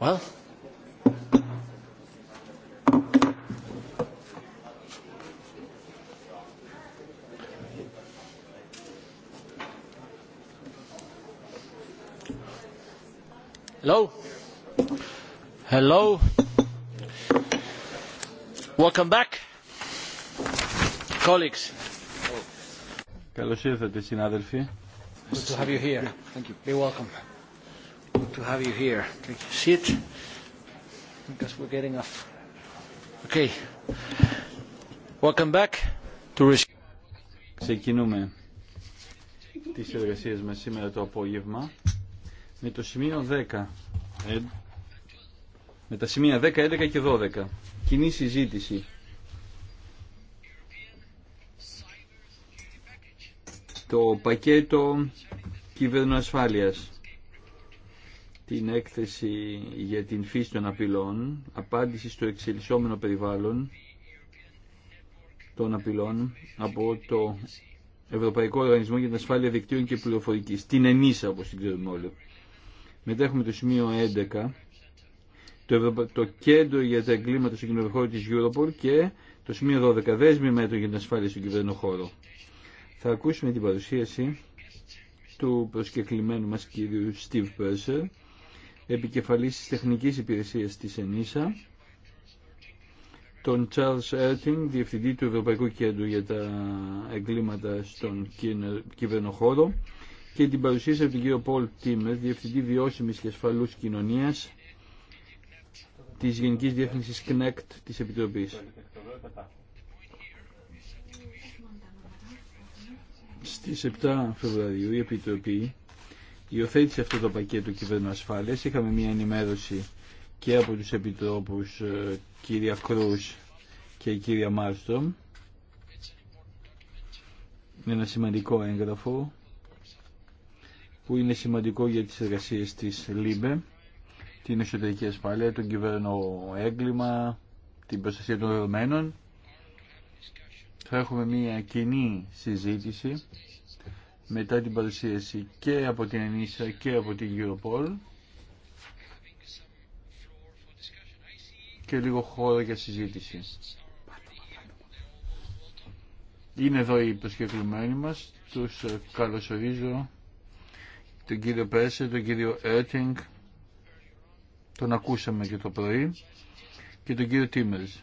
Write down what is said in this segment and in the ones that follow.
Well, hello, hello. Welcome back, colleagues. Καλώς ήρθατε, συνάδελφοι. Good to have you here. Thank you. Be welcome to have you here. because we're getting off. Okay. Welcome back to... Ξεκινούμε τις εργασίε μας σήμερα το απόγευμα με το σημείο 10. Ε, με τα σημεία 10, 11 και 12. Κοινή συζήτηση. Το πακέτο κυβέρνου ασφάλειας την έκθεση για την φύση των απειλών, απάντηση στο εξελισσόμενο περιβάλλον των απειλών από το Ευρωπαϊκό Οργανισμό για την Ασφάλεια Δικτύων και Πληροφορική, την ΕΝΗΣΑ όπω την ξέρουμε όλοι. Μετά έχουμε το σημείο 11, το, το Κέντρο για τα Εγκλήματα στον χώρο τη Europol και το σημείο 12, δέσμη μέτρων για την ασφάλεια στον χώρο. Θα ακούσουμε την παρουσίαση του προσκεκλημένου μας κύριου Steve Purser, επικεφαλής της τεχνικής υπηρεσίας της ΕΝΙΣΑ, τον Charles Έρτινγκ, Διευθυντή του Ευρωπαϊκού Κέντρου για τα Εγκλήματα στον Κυβερνοχώρο και την παρουσίαση από τον κύριο Πολ Τίμερ, Διευθυντή Βιώσιμης και Ασφαλούς Κοινωνίας της Γενικής Διεύθυνσης ΚΝΕΚΤ της Επιτροπής. Στις 7 Φεβρουαρίου η Επιτροπή υιοθέτησε αυτό το πακέτο κυβέρνου ασφάλεια. Είχαμε μια ενημέρωση και από τους επιτρόπους ε, κύρια Κρούς και κύρια Μάρστρομ. Ένα σημαντικό έγγραφο που είναι σημαντικό για τις εργασίες της ΛΥΜΠΕ, την εσωτερική ασφάλεια, τον κυβέρνο έγκλημα, την προστασία των δεδομένων. Θα έχουμε μια κοινή συζήτηση μετά την παρουσίαση και από την ΕΝΙΣΑ και από την Europol και λίγο χώρο για συζήτηση. Είναι εδώ οι προσκεκλημένοι μας, τους καλωσορίζω τον κύριο Πέρσε, τον κύριο Έρτινγκ, τον ακούσαμε και το πρωί και τον κύριο Τίμερς.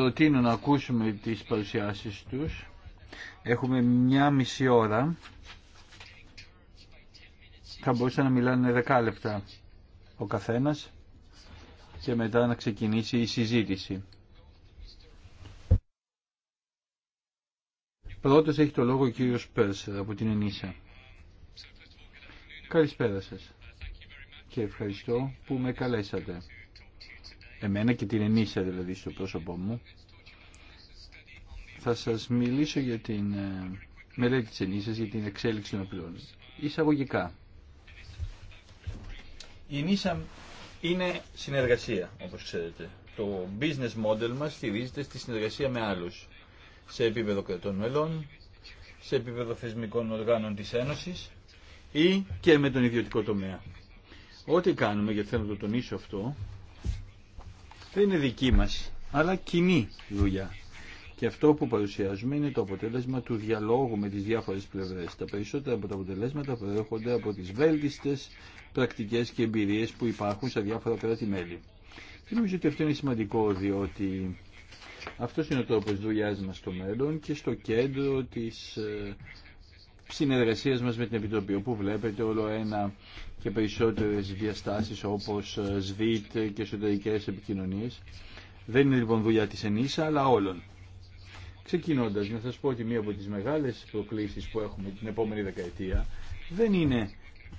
προτείνω να ακούσουμε τις παρουσιάσεις τους. Έχουμε μια μισή ώρα. Θα μπορούσαν να μιλάνε δεκάλεπτα ο καθένας και μετά να ξεκινήσει η συζήτηση. Πρώτος έχει το λόγο ο κύριος Πέρσερ από την Ενίσα. Καλησπέρα σας και ευχαριστώ που με καλέσατε εμένα και την ενίσχυα δηλαδή στο πρόσωπό μου. Θα σας μιλήσω για την ε, μελέτη της ενίσχυας, για την εξέλιξη των απλών. Εισαγωγικά. Η ενίσχυα είναι συνεργασία, όπως ξέρετε. Το business model μας στηρίζεται στη συνεργασία με άλλους, σε επίπεδο κρατών μελών, σε επίπεδο θεσμικών οργάνων της Ένωσης ή και με τον ιδιωτικό τομέα. Ό,τι κάνουμε, γιατί θέλω να το τονίσω αυτό, δεν είναι δική μας, αλλά κοινή δουλειά. Και αυτό που παρουσιάζουμε είναι το αποτέλεσμα του διαλόγου με τις διάφορες πλευρές. Τα περισσότερα από τα αποτελέσματα προέρχονται από τις βέλτιστες πρακτικές και εμπειρίες που υπάρχουν σε διάφορα κράτη-μέλη. Και νομίζω ότι αυτό είναι σημαντικό διότι αυτό είναι ο τρόπο δουλειά μα στο μέλλον και στο κέντρο τη ε, συνεργασία μα με την Επιτροπή, όπου βλέπετε όλο ένα και περισσότερες διαστάσεις όπως ε, ΣΒΙΤ και εσωτερικέ επικοινωνίες. Δεν είναι λοιπόν δουλειά της ΕΝΗΣΑ αλλά όλων. Ξεκινώντας να σας πω ότι μία από τις μεγάλες προκλήσεις που έχουμε την επόμενη δεκαετία δεν είναι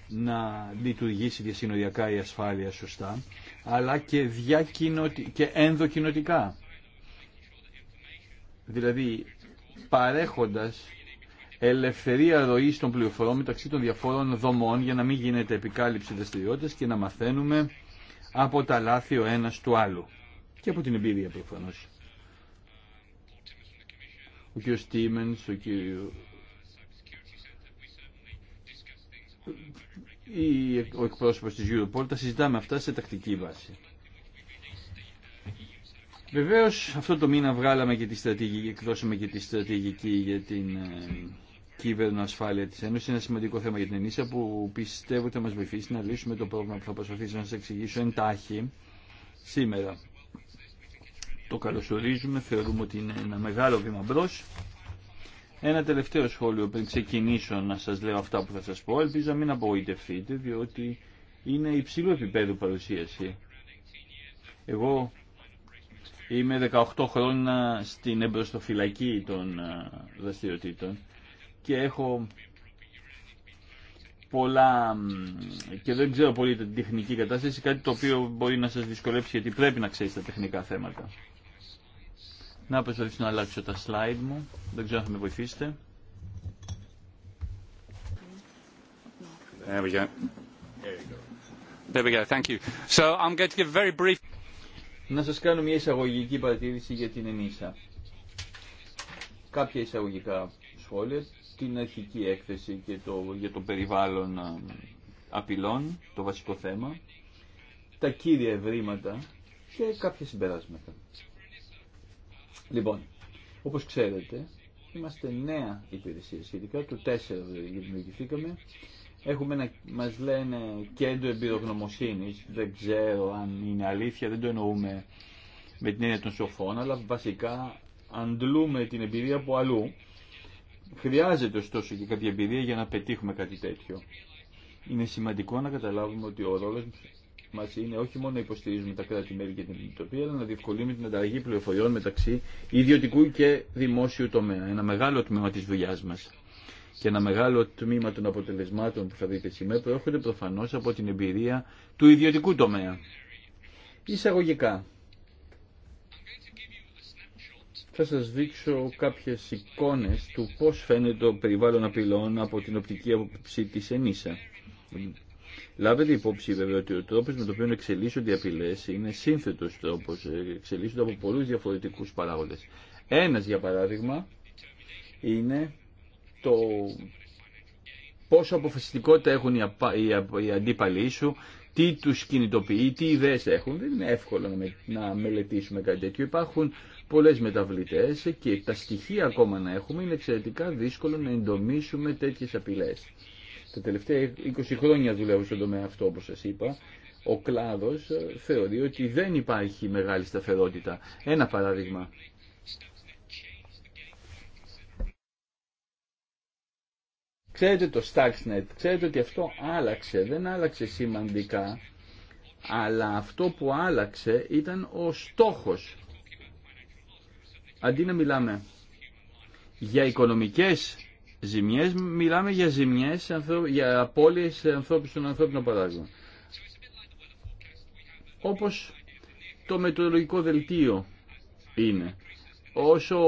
να λειτουργήσει διασυνοριακά η ασφάλεια σωστά, αλλά και, διακοινωτι... και Δηλαδή παρέχοντας ελευθερία ροή των πληροφορών μεταξύ των διαφόρων δομών για να μην γίνεται επικάλυψη δραστηριότητα και να μαθαίνουμε από τα λάθη ο ένας του άλλου. Και από την εμπειρία προφανώ. Ο κ. Στίμεν, ο κ. Ή ο εκπρόσωπος της Europol, τα συζητάμε αυτά σε τακτική βάση. Βεβαίως αυτό το μήνα βγάλαμε και τη στρατηγική, εκδώσαμε και τη στρατηγική για την ε, ασφάλεια της Ένωσης. Είναι ένα σημαντικό θέμα για την Ενίσσα που πιστεύω ότι θα μα βοηθήσει να λύσουμε το πρόβλημα που θα προσπαθήσω να σα εξηγήσω εντάχει σήμερα. Το καλωσορίζουμε, θεωρούμε ότι είναι ένα μεγάλο βήμα μπρο. Ένα τελευταίο σχόλιο πριν ξεκινήσω να σα λέω αυτά που θα σα πω. Ελπίζω να μην απογοητευτείτε, διότι είναι υψηλού επίπεδου παρουσίαση. Εγώ είμαι 18 χρόνια στην εμπροστοφυλακή των ε, δραστηριοτήτων και έχω πολλά και δεν ξέρω πολύ την τεχνική κατάσταση, κάτι το οποίο μπορεί να σας δυσκολέψει γιατί πρέπει να ξέρεις τα τεχνικά θέματα. Να προσπαθήσω να αλλάξω τα slide μου, δεν ξέρω αν θα με βοηθήσετε. we go. There we go. Thank you. So I'm going to give very brief... Να σας κάνω μια εισαγωγική παρατήρηση για την ενίσα. Κάποια εισαγωγικά σχόλια, την αρχική έκθεση και το, για το περιβάλλον απειλών, το βασικό θέμα, τα κύρια ευρήματα και κάποια συμπεράσματα. Λοιπόν, όπως ξέρετε, είμαστε νέα υπηρεσία σχετικά, το 4 δημιουργηθήκαμε. Έχουμε ένα, μας λένε κέντρο εμπειρογνωμοσύνης, δεν ξέρω αν είναι αλήθεια, δεν το εννοούμε με την έννοια των σοφών, αλλά βασικά αντλούμε την εμπειρία από αλλού Χρειάζεται ωστόσο και κάποια εμπειρία για να πετύχουμε κάτι τέτοιο. Είναι σημαντικό να καταλάβουμε ότι ο ρόλος μα είναι όχι μόνο να υποστηρίζουμε τα κράτη-μέλη και την Επιτροπή, αλλά να διευκολύνουμε την ανταλλαγή πληροφοριών μεταξύ ιδιωτικού και δημόσιου τομέα. Ένα μεγάλο τμήμα τη δουλειά μα και ένα μεγάλο τμήμα των αποτελεσμάτων που θα δείτε σήμερα προέρχονται προφανώ από την εμπειρία του ιδιωτικού τομέα. Εισαγωγικά, θα σας δείξω κάποιες εικόνες του πώς φαίνεται το περιβάλλον απειλών από την οπτική άποψη της ΕΝΗΣΑ. Λάβετε υπόψη βέβαια ότι ο τρόπος με τον οποίο εξελίσσονται οι απειλές είναι σύνθετος τρόπος, εξελίσσονται από πολλούς διαφορετικούς παράγοντες. Ένας για παράδειγμα είναι το πόσο αποφασιστικότητα έχουν οι αντίπαλοι σου, τι τους κινητοποιεί, τι ιδέες έχουν. Δεν είναι εύκολο να μελετήσουμε κάτι τέτοιο. Υπάρχουν πολλές μεταβλητές και τα στοιχεία ακόμα να έχουμε είναι εξαιρετικά δύσκολο να εντομίσουμε τέτοιες απειλές. Τα τελευταία 20 χρόνια δουλεύω στον τομέα αυτό όπως σας είπα. Ο κλάδος θεωρεί ότι δεν υπάρχει μεγάλη σταθερότητα. Ένα παράδειγμα. Ξέρετε το Stuxnet, ξέρετε ότι αυτό άλλαξε, δεν άλλαξε σημαντικά, αλλά αυτό που άλλαξε ήταν ο στόχος αντί να μιλάμε για οικονομικές ζημιές, μιλάμε για ζημιές, για απώλειες ανθρώπους στον ανθρώπινο παράγοντα. Όπως το μετρολογικό δελτίο είναι. Όσο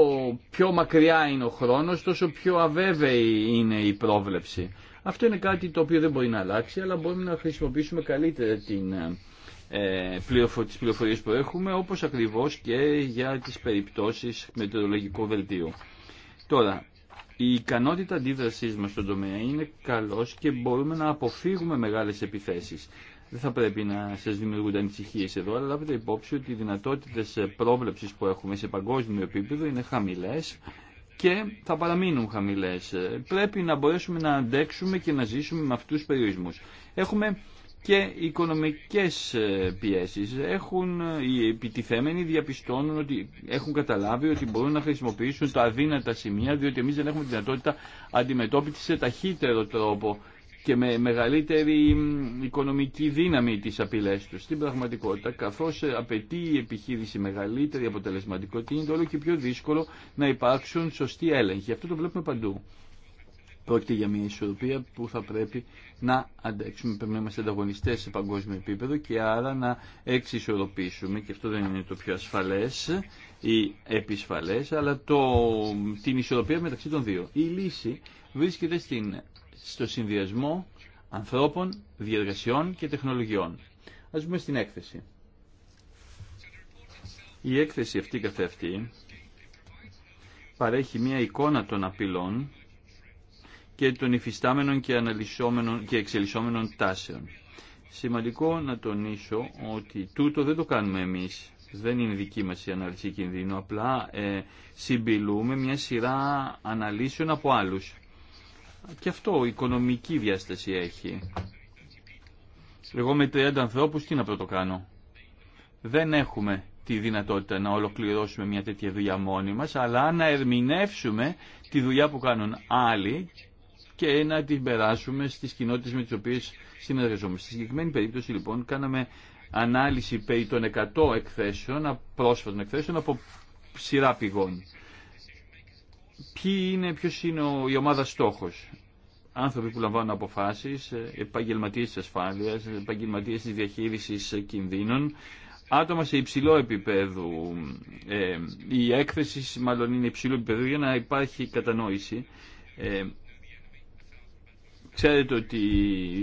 πιο μακριά είναι ο χρόνος, τόσο πιο αβέβαιη είναι η πρόβλεψη. Αυτό είναι κάτι το οποίο δεν μπορεί να αλλάξει, αλλά μπορούμε να χρησιμοποιήσουμε καλύτερα την ε, ε, τις πληροφορίες που έχουμε, όπως ακριβώς και για τις περιπτώσεις μετεωρολογικού βελτίου. Τώρα, η ικανότητα αντίδρασής μας στον τομέα είναι καλός και μπορούμε να αποφύγουμε μεγάλες επιθέσεις. Δεν θα πρέπει να σας δημιουργούνται ανησυχίε εδώ, αλλά λάβετε υπόψη ότι οι δυνατότητες πρόβλεψης που έχουμε σε παγκόσμιο επίπεδο είναι χαμηλές και θα παραμείνουν χαμηλές. Πρέπει να μπορέσουμε να αντέξουμε και να ζήσουμε με αυτούς τους περιορισμούς. Έχουμε και οι οικονομικές ε, πιέσεις έχουν, ε, οι επιτιθέμενοι διαπιστώνουν ότι έχουν καταλάβει ότι μπορούν να χρησιμοποιήσουν τα αδύνατα σημεία διότι εμείς δεν έχουμε δυνατότητα αντιμετώπιση σε ταχύτερο τρόπο και με μεγαλύτερη οικονομική δύναμη τις απειλές του Στην πραγματικότητα, καθώς ε, απαιτεί η επιχείρηση μεγαλύτερη αποτελεσματικότητα, είναι όλο και πιο δύσκολο να υπάρξουν σωστοί έλεγχοι. Αυτό το βλέπουμε παντού. Πρόκειται για μια ισορροπία που θα πρέπει να αντέξουμε. Πρέπει να είμαστε ανταγωνιστέ σε παγκόσμιο επίπεδο και άρα να εξισορροπήσουμε. Και αυτό δεν είναι το πιο ασφαλέ ή επισφαλέ, αλλά το, την ισορροπία μεταξύ των δύο. Η λύση βρίσκεται στην, στο συνδυασμό ανθρώπων, διεργασιών και τεχνολογιών. Α πούμε στην έκθεση. Η έκθεση αυτή καθεαυτή παρέχει μια εικόνα των απειλών και των υφιστάμενων και αναλυσόμενων και εξελισσόμενων τάσεων. Σημαντικό να τονίσω ότι τούτο δεν το κάνουμε εμείς. Δεν είναι δική μας η ανάλυση κινδύνου, απλά ε, συμπιλούμε μια σειρά αναλύσεων από άλλους. Και αυτό οικονομική διάσταση έχει. Εγώ με 30 ανθρώπους τι να πρώτο κάνω. Δεν έχουμε τη δυνατότητα να ολοκληρώσουμε μια τέτοια δουλειά μόνοι μας, αλλά να ερμηνεύσουμε τη δουλειά που κάνουν άλλοι και να την περάσουμε στι κοινότητε με τι οποίε συνεργαζόμαστε. Στη συγκεκριμένη περίπτωση λοιπόν κάναμε ανάλυση περί των 100 εκθέσεων, πρόσφατων εκθέσεων από σειρά πηγών. Ποιο είναι, ποιος είναι ο, η ομάδα στόχο. Άνθρωποι που λαμβάνουν αποφάσει, ε, επαγγελματίε τη ασφάλεια, επαγγελματίε τη διαχείριση κινδύνων, άτομα σε υψηλό επίπεδο. Ε, η έκθεση μάλλον είναι υψηλό επίπεδο για να υπάρχει κατανόηση. Ε, Ξέρετε ότι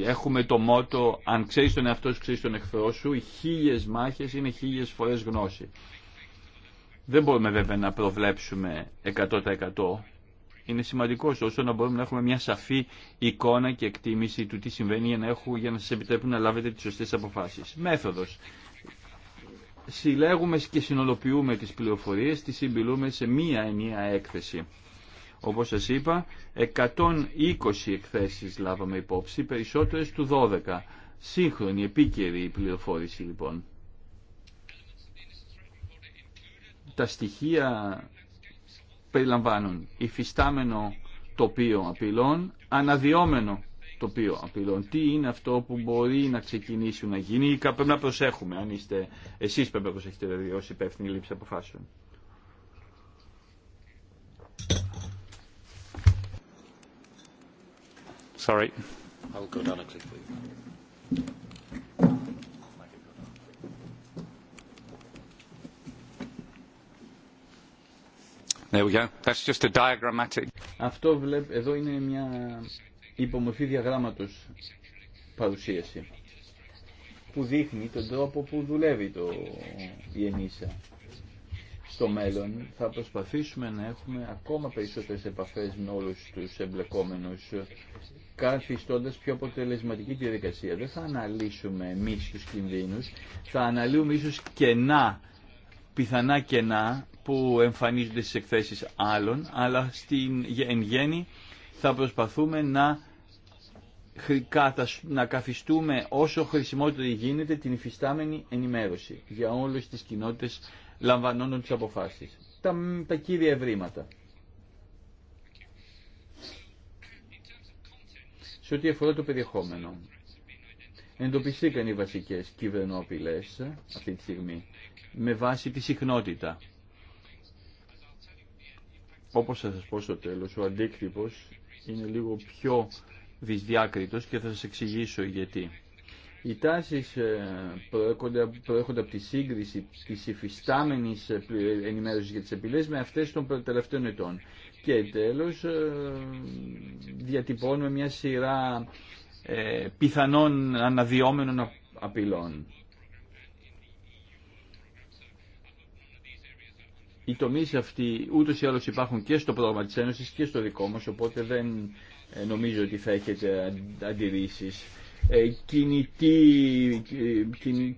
έχουμε το μότο «Αν ξέρεις τον εαυτό σου, ξέρεις τον εχθρό σου». Οι χίλιες μάχες είναι χίλιες φορές γνώση. Δεν μπορούμε βέβαια να προβλέψουμε 100%. Είναι σημαντικό όσο να μπορούμε να έχουμε μια σαφή εικόνα και εκτίμηση του τι συμβαίνει για να, έχουν, για σας επιτρέπουν να λάβετε τις σωστές αποφάσεις. Μέθοδος. Συλλέγουμε και συνολοποιούμε τις πληροφορίες, τις συμπληρούμε σε μία ενιαία έκθεση. Όπως σας είπα, 120 εκθέσεις λάβαμε υπόψη, περισσότερες του 12. Σύγχρονη, επίκαιρη η πληροφόρηση λοιπόν. Τα στοιχεία περιλαμβάνουν υφιστάμενο τοπίο απειλών, αναδιόμενο τοπίο απειλών. Τι είναι αυτό που μπορεί να ξεκινήσει να γίνει ή πρέπει να προσέχουμε αν είστε εσείς πρέπει να προσέχετε δηλαδή ως υπεύθυνοι λήψη αποφάσεων. Sorry. I'll go down a click for you. There we go. That's just a diagrammatic. Αυτό βλέπ, εδώ είναι μια υπομορφή διαγράμματος παρουσίαση που δείχνει τον τρόπο που δουλεύει το, η ενίσα στο μέλλον θα προσπαθήσουμε να έχουμε ακόμα περισσότερες επαφές με όλους τους εμπλεκόμενους καθιστώντας πιο αποτελεσματική τη διαδικασία. Δεν θα αναλύσουμε εμείς τους κινδύνους, θα αναλύουμε ίσως κενά, πιθανά κενά που εμφανίζονται στις εκθέσεις άλλων, αλλά στην, εν γέννη θα προσπαθούμε να να καθιστούμε όσο χρησιμότερο γίνεται την υφιστάμενη ενημέρωση για όλες τις κοινότητες λαμβανόντων τις αποφάσεις. Τα, τα κύρια ευρήματα. Σε ό,τι αφορά το περιεχόμενο, εντοπιστήκαν οι βασικές κυβερνόπηλες αυτή τη στιγμή με βάση τη συχνότητα. Όπως θα σας πω στο τέλος, ο αντίκτυπος είναι λίγο πιο δυσδιάκριτος και θα σας εξηγήσω γιατί. Οι τάσεις ε, προέρχονται, από τη σύγκριση της υφιστάμενης ε, ενημέρωσης για τις επιλές με αυτές των τελευταίων ετών. Και τέλος ε, διατυπώνουμε μια σειρά πιθανών αναδυόμενων απειλών. οι τομεί αυτοί ούτω ή άλλω υπάρχουν και στο πρόγραμμα τη Ένωση και στο δικό μα, οπότε δεν νομίζω ότι θα έχετε αντιρρήσει. Ε, κινητή,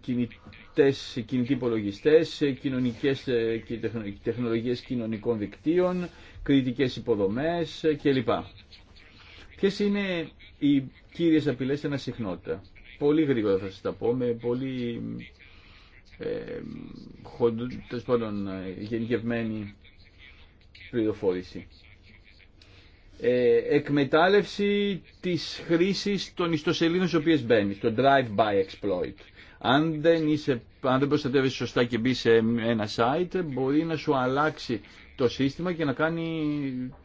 κινητές, κινητοί υπολογιστές, ε, κοινωνικές ε, τεχνολογίες κοινωνικών δικτύων, κριτικές υποδομές κλπ. Ποιες είναι οι κύριες απειλές συχνότητα. Πολύ γρήγορα θα σας τα πω, με πολύ ε, γενικευμένη πληροφόρηση. Ε, εκμετάλλευση της χρήσης των ιστοσελίδων στις οποίες μπαίνει, το drive-by exploit. Αν δεν, είσαι, αν δεν σωστά και μπει σε ένα site, μπορεί να σου αλλάξει το σύστημα και να κάνει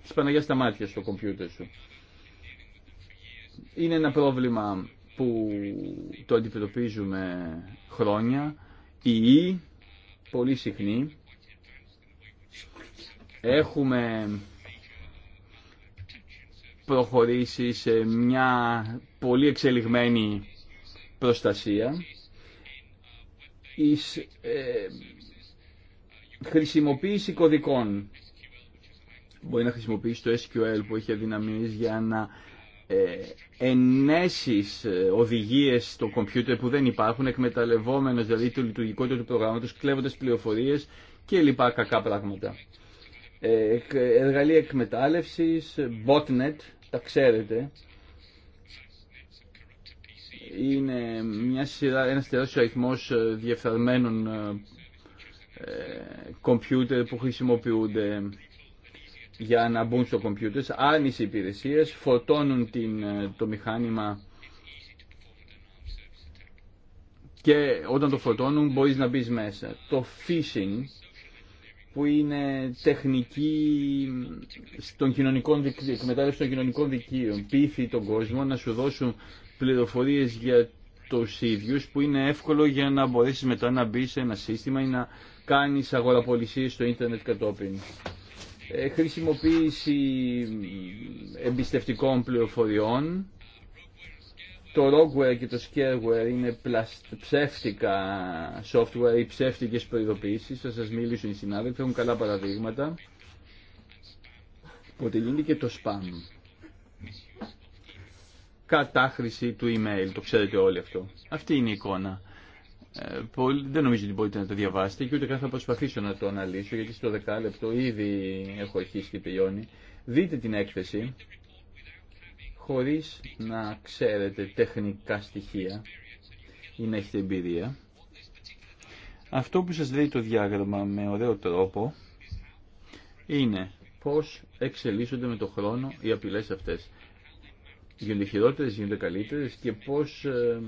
τις στα μάτια στο κομπιούτερ σου. Είναι ένα πρόβλημα που το αντιμετωπίζουμε χρόνια. Η e, πολύ συχνή. Έχουμε προχωρήσει σε μια πολύ εξελιγμένη προστασία εις ε, χρησιμοποίηση κωδικών. Μπορεί να χρησιμοποιήσει το SQL που έχει αδυναμίες για να ε, ενέσεις ε, οδηγίες στο κομπιούτερ που δεν υπάρχουν, εκμεταλλευόμενος δηλαδή το λειτουργικότητα του προγράμματος, κλέβοντας πληροφορίες και λοιπά κακά πράγματα. Ε, εργαλεία εκμετάλλευσης, botnet, τα ξέρετε, είναι μια σειρά, ένας τεράστιος αριθμός ε, διεφθαρμένων ε, ε, κομπιούτερ που χρησιμοποιούνται για να μπουν στο κομπιούτερ, άρνηση υπηρεσίες, φορτώνουν την, το μηχάνημα και όταν το φορτώνουν μπορείς να μπει μέσα. Το phishing που είναι τεχνική στον εκμετάλλευση των κοινωνικών δικείων. Πείθει τον κόσμο να σου δώσουν πληροφορίες για τους ίδιους που είναι εύκολο για να μπορέσεις μετά να μπει σε ένα σύστημα ή να κάνεις αγοραπολισίες στο ίντερνετ κατόπιν. Ε, χρησιμοποίηση εμπιστευτικών πληροφοριών το logware και το scareware είναι ψεύτικα software ή ψεύτικες προειδοποιήσεις, θα σας μιλήσουν οι συνάδελφοι, έχουν καλά παραδείγματα. γίνεται και το spam. Κατάχρηση του email, το ξέρετε όλοι αυτό. Αυτή είναι η εικόνα. Ε, δεν νομίζω ότι μπορείτε να το διαβάσετε και ούτε καν θα προσπαθήσω να το αναλύσω γιατί στο δεκάλεπτο ήδη έχω αρχίσει και τελειώνει. Δείτε την έκθεση χωρίς να ξέρετε τεχνικά στοιχεία ή να έχετε εμπειρία. Αυτό που σας λέει το διάγραμμα με ωραίο τρόπο είναι πώς εξελίσσονται με το χρόνο οι απειλές αυτές. Γίνονται χειρότερες, γίνονται καλύτερες και πώς ε,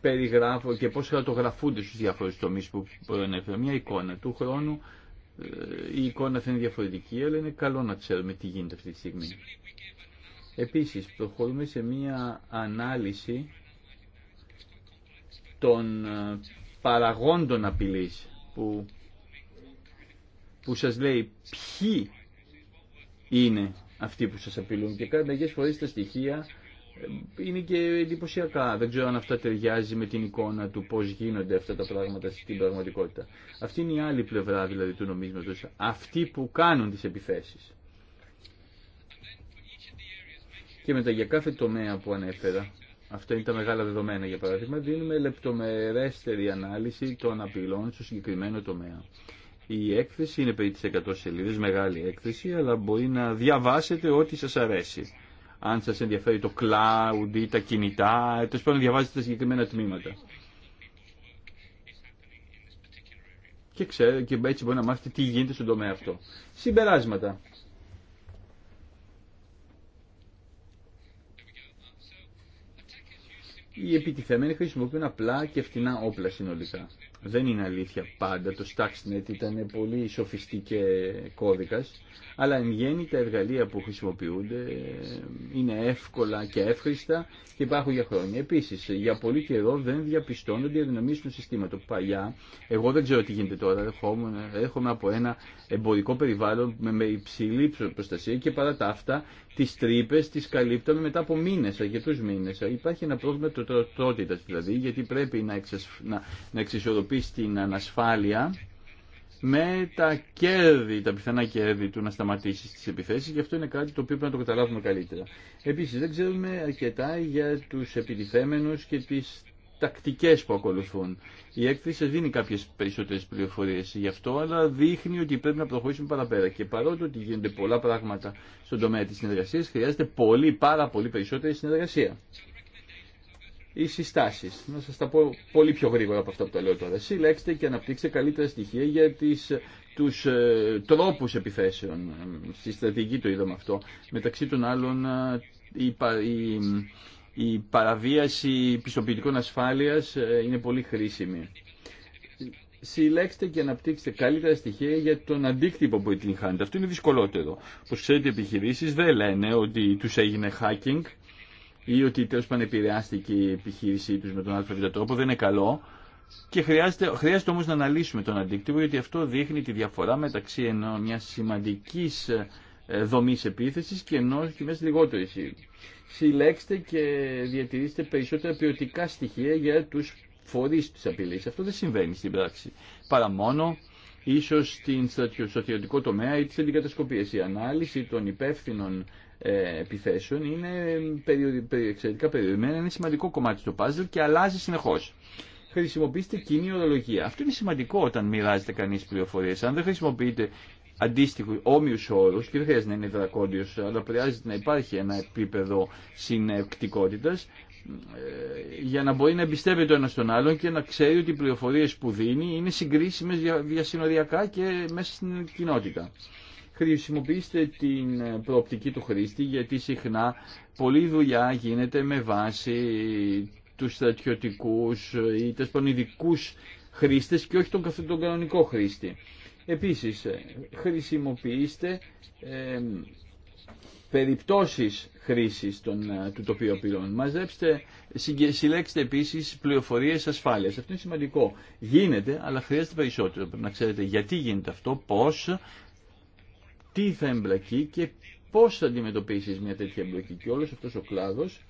περιγράφω και πώς χαρτογραφούνται στους διάφορους τομείς που προενέφερα. Μια εικόνα του χρόνου, ε, η εικόνα θα είναι διαφορετική, αλλά είναι καλό να ξέρουμε τι γίνεται αυτή τη στιγμή. Επίσης, προχωρούμε σε μία ανάλυση των ε, παραγόντων απειλής που, που σας λέει ποιοι είναι αυτοί που σας απειλούν και κάποιες φορές τα στοιχεία ε, είναι και εντυπωσιακά. Δεν ξέρω αν αυτά ταιριάζει με την εικόνα του πώς γίνονται αυτά τα πράγματα στην πραγματικότητα. Αυτή είναι η άλλη πλευρά δηλαδή του νομίσματος. Αυτοί που κάνουν τις επιθέσεις. Και μετά για κάθε τομέα που ανέφερα, αυτά είναι τα μεγάλα δεδομένα για παράδειγμα, δίνουμε λεπτομερέστερη ανάλυση των απειλών στο συγκεκριμένο τομέα. Η έκθεση είναι περί τις 100 σελίδες, μεγάλη έκθεση, αλλά μπορεί να διαβάσετε ό,τι σας αρέσει. Αν σας ενδιαφέρει το cloud ή τα κινητά, τόσο να διαβάζετε τα συγκεκριμένα τμήματα. Και, και έτσι μπορεί να μάθετε τι γίνεται στον τομέα αυτό. Συμπεράσματα. οι επιτιθέμενοι χρησιμοποιούν απλά και φτηνά όπλα συνολικά. Δεν είναι αλήθεια πάντα. Το Stuxnet ήταν πολύ σοφιστή και κώδικας αλλά εν γέννη τα εργαλεία που χρησιμοποιούνται είναι εύκολα και εύχριστα και υπάρχουν για χρόνια. Επίση, για πολύ καιρό δεν διαπιστώνονται οι αδυναμίε του συστήματο. Παλιά, εγώ δεν ξέρω τι γίνεται τώρα, έρχομαι από ένα εμπορικό περιβάλλον με υψηλή προστασία και παρά τα αυτά τι τρύπε τι καλύπταμε μετά από μήνε, αρκετού μήνε. Υπάρχει ένα πρόβλημα τροτότητα δηλαδή, γιατί πρέπει να, εξισορροπεί την ανασφάλεια με τα κέρδη, τα πιθανά κέρδη του να σταματήσει τι επιθέσει, και αυτό είναι κάτι το οποίο πρέπει να το καταλάβουμε καλύτερα. Επίση, δεν ξέρουμε αρκετά για του επιτιθέμενου και τι τακτικέ που ακολουθούν. Η έκθεση δίνει κάποιε περισσότερε πληροφορίε γι' αυτό, αλλά δείχνει ότι πρέπει να προχωρήσουμε παραπέρα. Και παρότι ότι γίνονται πολλά πράγματα στον τομέα τη συνεργασία, χρειάζεται πολύ, πάρα πολύ περισσότερη συνεργασία οι συστάσει. Να σα τα πω πολύ πιο γρήγορα από αυτά που τα λέω τώρα. Συλλέξτε και αναπτύξτε καλύτερα στοιχεία για τις, τους ε, τρόπους επιθέσεων ε, στη στρατηγική το είδαμε αυτό. Μεταξύ των άλλων ε, η, η, παραβίαση πιστοποιητικών ασφάλειας είναι πολύ χρήσιμη. Συλλέξτε και αναπτύξτε καλύτερα στοιχεία για τον αντίκτυπο που επιτυγχάνεται. Αυτό είναι δυσκολότερο. Όπω ξέρετε, οι επιχειρήσει δεν λένε ότι του έγινε hacking ή ότι τέλο πάντων επηρεάστηκε η επιχείρησή του με τον ΑΒ τρόπο, δεν είναι καλό. Και χρειάζεται, χρειάζεται να αναλύσουμε τον αντίκτυπο, γιατί αυτό δείχνει τη διαφορά μεταξύ μια σημαντική ε, δομή επίθεση και ενό και μια λιγότερη. Συλλέξτε και διατηρήστε περισσότερα ποιοτικά στοιχεία για του φορεί τη απειλή. Αυτό δεν συμβαίνει στην πράξη. Παρά μόνο ίσω στην στρατιωτικό τομέα ή τι αντικατασκοπίε. Η ανάλυση των υπεύθυνων ε, επιθέσεων είναι εξαιρετικά περιορισμένα, είναι σημαντικό κομμάτι στο puzzle και αλλάζει συνεχώ. Χρησιμοποιήστε κοινή ορολογία. Αυτό είναι σημαντικό όταν μοιράζεται κανεί πληροφορίε. Αν δεν χρησιμοποιείτε αντίστοιχου όμοιου όρου, και δεν χρειάζεται να είναι δρακόντιο, αλλά χρειάζεται να υπάρχει ένα επίπεδο συνεκτικότητα ε, για να μπορεί να εμπιστεύεται ο ένα τον άλλον και να ξέρει ότι οι πληροφορίε που δίνει είναι συγκρίσιμε διασυνοριακά και μέσα στην κοινότητα χρησιμοποιήστε την ε, προοπτική του χρήστη γιατί συχνά πολλή δουλειά γίνεται με βάση τους στρατιωτικούς ή ε, τους πανειδικού χρήστες και όχι τον, τον κανονικό χρήστη. Επίσης, ε, χρησιμοποιήστε ε, περιπτώσεις χρήσης των, του τοπίου Μαζέψτε, συλλέξτε επίσης πληροφορίες ασφάλειας. Αυτό είναι σημαντικό. Γίνεται, αλλά χρειάζεται περισσότερο. Πρέπει να ξέρετε γιατί γίνεται αυτό, πώς, τι θα εμπλακεί και πώς θα αντιμετωπίσεις μια τέτοια εμπλοκή. Και όλος αυτός ο κλάδος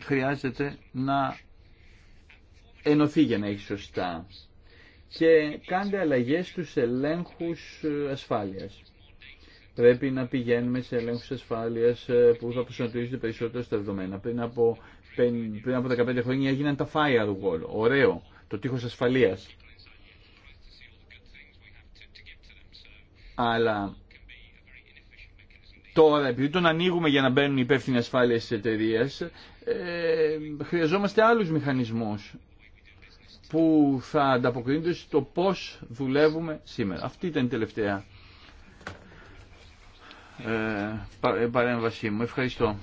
χρειάζεται να ενωθεί για να έχει σωστά και κάντε αλλαγές στους ελέγχους ε, ασφάλειας. Πρέπει να πηγαίνουμε σε ελέγχους ασφάλειας ε, που θα προσανατολίζονται περισσότερο στα δεδομένα. Πριν από, πριν από 15 χρόνια έγιναν τα firewall. Ωραίο. Το τείχος ασφαλείας. αλλά τώρα, επειδή τον ανοίγουμε για να μπαίνουν οι υπεύθυνοι ασφάλειας της εταιρεία, ε, χρειαζόμαστε άλλους μηχανισμούς που θα ανταποκρίνονται στο πώς δουλεύουμε σήμερα. Αυτή ήταν η τελευταία ε, ε παρέμβασή μου. Ευχαριστώ.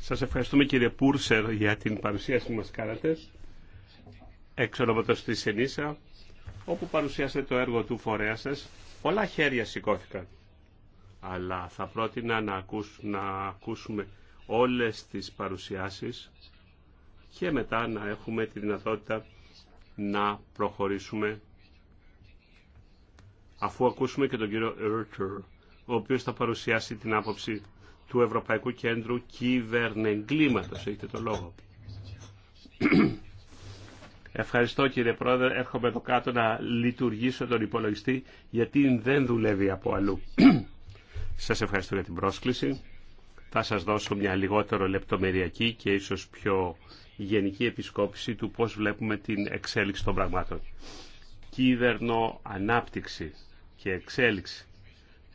Σας ευχαριστούμε κύριε Πούρσερ για την παρουσίαση μας κάνατε εξ ονόματος της ΕΝΙΣΑ όπου παρουσιάσετε το έργο του φορέα σας Πολλά χέρια σηκώθηκαν. Αλλά θα πρότεινα να, ακούσουμε, να ακούσουμε όλες τις παρουσιάσεις και μετά να έχουμε τη δυνατότητα να προχωρήσουμε αφού ακούσουμε και τον κύριο Ερτουρ, ο οποίος θα παρουσιάσει την άποψη του Ευρωπαϊκού Κέντρου Κυβερνεγκλήματος. Έχετε το λόγο. Ευχαριστώ κύριε Πρόεδρε. Έρχομαι εδώ κάτω να λειτουργήσω τον υπολογιστή γιατί δεν δουλεύει από αλλού. σας ευχαριστώ για την πρόσκληση. Θα σας δώσω μια λιγότερο λεπτομεριακή και ίσως πιο γενική επισκόπηση του πώς βλέπουμε την εξέλιξη των πραγμάτων. Κύβερνο ανάπτυξη και εξέλιξη.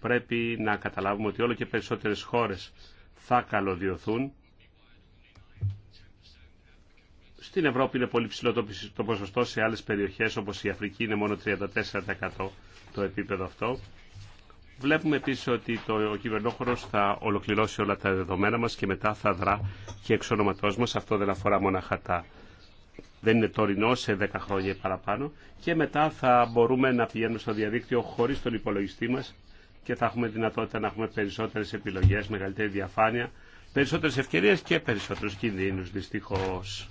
Πρέπει να καταλάβουμε ότι όλο και περισσότερες χώρες θα καλωδιωθούν στην Ευρώπη είναι πολύ ψηλό το ποσοστό, σε άλλες περιοχές όπως η Αφρική είναι μόνο 34% το επίπεδο αυτό. Βλέπουμε επίσης ότι το, ο κυβερνόχωρος θα ολοκληρώσει όλα τα δεδομένα μας και μετά θα δρά και εξ ονοματός μας. Αυτό δεν αφορά μονάχα τα δεν είναι τωρινό σε 10 χρόνια ή παραπάνω και μετά θα μπορούμε να πηγαίνουμε στο διαδίκτυο χωρίς τον υπολογιστή μας και θα έχουμε δυνατότητα να έχουμε περισσότερες επιλογές, μεγαλύτερη διαφάνεια, περισσότερες ευκαιρίες και περισσότερους κινδύνους δυστυχώς.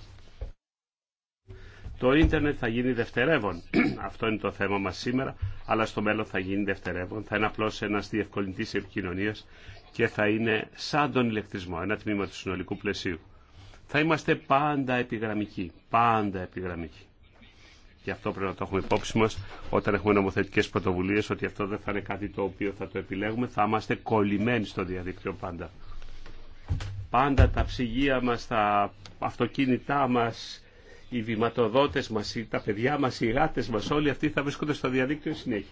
Το ίντερνετ θα γίνει δευτερεύον. Αυτό είναι το θέμα μας σήμερα, αλλά στο μέλλον θα γίνει δευτερεύον. Θα είναι απλώς ένας διευκολυντής επικοινωνίας και θα είναι σαν τον ηλεκτρισμό, ένα τμήμα του συνολικού πλαισίου. Θα είμαστε πάντα επιγραμμικοί, πάντα επιγραμμικοί. Γι' αυτό πρέπει να το έχουμε υπόψη μα όταν έχουμε νομοθετικέ πρωτοβουλίε, ότι αυτό δεν θα είναι κάτι το οποίο θα το επιλέγουμε. Θα είμαστε κολλημένοι στο διαδίκτυο πάντα. Πάντα τα ψυγεία μα, τα αυτοκίνητά μα, οι βηματοδότες μας, τα παιδιά μας, οι γάτες μας, όλοι αυτοί θα βρίσκονται στο διαδίκτυο συνέχεια.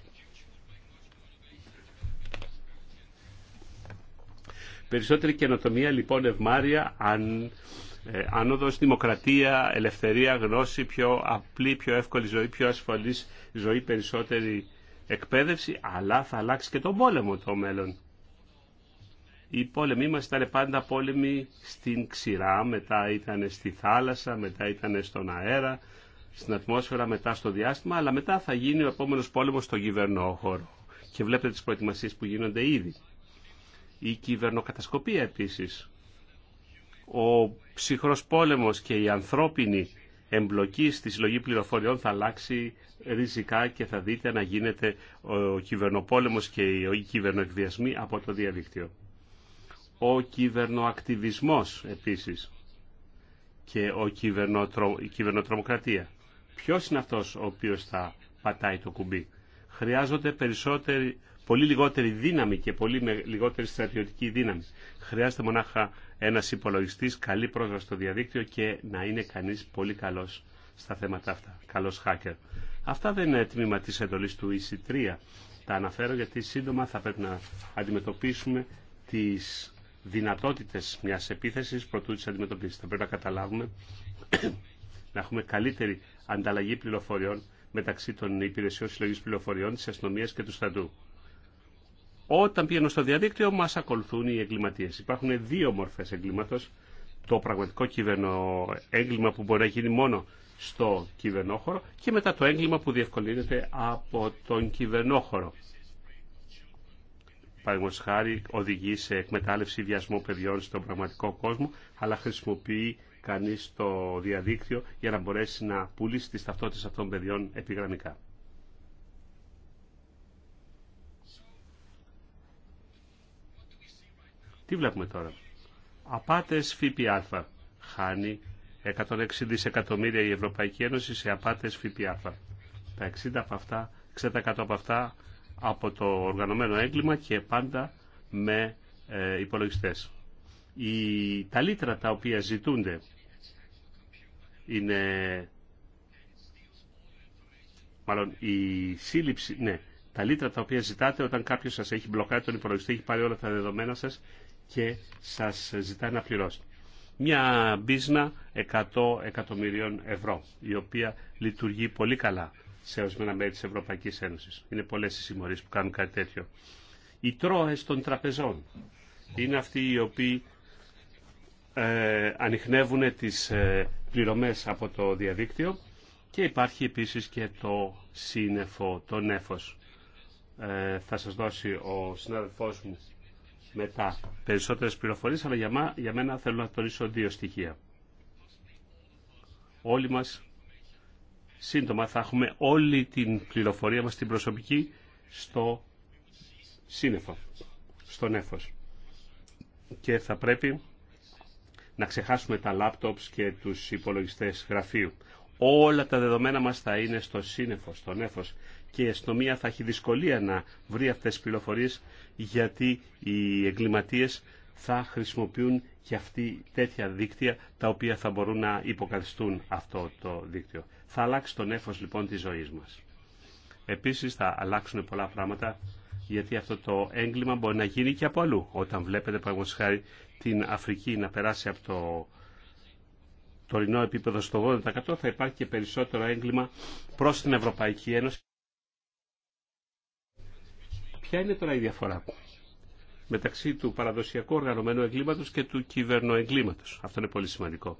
Περισσότερη καινοτομία λοιπόν ευμάρια, αν, ε, άνοδος, δημοκρατία, ελευθερία, γνώση, πιο απλή, πιο εύκολη ζωή, πιο ασφαλής ζωή, περισσότερη εκπαίδευση, αλλά θα αλλάξει και τον πόλεμο το μέλλον. Οι πόλεμοι μας ήταν πάντα πόλεμοι στην ξηρά, μετά ήταν στη θάλασσα, μετά ήταν στον αέρα, στην ατμόσφαιρα, μετά στο διάστημα, αλλά μετά θα γίνει ο επόμενος πόλεμος στον κυβερνόχωρο. Και βλέπετε τις προετοιμασίες που γίνονται ήδη. Η κυβερνοκατασκοπία επίσης. Ο ψυχρός πόλεμος και η ανθρώπινη εμπλοκή στη συλλογή πληροφοριών θα αλλάξει ριζικά και θα δείτε να γίνεται ο κυβερνοπόλεμος και οι κυβερνοεκδιασμοί από το διαδίκτυο ο κυβερνοακτιβισμός επίσης και ο κυβερνοτρο... η κυβερνοτρομοκρατία. Ποιος είναι αυτός ο οποίος θα πατάει το κουμπί. Χρειάζονται περισσότερη, πολύ λιγότερη δύναμη και πολύ λιγότερη στρατιωτική δύναμη. Χρειάζεται μονάχα ένας υπολογιστής, καλή πρόσβαση στο διαδίκτυο και να είναι κανείς πολύ καλός στα θέματα αυτά, καλός hacker. Αυτά δεν είναι τμήμα της εντολής του EC3. Τα αναφέρω γιατί σύντομα θα πρέπει να αντιμετωπίσουμε τις δυνατότητες μιας επίθεση προτού της αντιμετωπίσει. Θα πρέπει να καταλάβουμε να έχουμε καλύτερη ανταλλαγή πληροφοριών μεταξύ των υπηρεσιών συλλογή πληροφοριών, τη αστυνομία και του στρατού. Όταν πηγαίνω στο διαδίκτυο, μα ακολουθούν οι εγκληματίε. Υπάρχουν δύο μορφέ εγκλήματο. Το πραγματικό κυβερνό έγκλημα που μπορεί να γίνει μόνο στο κυβερνόχωρο και μετά το έγκλημα που διευκολύνεται από τον κυβερνόχωρο παραδείγματο χάρη οδηγεί σε εκμετάλλευση βιασμού παιδιών στον πραγματικό κόσμο, αλλά χρησιμοποιεί κανεί το διαδίκτυο για να μπορέσει να πουλήσει τι ταυτότητε αυτών των παιδιών επιγραμμικά. Τι βλέπουμε τώρα. Απάτες ΦΠΑ. Χάνει 160 δισεκατομμύρια η Ευρωπαϊκή Ένωση σε απάτες ΦΠΑ. Τα 60 από αυτά, 60% από αυτά από το οργανωμένο έγκλημα και πάντα με ε, υπολογιστές. Οι, τα λίτρα τα οποία ζητούνται είναι μάλλον η σύλληψη, ναι, τα λίτρα τα οποία ζητάτε όταν κάποιος σας έχει μπλοκάρει τον υπολογιστή, έχει πάρει όλα τα δεδομένα σας και σας ζητάει να πληρώσετε. Μια μπίζνα 100 εκατομμυρίων ευρώ, η οποία λειτουργεί πολύ καλά σε ορισμένα μέρη τη ευρωπαϊκή Ένωση. Είναι πολλές οι συμμορίες που κάνουν κάτι τέτοιο. Οι τρόε των τραπεζών είναι αυτοί οι οποίοι ε, ανοιχνεύουν τις ε, πληρωμές από το διαδίκτυο και υπάρχει επίσης και το σύννεφο, το νέφο. Ε, θα σας δώσει ο συνάδελφό μου μετά περισσότερες πληροφορίες, αλλά για, μένα θέλω να τονίσω δύο στοιχεία. Όλοι μας σύντομα θα έχουμε όλη την πληροφορία μας την προσωπική στο σύννεφο, στον νέφος Και θα πρέπει να ξεχάσουμε τα λάπτοπς και τους υπολογιστές γραφείου. Όλα τα δεδομένα μας θα είναι στο σύννεφο, στον νέφος και η αστυνομία θα έχει δυσκολία να βρει αυτές τις πληροφορίες γιατί οι εγκληματίες θα χρησιμοποιούν και αυτή τέτοια δίκτυα τα οποία θα μπορούν να υποκαθιστούν αυτό το δίκτυο θα αλλάξει τον έφος λοιπόν της ζωής μας. Επίσης θα αλλάξουν πολλά πράγματα γιατί αυτό το έγκλημα μπορεί να γίνει και από αλλού. Όταν βλέπετε παραγωγός την Αφρική να περάσει από το τωρινό επίπεδο στο 80% θα υπάρχει και περισσότερο έγκλημα προς την Ευρωπαϊκή Ένωση. Ποια είναι τώρα η διαφορά μεταξύ του παραδοσιακού οργανωμένου εγκλήματος και του κυβερνοεγκλήματος. Αυτό είναι πολύ σημαντικό.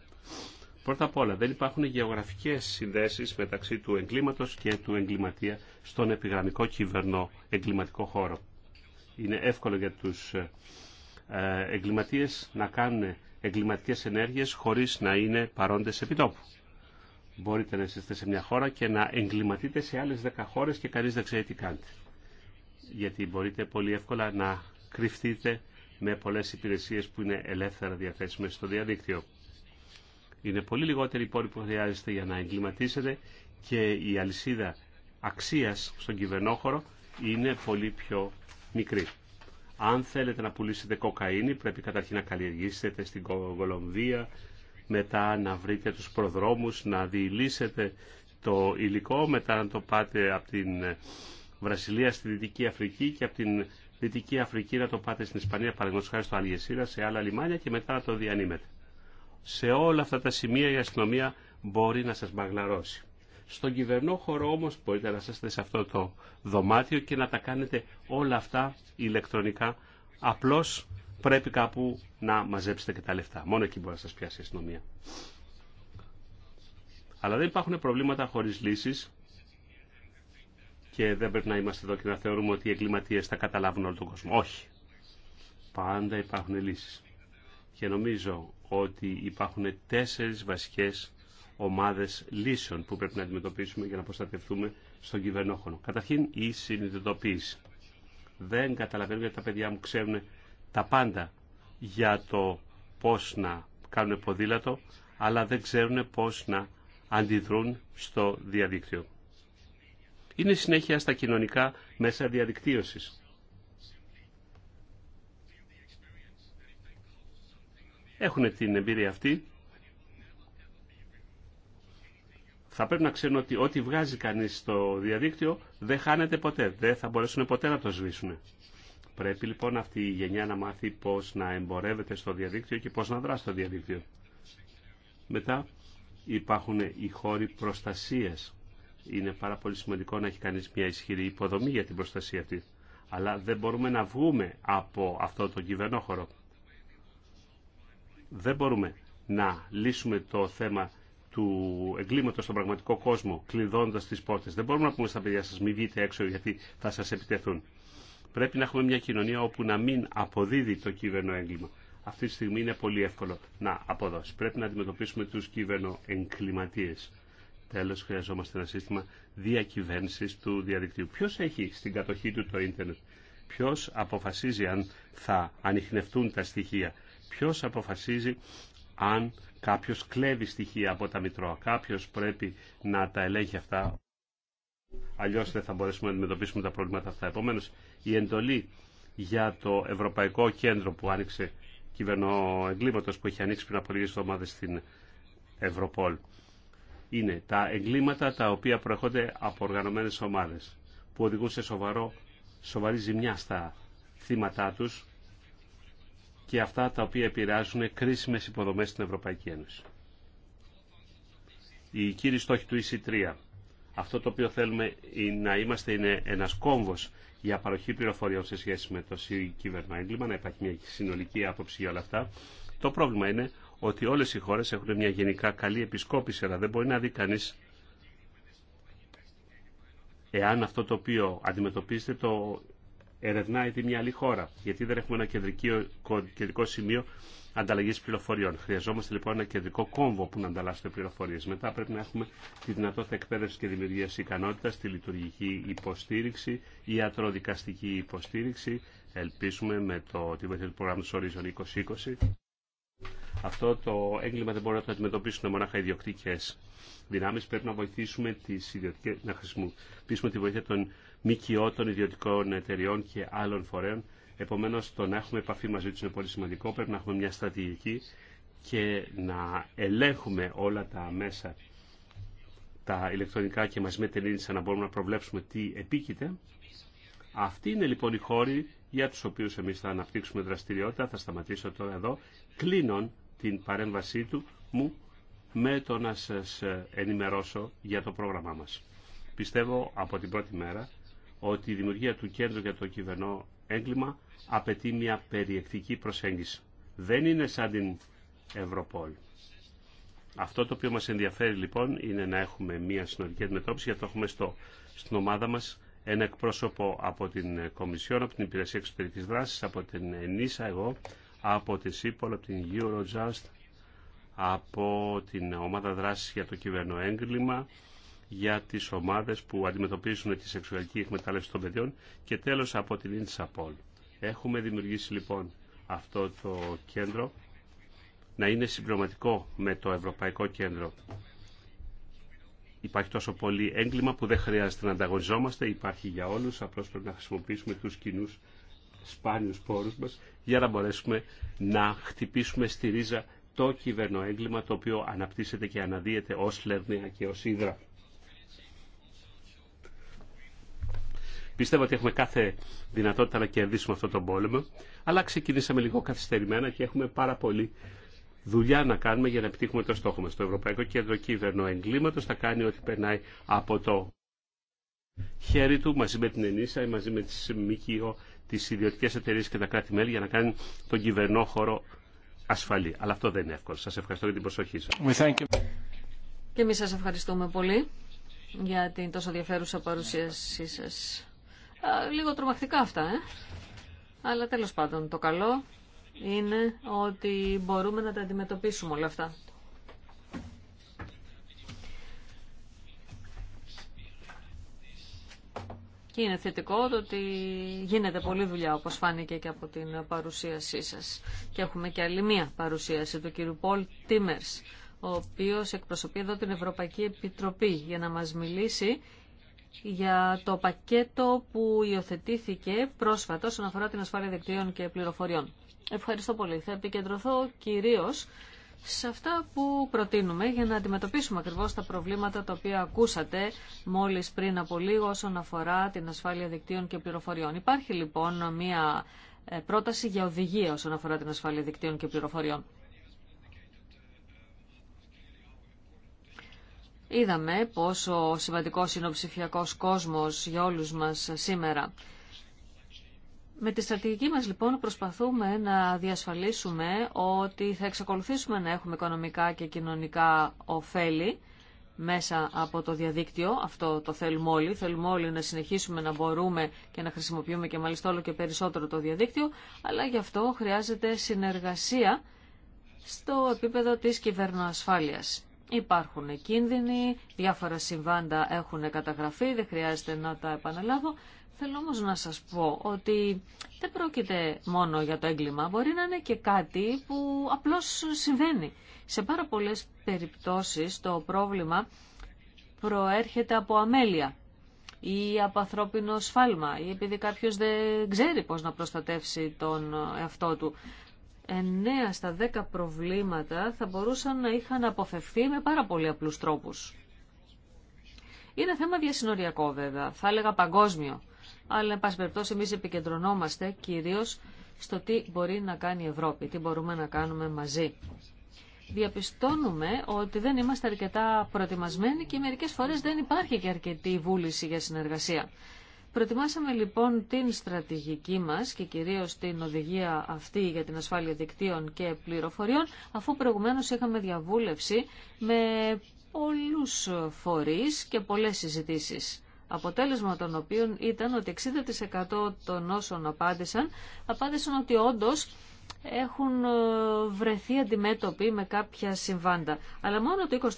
Πρώτα απ' όλα, δεν υπάρχουν γεωγραφικέ συνδέσει μεταξύ του εγκλήματο και του εγκληματία στον επιγραμμικό κυβερνό εγκληματικό χώρο. Είναι εύκολο για του ε, εγκληματίε να κάνουν εγκληματικέ ενέργειε χωρί να είναι παρόντες επιτόπου. Μπορείτε να είστε σε μια χώρα και να εγκληματείτε σε άλλε δέκα χώρε και κανεί δεν ξέρει τι κάνετε. Γιατί μπορείτε πολύ εύκολα να κρυφτείτε με πολλές υπηρεσίες που είναι ελεύθερα διαθέσιμες στο διαδίκτυο. Είναι πολύ λιγότεροι πόροι που χρειάζεστε για να εγκληματίσετε και η αλυσίδα αξίας στον κυβερνόχωρο είναι πολύ πιο μικρή. Αν θέλετε να πουλήσετε κοκαίνη πρέπει καταρχήν να καλλιεργήσετε στην Κολομβία, μετά να βρείτε τους προδρόμους, να διηλύσετε το υλικό, μετά να το πάτε από την Βραζιλία στη Δυτική Αφρική και από την Δυτική Αφρική να το πάτε στην Ισπανία, παραδείγματος χάρη στο Αλγεσίρα, σε άλλα λιμάνια και μετά να το διανύμετε. Σε όλα αυτά τα σημεία η αστυνομία μπορεί να σας μαγναρώσει. Στον κυβερνό χώρο όμως μπορείτε να είστε σε αυτό το δωμάτιο και να τα κάνετε όλα αυτά ηλεκτρονικά. Απλώς πρέπει κάπου να μαζέψετε και τα λεφτά. Μόνο εκεί μπορεί να σας πιάσει η αστυνομία. Αλλά δεν υπάρχουν προβλήματα χωρίς λύσεις και δεν πρέπει να είμαστε εδώ και να θεωρούμε ότι οι εγκληματίες θα καταλάβουν όλο τον κόσμο. Όχι. Πάντα υπάρχουν λύσεις. Και νομίζω ότι υπάρχουν τέσσερις βασικές ομάδες λύσεων που πρέπει να αντιμετωπίσουμε για να προστατευτούμε στον κυβερνόχωνο. Καταρχήν η συνειδητοποίηση. Δεν καταλαβαίνω γιατί τα παιδιά μου ξέρουν τα πάντα για το πώς να κάνουν ποδήλατο, αλλά δεν ξέρουν πώς να αντιδρούν στο διαδίκτυο. Είναι συνέχεια στα κοινωνικά μέσα διαδικτύωσης. έχουν την εμπειρία αυτή. Θα πρέπει να ξέρουν ότι ό,τι βγάζει κανείς στο διαδίκτυο δεν χάνεται ποτέ, δεν θα μπορέσουν ποτέ να το σβήσουν. Πρέπει λοιπόν αυτή η γενιά να μάθει πώς να εμπορεύεται στο διαδίκτυο και πώς να δράσει στο διαδίκτυο. Μετά υπάρχουν οι χώροι προστασίας. Είναι πάρα πολύ σημαντικό να έχει κανείς μια ισχυρή υποδομή για την προστασία αυτή. Αλλά δεν μπορούμε να βγούμε από αυτό το κυβερνόχωρο. Δεν μπορούμε να λύσουμε το θέμα του εγκλήματος στον πραγματικό κόσμο, κλειδώντας τις πόρτες. Δεν μπορούμε να πούμε στα παιδιά σας μην βγείτε έξω γιατί θα σας επιτεθούν. Πρέπει να έχουμε μια κοινωνία όπου να μην αποδίδει το κύβερνο έγκλημα. Αυτή τη στιγμή είναι πολύ εύκολο να αποδώσει. Πρέπει να αντιμετωπίσουμε τους κυβερνοεγκληματίες. Τέλος, χρειαζόμαστε ένα σύστημα διακυβέρνησης του διαδικτύου. Ποιο έχει στην κατοχή του το ίντερνετ. ποιο αποφασίζει αν θα ανοιχνευτούν τα στοιχεία Ποιος αποφασίζει αν κάποιος κλέβει στοιχεία από τα Μητρώα. Κάποιος πρέπει να τα ελέγχει αυτά. Αλλιώς δεν θα μπορέσουμε να αντιμετωπίσουμε τα προβλήματα αυτά. Επομένως, η εντολή για το Ευρωπαϊκό Κέντρο που άνοιξε κυβερνοεγκλήματος που έχει ανοίξει πριν από λίγες εβδομάδες στην Ευρωπόλ. Είναι τα εγκλήματα τα οποία προέρχονται από οργανωμένες ομάδες που οδηγούν σε σοβαρό, σοβαρή ζημιά στα θύματά τους και αυτά τα οποία επηρεάζουν κρίσιμες υποδομές στην Ευρωπαϊκή Ένωση. Η κύριοι στόχοι του EC3. Αυτό το οποίο θέλουμε να είμαστε είναι ένας κόμβος για παροχή πληροφοριών σε σχέση με το κυβερνό έγκλημα, να υπάρχει μια συνολική άποψη για όλα αυτά. Το πρόβλημα είναι ότι όλες οι χώρες έχουν μια γενικά καλή επισκόπηση, αλλά δεν μπορεί να δει κανείς εάν αυτό το οποίο αντιμετωπίζεται το ερευνάει τη μια άλλη χώρα, γιατί δεν έχουμε ένα κεντρικό, κεντρικό σημείο ανταλλαγή πληροφοριών. Χρειαζόμαστε λοιπόν ένα κεντρικό κόμβο που να ανταλλάσσονται πληροφορίε. Μετά πρέπει να έχουμε τη δυνατότητα εκπαίδευση και δημιουργία ικανότητα, τη λειτουργική υποστήριξη, ή ιατροδικαστική υποστήριξη. Ελπίσουμε με το, τη βοήθεια του προγράμματο Horizon 2020. Αυτό το έγκλημα δεν μπορεί να το αντιμετωπίσουν μονάχα ιδιοκτικέ δυνάμει. Πρέπει να βοηθήσουμε τις ιδιωτικές, να χρησιμοποιήσουμε τη βοήθεια των ΜΚΟ των ιδιωτικών εταιριών και άλλων φορέων. Επομένω, το να έχουμε επαφή μαζί του είναι πολύ σημαντικό. Πρέπει να έχουμε μια στρατηγική και να ελέγχουμε όλα τα μέσα τα ηλεκτρονικά και μαζί με την ίνισα να μπορούμε να προβλέψουμε τι επίκειται. Αυτοί είναι λοιπόν οι χώροι για τους οποίους εμείς θα αναπτύξουμε δραστηριότητα. Θα σταματήσω τώρα εδώ, Κλείνω την παρέμβασή του μου με το να σας ενημερώσω για το πρόγραμμά μας. Πιστεύω από την πρώτη μέρα ότι η δημιουργία του κέντρου για το κυβερνό έγκλημα απαιτεί μια περιεκτική προσέγγιση. Δεν είναι σαν την Ευρωπόλη. Αυτό το οποίο μας ενδιαφέρει λοιπόν είναι να έχουμε μια συνολική αντιμετώπιση γιατί έχουμε στο, στην ομάδα μας ένα εκπρόσωπο από την Κομισιόν, από την Υπηρεσία Εξωτερικής Δράσης, από την ΕΝΙΣΑ, εγώ, από την ΣΥΠΟΛ, από την Eurojust, από την Ομάδα Δράσης για το Κυβερνό Έγκλημα, για τι ομάδε που αντιμετωπίζουν τη σεξουαλική εκμετάλλευση των παιδιών και τέλο από την Πολ. Έχουμε δημιουργήσει λοιπόν αυτό το κέντρο να είναι συμπληρωματικό με το Ευρωπαϊκό Κέντρο. Υπάρχει τόσο πολύ έγκλημα που δεν χρειάζεται να ανταγωνιζόμαστε, υπάρχει για όλους, απλώς πρέπει να χρησιμοποιήσουμε τους κοινού σπάνιους πόρους μας για να μπορέσουμε να χτυπήσουμε στη ρίζα το κυβερνοέγκλημα το οποίο αναπτύσσεται και αναδύεται ως λερνέα και ως ύδρα. Πιστεύω ότι έχουμε κάθε δυνατότητα να κερδίσουμε αυτό τον πόλεμο, αλλά ξεκινήσαμε λίγο καθυστερημένα και έχουμε πάρα πολύ δουλειά να κάνουμε για να επιτύχουμε το στόχο μας. Το Ευρωπαϊκό Κέντρο Κύβερνο Εγκλήματος θα κάνει ό,τι περνάει από το χέρι του μαζί με την ΕΝΙΣΑ ή μαζί με τις ΜΚΟ, τις ιδιωτικές εταιρείες και τα κράτη-μέλη για να κάνει τον κυβερνό χώρο ασφαλή. Αλλά αυτό δεν είναι εύκολο. Σας ευχαριστώ για την προσοχή σας. Και εμείς σας ευχαριστούμε πολύ για την τόσο ενδιαφέρουσα παρουσίασή σας. Λίγο τρομακτικά αυτά, ε. Αλλά τέλος πάντων, το καλό είναι ότι μπορούμε να τα αντιμετωπίσουμε όλα αυτά. Και είναι θετικό ότι γίνεται πολλή δουλειά όπως φάνηκε και από την παρουσίασή σας. Και έχουμε και άλλη μία παρουσίαση του κύριου Πολ Τίμερς, ο οποίος εκπροσωπεί εδώ την Ευρωπαϊκή Επιτροπή για να μας μιλήσει για το πακέτο που υιοθετήθηκε πρόσφατα όσον αφορά την ασφάλεια δικτύων και πληροφοριών. Ευχαριστώ πολύ. Θα επικεντρωθώ κυρίως σε αυτά που προτείνουμε για να αντιμετωπίσουμε ακριβώς τα προβλήματα τα οποία ακούσατε μόλις πριν από λίγο όσον αφορά την ασφάλεια δικτύων και πληροφοριών. Υπάρχει λοιπόν μια ε, πρόταση για οδηγία όσον αφορά την ασφάλεια δικτύων και πληροφοριών. Είδαμε πόσο σημαντικός είναι ο ψηφιακό κόσμος για όλους μας σήμερα. Με τη στρατηγική μας λοιπόν προσπαθούμε να διασφαλίσουμε ότι θα εξακολουθήσουμε να έχουμε οικονομικά και κοινωνικά ωφέλη μέσα από το διαδίκτυο. Αυτό το θέλουμε όλοι. Θέλουμε όλοι να συνεχίσουμε να μπορούμε και να χρησιμοποιούμε και μάλιστα όλο και περισσότερο το διαδίκτυο, αλλά γι' αυτό χρειάζεται συνεργασία στο επίπεδο της κυβερνοασφάλειας. Υπάρχουν κίνδυνοι, διάφορα συμβάντα έχουν καταγραφεί, δεν χρειάζεται να τα επαναλάβω. Θέλω όμως να σας πω ότι δεν πρόκειται μόνο για το έγκλημα, μπορεί να είναι και κάτι που απλώς συμβαίνει. Σε πάρα πολλές περιπτώσεις το πρόβλημα προέρχεται από αμέλεια ή από ανθρώπινο σφάλμα ή επειδή κάποιος δεν ξέρει πώς να προστατεύσει τον εαυτό του. 9 στα 10 προβλήματα θα μπορούσαν να είχαν αποφευθεί με πάρα πολύ απλούς τρόπους. Είναι θέμα διασυνοριακό βέβαια, θα έλεγα παγκόσμιο, αλλά εν πάση περιπτώσει εμείς επικεντρωνόμαστε κυρίως στο τι μπορεί να κάνει η Ευρώπη, τι μπορούμε να κάνουμε μαζί. Διαπιστώνουμε ότι δεν είμαστε αρκετά προετοιμασμένοι και μερικές φορές δεν υπάρχει και αρκετή βούληση για συνεργασία. Προετοιμάσαμε λοιπόν την στρατηγική μας και κυρίως την οδηγία αυτή για την ασφάλεια δικτύων και πληροφοριών, αφού προηγουμένως είχαμε διαβούλευση με πολλούς φορείς και πολλές συζητήσεις. Αποτέλεσμα των οποίων ήταν ότι 60% των όσων απάντησαν, απάντησαν ότι όντως έχουν ε, βρεθεί αντιμέτωποι με κάποια συμβάντα. Αλλά μόνο το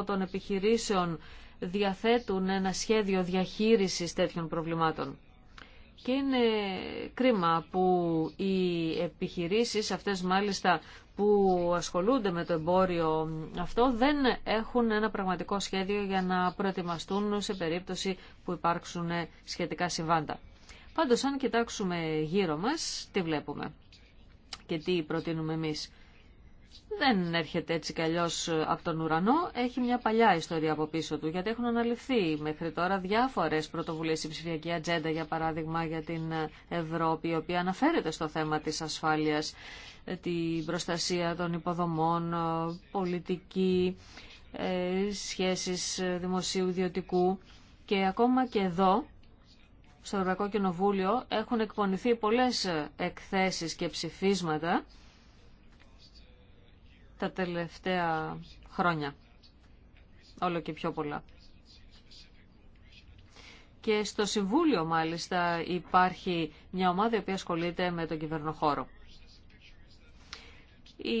20% των επιχειρήσεων διαθέτουν ένα σχέδιο διαχείρισης τέτοιων προβλημάτων. Και είναι κρίμα που οι επιχειρήσεις αυτές μάλιστα που ασχολούνται με το εμπόριο αυτό δεν έχουν ένα πραγματικό σχέδιο για να προετοιμαστούν σε περίπτωση που υπάρξουν σχετικά συμβάντα. Πάντως αν κοιτάξουμε γύρω μας, τι βλέπουμε και τι προτείνουμε εμείς δεν έρχεται έτσι κι ε, από τον ουρανό, έχει μια παλιά ιστορία από πίσω του, γιατί έχουν αναλυφθεί μέχρι τώρα διάφορες πρωτοβουλίες η ψηφιακή ατζέντα, για παράδειγμα για την ε, Ευρώπη, η οποία αναφέρεται στο θέμα της ασφάλειας, ε, την προστασία των υποδομών, πολιτική, σχέσεις δημοσίου ιδιωτικού και ακόμα και εδώ στο Ευρωπαϊκό Κοινοβούλιο έχουν εκπονηθεί πολλές εκθέσεις και ψηφίσματα τα τελευταία χρόνια. Όλο και πιο πολλά. Και στο Συμβούλιο μάλιστα υπάρχει μια ομάδα η οποία ασχολείται με τον κυβερνοχώρο. Η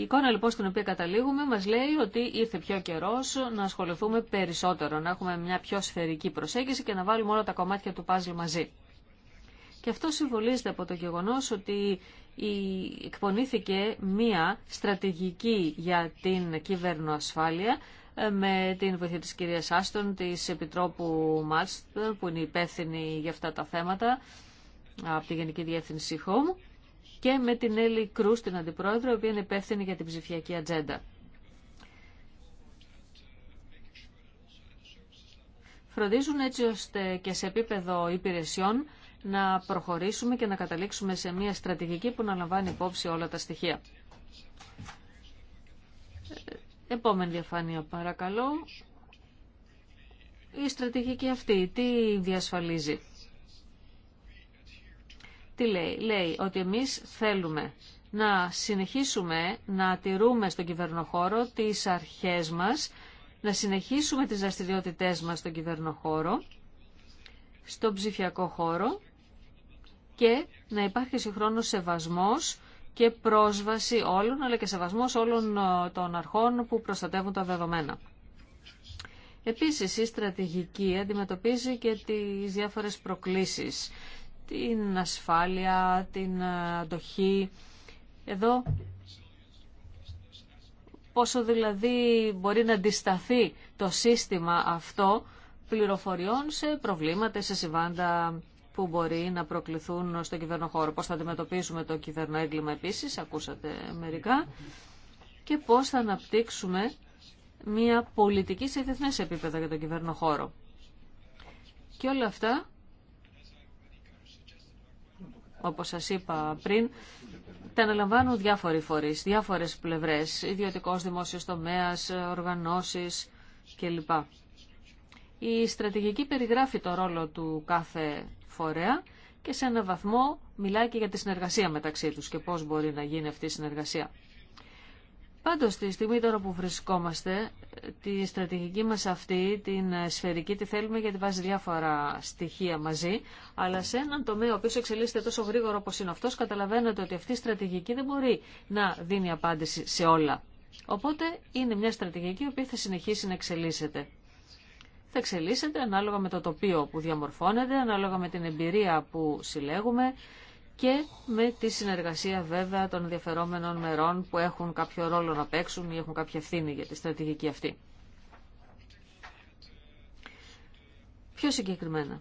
εικόνα λοιπόν στην οποία καταλήγουμε μας λέει ότι ήρθε πιο καιρός να ασχοληθούμε περισσότερο, να έχουμε μια πιο σφαιρική προσέγγιση και να βάλουμε όλα τα κομμάτια του παζλ μαζί. Και αυτό συμβολίζεται από το γεγονός ότι εκπονήθηκε μία στρατηγική για την κυβερνοασφάλεια ε, με την βοήθεια της κυρίας Άστον, της Επιτρόπου Μάρστ, που είναι υπεύθυνη για αυτά τα θέματα από τη Γενική Διεύθυνση Home και με την Έλλη Κρούς, την Αντιπρόεδρο, η οποία είναι υπεύθυνη για την ψηφιακή ατζέντα. Φροντίζουν έτσι ώστε και σε επίπεδο υπηρεσιών να προχωρήσουμε και να καταλήξουμε σε μια στρατηγική που να λαμβάνει υπόψη όλα τα στοιχεία. Ε, επόμενη διαφάνεια παρακαλώ. Η στρατηγική αυτή τι διασφαλίζει. Τι λέει. Λέει ότι εμείς θέλουμε να συνεχίσουμε να τηρούμε στον κυβερνοχώρο τις αρχές μας, να συνεχίσουμε τις δραστηριότητές μας στον κυβερνοχώρο, στον ψηφιακό χώρο και να υπάρχει συγχρόνως σεβασμός και πρόσβαση όλων, αλλά και σεβασμός όλων ε, των αρχών που προστατεύουν τα δεδομένα. Επίσης, η στρατηγική αντιμετωπίζει και τις διάφορες προκλήσεις, την ασφάλεια, την ε, αντοχή. Εδώ, πόσο δηλαδή μπορεί να αντισταθεί το σύστημα αυτό πληροφοριών σε προβλήματα, σε συμβάντα που μπορεί να προκληθούν στο κυβερνοχώρο. Πώς θα αντιμετωπίσουμε το κυβερνοέγκλημα επίσης, ακούσατε μερικά, και πώς θα αναπτύξουμε μια πολιτική σε διεθνές επίπεδα για τον κυβερνοχώρο. Και όλα αυτά, όπως σας είπα πριν, τα αναλαμβάνουν διάφοροι φορείς, διάφορες πλευρές, ιδιωτικός δημόσιος τομέας, οργανώσεις κλπ. Η στρατηγική περιγράφει το ρόλο του κάθε φορέα και σε έναν βαθμό μιλάει και για τη συνεργασία μεταξύ τους και πώς μπορεί να γίνει αυτή η συνεργασία. Πάντως, τη στιγμή τώρα που βρισκόμαστε, τη στρατηγική μας αυτή, την ε, σφαιρική, τη θέλουμε γιατί βάζει διάφορα στοιχεία μαζί, αλλά σε έναν τομέα ο οποίος εξελίσσεται τόσο γρήγορο όπως είναι αυτός, καταλαβαίνετε ότι αυτή η στρατηγική δεν μπορεί να δίνει απάντηση σε όλα. Οπότε είναι μια στρατηγική η οποία θα συνεχίσει να εξελίσσεται θα εξελίσσεται ανάλογα με το τοπίο που διαμορφώνεται, ανάλογα με την εμπειρία που συλλέγουμε και με τη συνεργασία βέβαια των ενδιαφερόμενων μερών που έχουν κάποιο ρόλο να παίξουν ή έχουν κάποια ευθύνη για τη στρατηγική αυτή. Πιο συγκεκριμένα,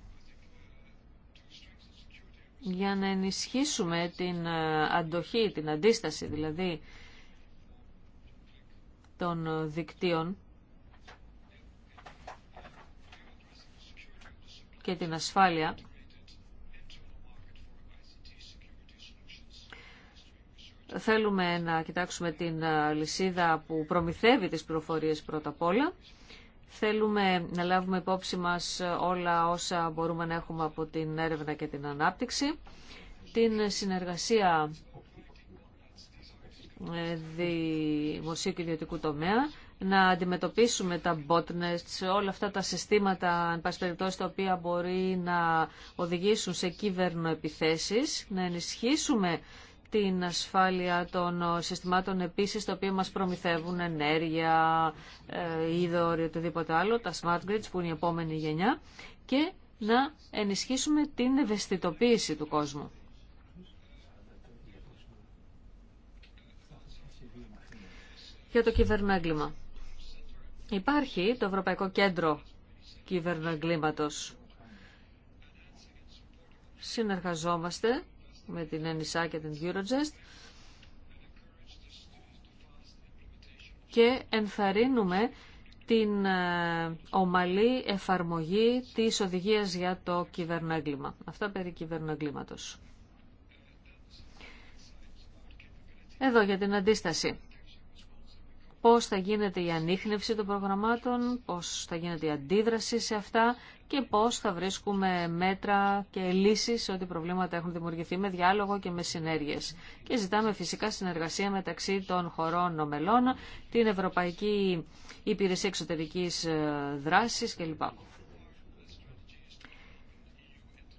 για να ενισχύσουμε την ε, αντοχή, την αντίσταση δηλαδή των ε, δικτύων και την ασφάλεια θέλουμε να κοιτάξουμε την λυσίδα που προμηθεύει τις προφορίες πρώτα απ' όλα. Θέλουμε να λάβουμε υπόψη μας όλα όσα μπορούμε να έχουμε από την έρευνα και την ανάπτυξη. Την συνεργασία ε, δημοσίου και ιδιωτικού τομέα να αντιμετωπίσουμε τα botnets, όλα αυτά τα συστήματα, εν πάση περιπτώσει, τα οποία μπορεί να οδηγήσουν σε κύβερνο επιθέσεις, να ενισχύσουμε την ασφάλεια των συστημάτων επίσης, τα οποία μας προμηθεύουν ενέργεια, ε, ή οτιδήποτε άλλο, τα smart grids που είναι η επόμενη γενιά, και να ενισχύσουμε την ευαισθητοποίηση του κόσμου. για το κυβερνό Υπάρχει το Ευρωπαϊκό Κέντρο Κυβερνοεγκλήματος. Συνεργαζόμαστε με την ΕΝΙΣΑ και την Eurogest και ενθαρρύνουμε την ε, ομαλή εφαρμογή της οδηγίας για το κυβερνοέγκλημα. Αυτά περί κυβερνοέγκληματος. Εδώ για την αντίσταση πώς θα γίνεται η ανείχνευση των προγραμμάτων, πώς θα γίνεται η αντίδραση σε αυτά και πώς θα βρίσκουμε μέτρα και λύσεις σε ό,τι προβλήματα έχουν δημιουργηθεί με διάλογο και με συνέργειες. Και ζητάμε φυσικά συνεργασία μεταξύ των χωρών νομελών, την Ευρωπαϊκή Υπηρεσία Εξωτερικής ε, Δράσης κλπ.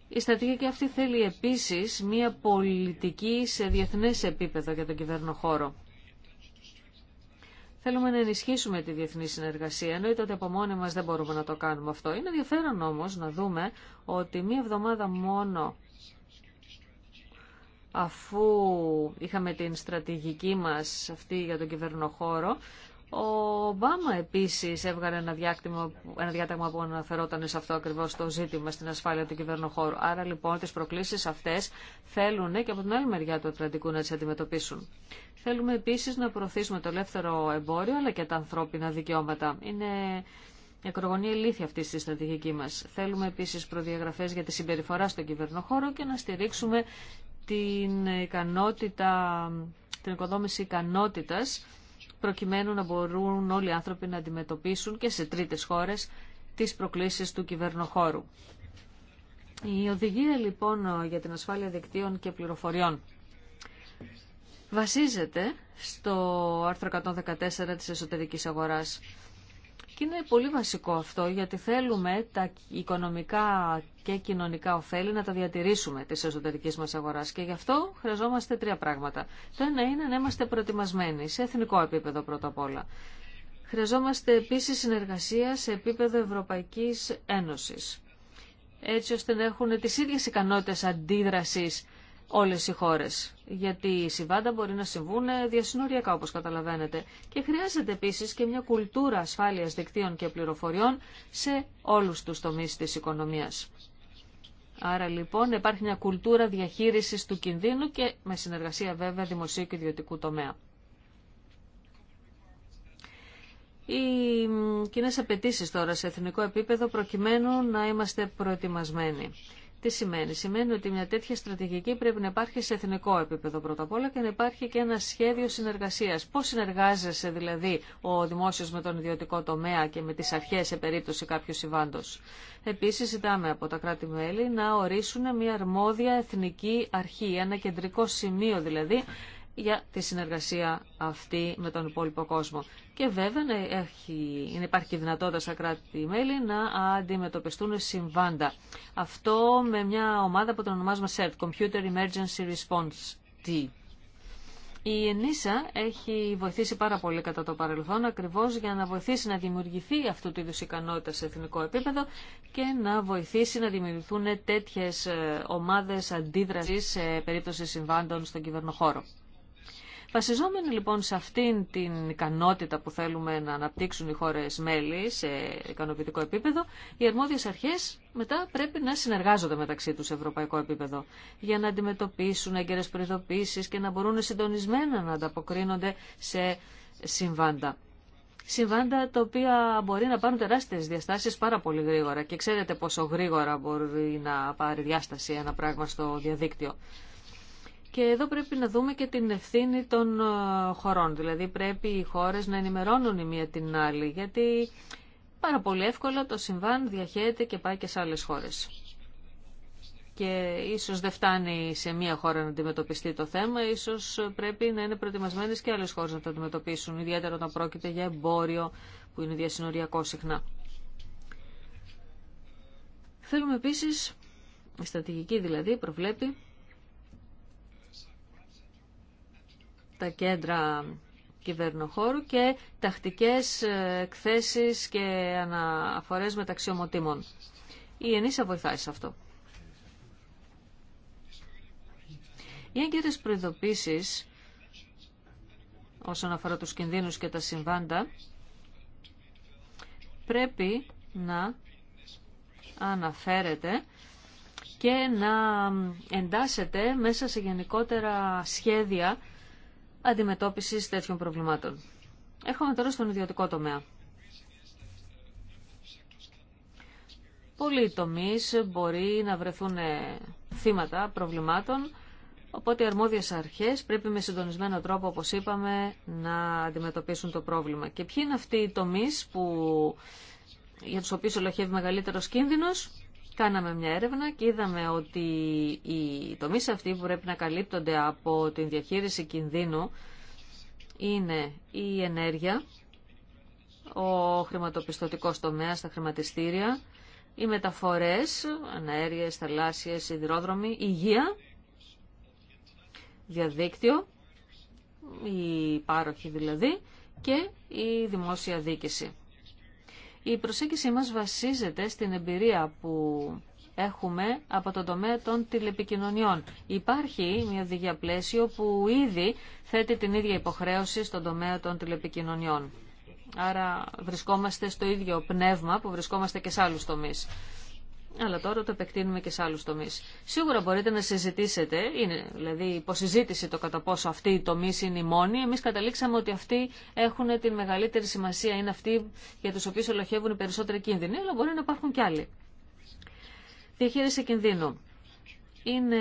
Η στρατηγική αυτή θέλει επίσης μια πολιτική σε διεθνές επίπεδο για τον χώρο. Θέλουμε να ενισχύσουμε τη διεθνή συνεργασία. Εννοείται ότι από μόνοι μα δεν μπορούμε να το κάνουμε αυτό. Είναι ενδιαφέρον όμω να δούμε ότι μία εβδομάδα μόνο αφού είχαμε την στρατηγική μας αυτή για τον κυβερνοχώρο, ο Ομπάμα επίση έβγαλε ένα, διάκτημα, ένα διάταγμα που αναφερόταν σε αυτό ακριβώ το ζήτημα στην ασφάλεια του κυβερνοχώρου. Άρα λοιπόν τι προκλήσει αυτέ θέλουν και από την άλλη μεριά του Ατλαντικού να τι αντιμετωπίσουν. Θέλουμε επίση να προωθήσουμε το ελεύθερο εμπόριο αλλά και τα ανθρώπινα δικαιώματα. Είναι η ακρογωνία λύθη αυτή τη στρατηγική μα. Θέλουμε επίση προδιαγραφέ για τη συμπεριφορά στον κυβερνοχώρο και να στηρίξουμε την ικανότητα, την οικοδόμηση ικανότητας προκειμένου να μπορούν όλοι οι άνθρωποι να αντιμετωπίσουν και σε τρίτες χώρες τις προκλήσεις του κυβερνοχώρου. Η οδηγία λοιπόν για την ασφάλεια δικτύων και πληροφοριών βασίζεται στο άρθρο 114 της εσωτερικής αγοράς. Και είναι πολύ βασικό αυτό γιατί θέλουμε τα οικονομικά και κοινωνικά ωφέλη να τα διατηρήσουμε τη εσωτερική μα αγορά. Και γι' αυτό χρειαζόμαστε τρία πράγματα. Το ένα είναι να είμαστε προετοιμασμένοι, σε εθνικό επίπεδο πρώτα απ' όλα. Χρειαζόμαστε επίση συνεργασία σε επίπεδο Ευρωπαϊκή Ένωση. Έτσι ώστε να έχουν τι ίδιε ικανότητε αντίδραση όλες οι χώρες. Γιατί οι συμβάντα μπορεί να συμβούν διασυνοριακά όπως καταλαβαίνετε. Και χρειάζεται επίσης και μια κουλτούρα ασφάλειας δικτύων και πληροφοριών σε όλους τους τομείς της οικονομίας. Άρα λοιπόν υπάρχει μια κουλτούρα διαχείρισης του κινδύνου και με συνεργασία βέβαια δημοσίου και ιδιωτικού τομέα. Οι κοινέ απαιτήσει τώρα σε εθνικό επίπεδο προκειμένου να είμαστε προετοιμασμένοι. Τι σημαίνει. Σημαίνει ότι μια τέτοια στρατηγική πρέπει να υπάρχει σε εθνικό επίπεδο πρώτα απ' όλα και να υπάρχει και ένα σχέδιο συνεργασία. Πώ συνεργάζεσαι δηλαδή ο δημόσιο με τον ιδιωτικό τομέα και με τι αρχέ σε περίπτωση κάποιου συμβάντο. Επίση, ζητάμε από τα κράτη-μέλη να ορίσουν μια αρμόδια εθνική αρχή, ένα κεντρικό σημείο δηλαδή για τη συνεργασία αυτή με τον υπόλοιπο κόσμο. Και βέβαια ναι, έχει, υπάρχει δυνατότητα στα κράτη-μέλη να αντιμετωπιστούν συμβάντα. Αυτό με μια ομάδα που το ονομάζουμε CERT, Computer Emergency Response Team. Η ΕΝΙΣΑ έχει βοηθήσει πάρα πολύ κατά το παρελθόν ακριβώς για να βοηθήσει να δημιουργηθεί αυτού του είδους ικανότητα σε εθνικό επίπεδο και να βοηθήσει να δημιουργηθούν τέτοιες ε, ομάδες αντίδρασης σε περίπτωση συμβάντων στον κυβερνοχώρο. Βασιζόμενοι λοιπόν σε αυτήν την ικανότητα που θέλουμε να αναπτύξουν οι χώρε μέλη σε ικανοποιητικό επίπεδο, οι αρμόδιες αρχέ μετά πρέπει να συνεργάζονται μεταξύ του σε ευρωπαϊκό επίπεδο για να αντιμετωπίσουν έγκαιρε προειδοποίησει και να μπορούν συντονισμένα να ανταποκρίνονται σε συμβάντα συμβάντα τα οποία μπορεί να πάρουν τεράστιε διαστάσει πάρα πολύ γρήγορα και ξέρετε πόσο γρήγορα μπορεί να πάρει διάσταση ένα πράγμα στο διαδίκτυο. Και εδώ πρέπει να δούμε και την ευθύνη των ε, χωρών. Δηλαδή πρέπει οι χώρες να ενημερώνουν η μία την άλλη, γιατί πάρα πολύ εύκολα το συμβάν διαχέεται και πάει και σε άλλες χώρες. Και ίσως δεν φτάνει σε μία χώρα να αντιμετωπιστεί το θέμα, ίσως πρέπει να είναι προετοιμασμένες και άλλες χώρες να το αντιμετωπίσουν, ιδιαίτερα όταν πρόκειται για εμπόριο που είναι διασυνοριακό συχνά. Θέλουμε επίσης, η στρατηγική δηλαδή προβλέπει τα κέντρα κυβερνοχώρου και τακτικές ε, εκθέσεις και αναφορές μεταξύ ομοτήμων. Η Ενίσα βοηθάει σε αυτό. Οι έγκαιρες προειδοποίησεις όσον αφορά τους κινδύνους και τα συμβάντα πρέπει να αναφέρεται και να εντάσσεται μέσα σε γενικότερα σχέδια Αντιμετώπιση τέτοιων προβλημάτων. Έρχομαι τώρα στον ιδιωτικό τομέα. Πολλοί τομείς μπορεί να βρεθούν ε, θύματα προβλημάτων, οπότε οι αρμόδιε αρχές πρέπει με συντονισμένο τρόπο, όπως είπαμε, να αντιμετωπίσουν το πρόβλημα. Και ποιοι είναι αυτοί οι τομεί, που, για τους οποίους ολοχεύει μεγαλύτερος κίνδυνος, Κάναμε μια έρευνα και είδαμε ότι οι τομείς αυτοί που πρέπει να καλύπτονται από την διαχείριση κινδύνου είναι η ενέργεια, ο χρηματοπιστωτικός τομέας, τα χρηματιστήρια, οι μεταφορές, αναέριες, θαλάσσιες, σιδηρόδρομοι, υγεία, διαδίκτυο, η πάροχη δηλαδή, και η δημόσια δίκηση. Η προσέγγιση μας βασίζεται στην εμπειρία που έχουμε από τον τομέα των τηλεπικοινωνιών. Υπάρχει μια οδηγία πλαίσιο που ήδη θέτει την ίδια υποχρέωση στον τομέα των τηλεπικοινωνιών. Άρα βρισκόμαστε στο ίδιο πνεύμα που βρισκόμαστε και σε άλλους τομείς αλλά τώρα το επεκτείνουμε και σε άλλους τομείς. Σίγουρα μπορείτε να συζητήσετε, είναι δηλαδή υποσυζήτηση το κατά πόσο αυτοί οι τομείς είναι οι μόνοι. Εμείς καταλήξαμε ότι αυτοί έχουν την μεγαλύτερη σημασία, είναι αυτοί για τους οποίους ελοχεύουν οι περισσότεροι κίνδυνοι, αλλά μπορεί να υπάρχουν και άλλοι. Διαχείριση κινδύνου. Είναι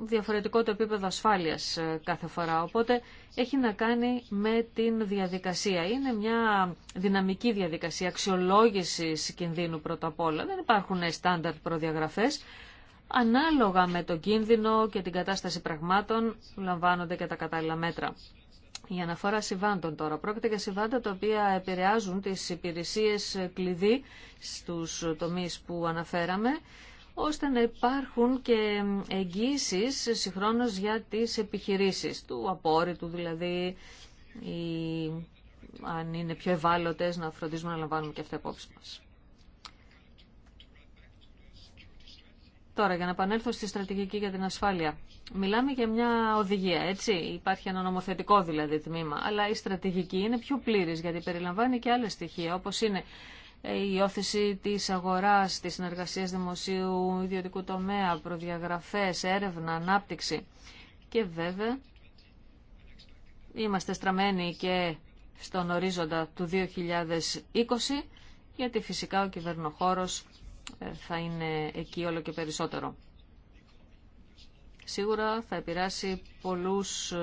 διαφορετικό το επίπεδο ασφάλειας ε, κάθε φορά, οπότε έχει να κάνει με την διαδικασία. Είναι μια δυναμική διαδικασία αξιολόγησης κινδύνου πρώτα απ' όλα. Δεν υπάρχουν στάνταρτ προδιαγραφές. Ανάλογα με το κίνδυνο και την κατάσταση πραγμάτων λαμβάνονται και τα κατάλληλα μέτρα. Η αναφορά συμβάντων τώρα. Πρόκειται για συμβάντα τα οποία επηρεάζουν τις υπηρεσίες κλειδί στους τομείς που αναφέραμε ώστε να υπάρχουν και εγγύσεις συγχρόνως για τις επιχειρήσεις του απόρριτου δηλαδή ή αν είναι πιο ευάλωτες να φροντίζουμε να λαμβάνουμε και αυτά υπόψη μας. Τώρα, για να επανέλθω στη στρατηγική για την ασφάλεια. Μιλάμε για μια οδηγία, έτσι. Υπάρχει ένα νομοθετικό δηλαδή τμήμα. Αλλά η στρατηγική είναι πιο πλήρης, γιατί περιλαμβάνει και άλλα στοιχεία, όπως είναι ε, η όθηση της αγοράς, της συνεργασίας δημοσίου ιδιωτικού τομέα, προδιαγραφές, έρευνα, ανάπτυξη. Και βέβαια είμαστε στραμμένοι και στον ορίζοντα του 2020, γιατί φυσικά ο κυβερνοχώρος ε, θα είναι εκεί όλο και περισσότερο σίγουρα θα επηρεάσει πολλούς ε,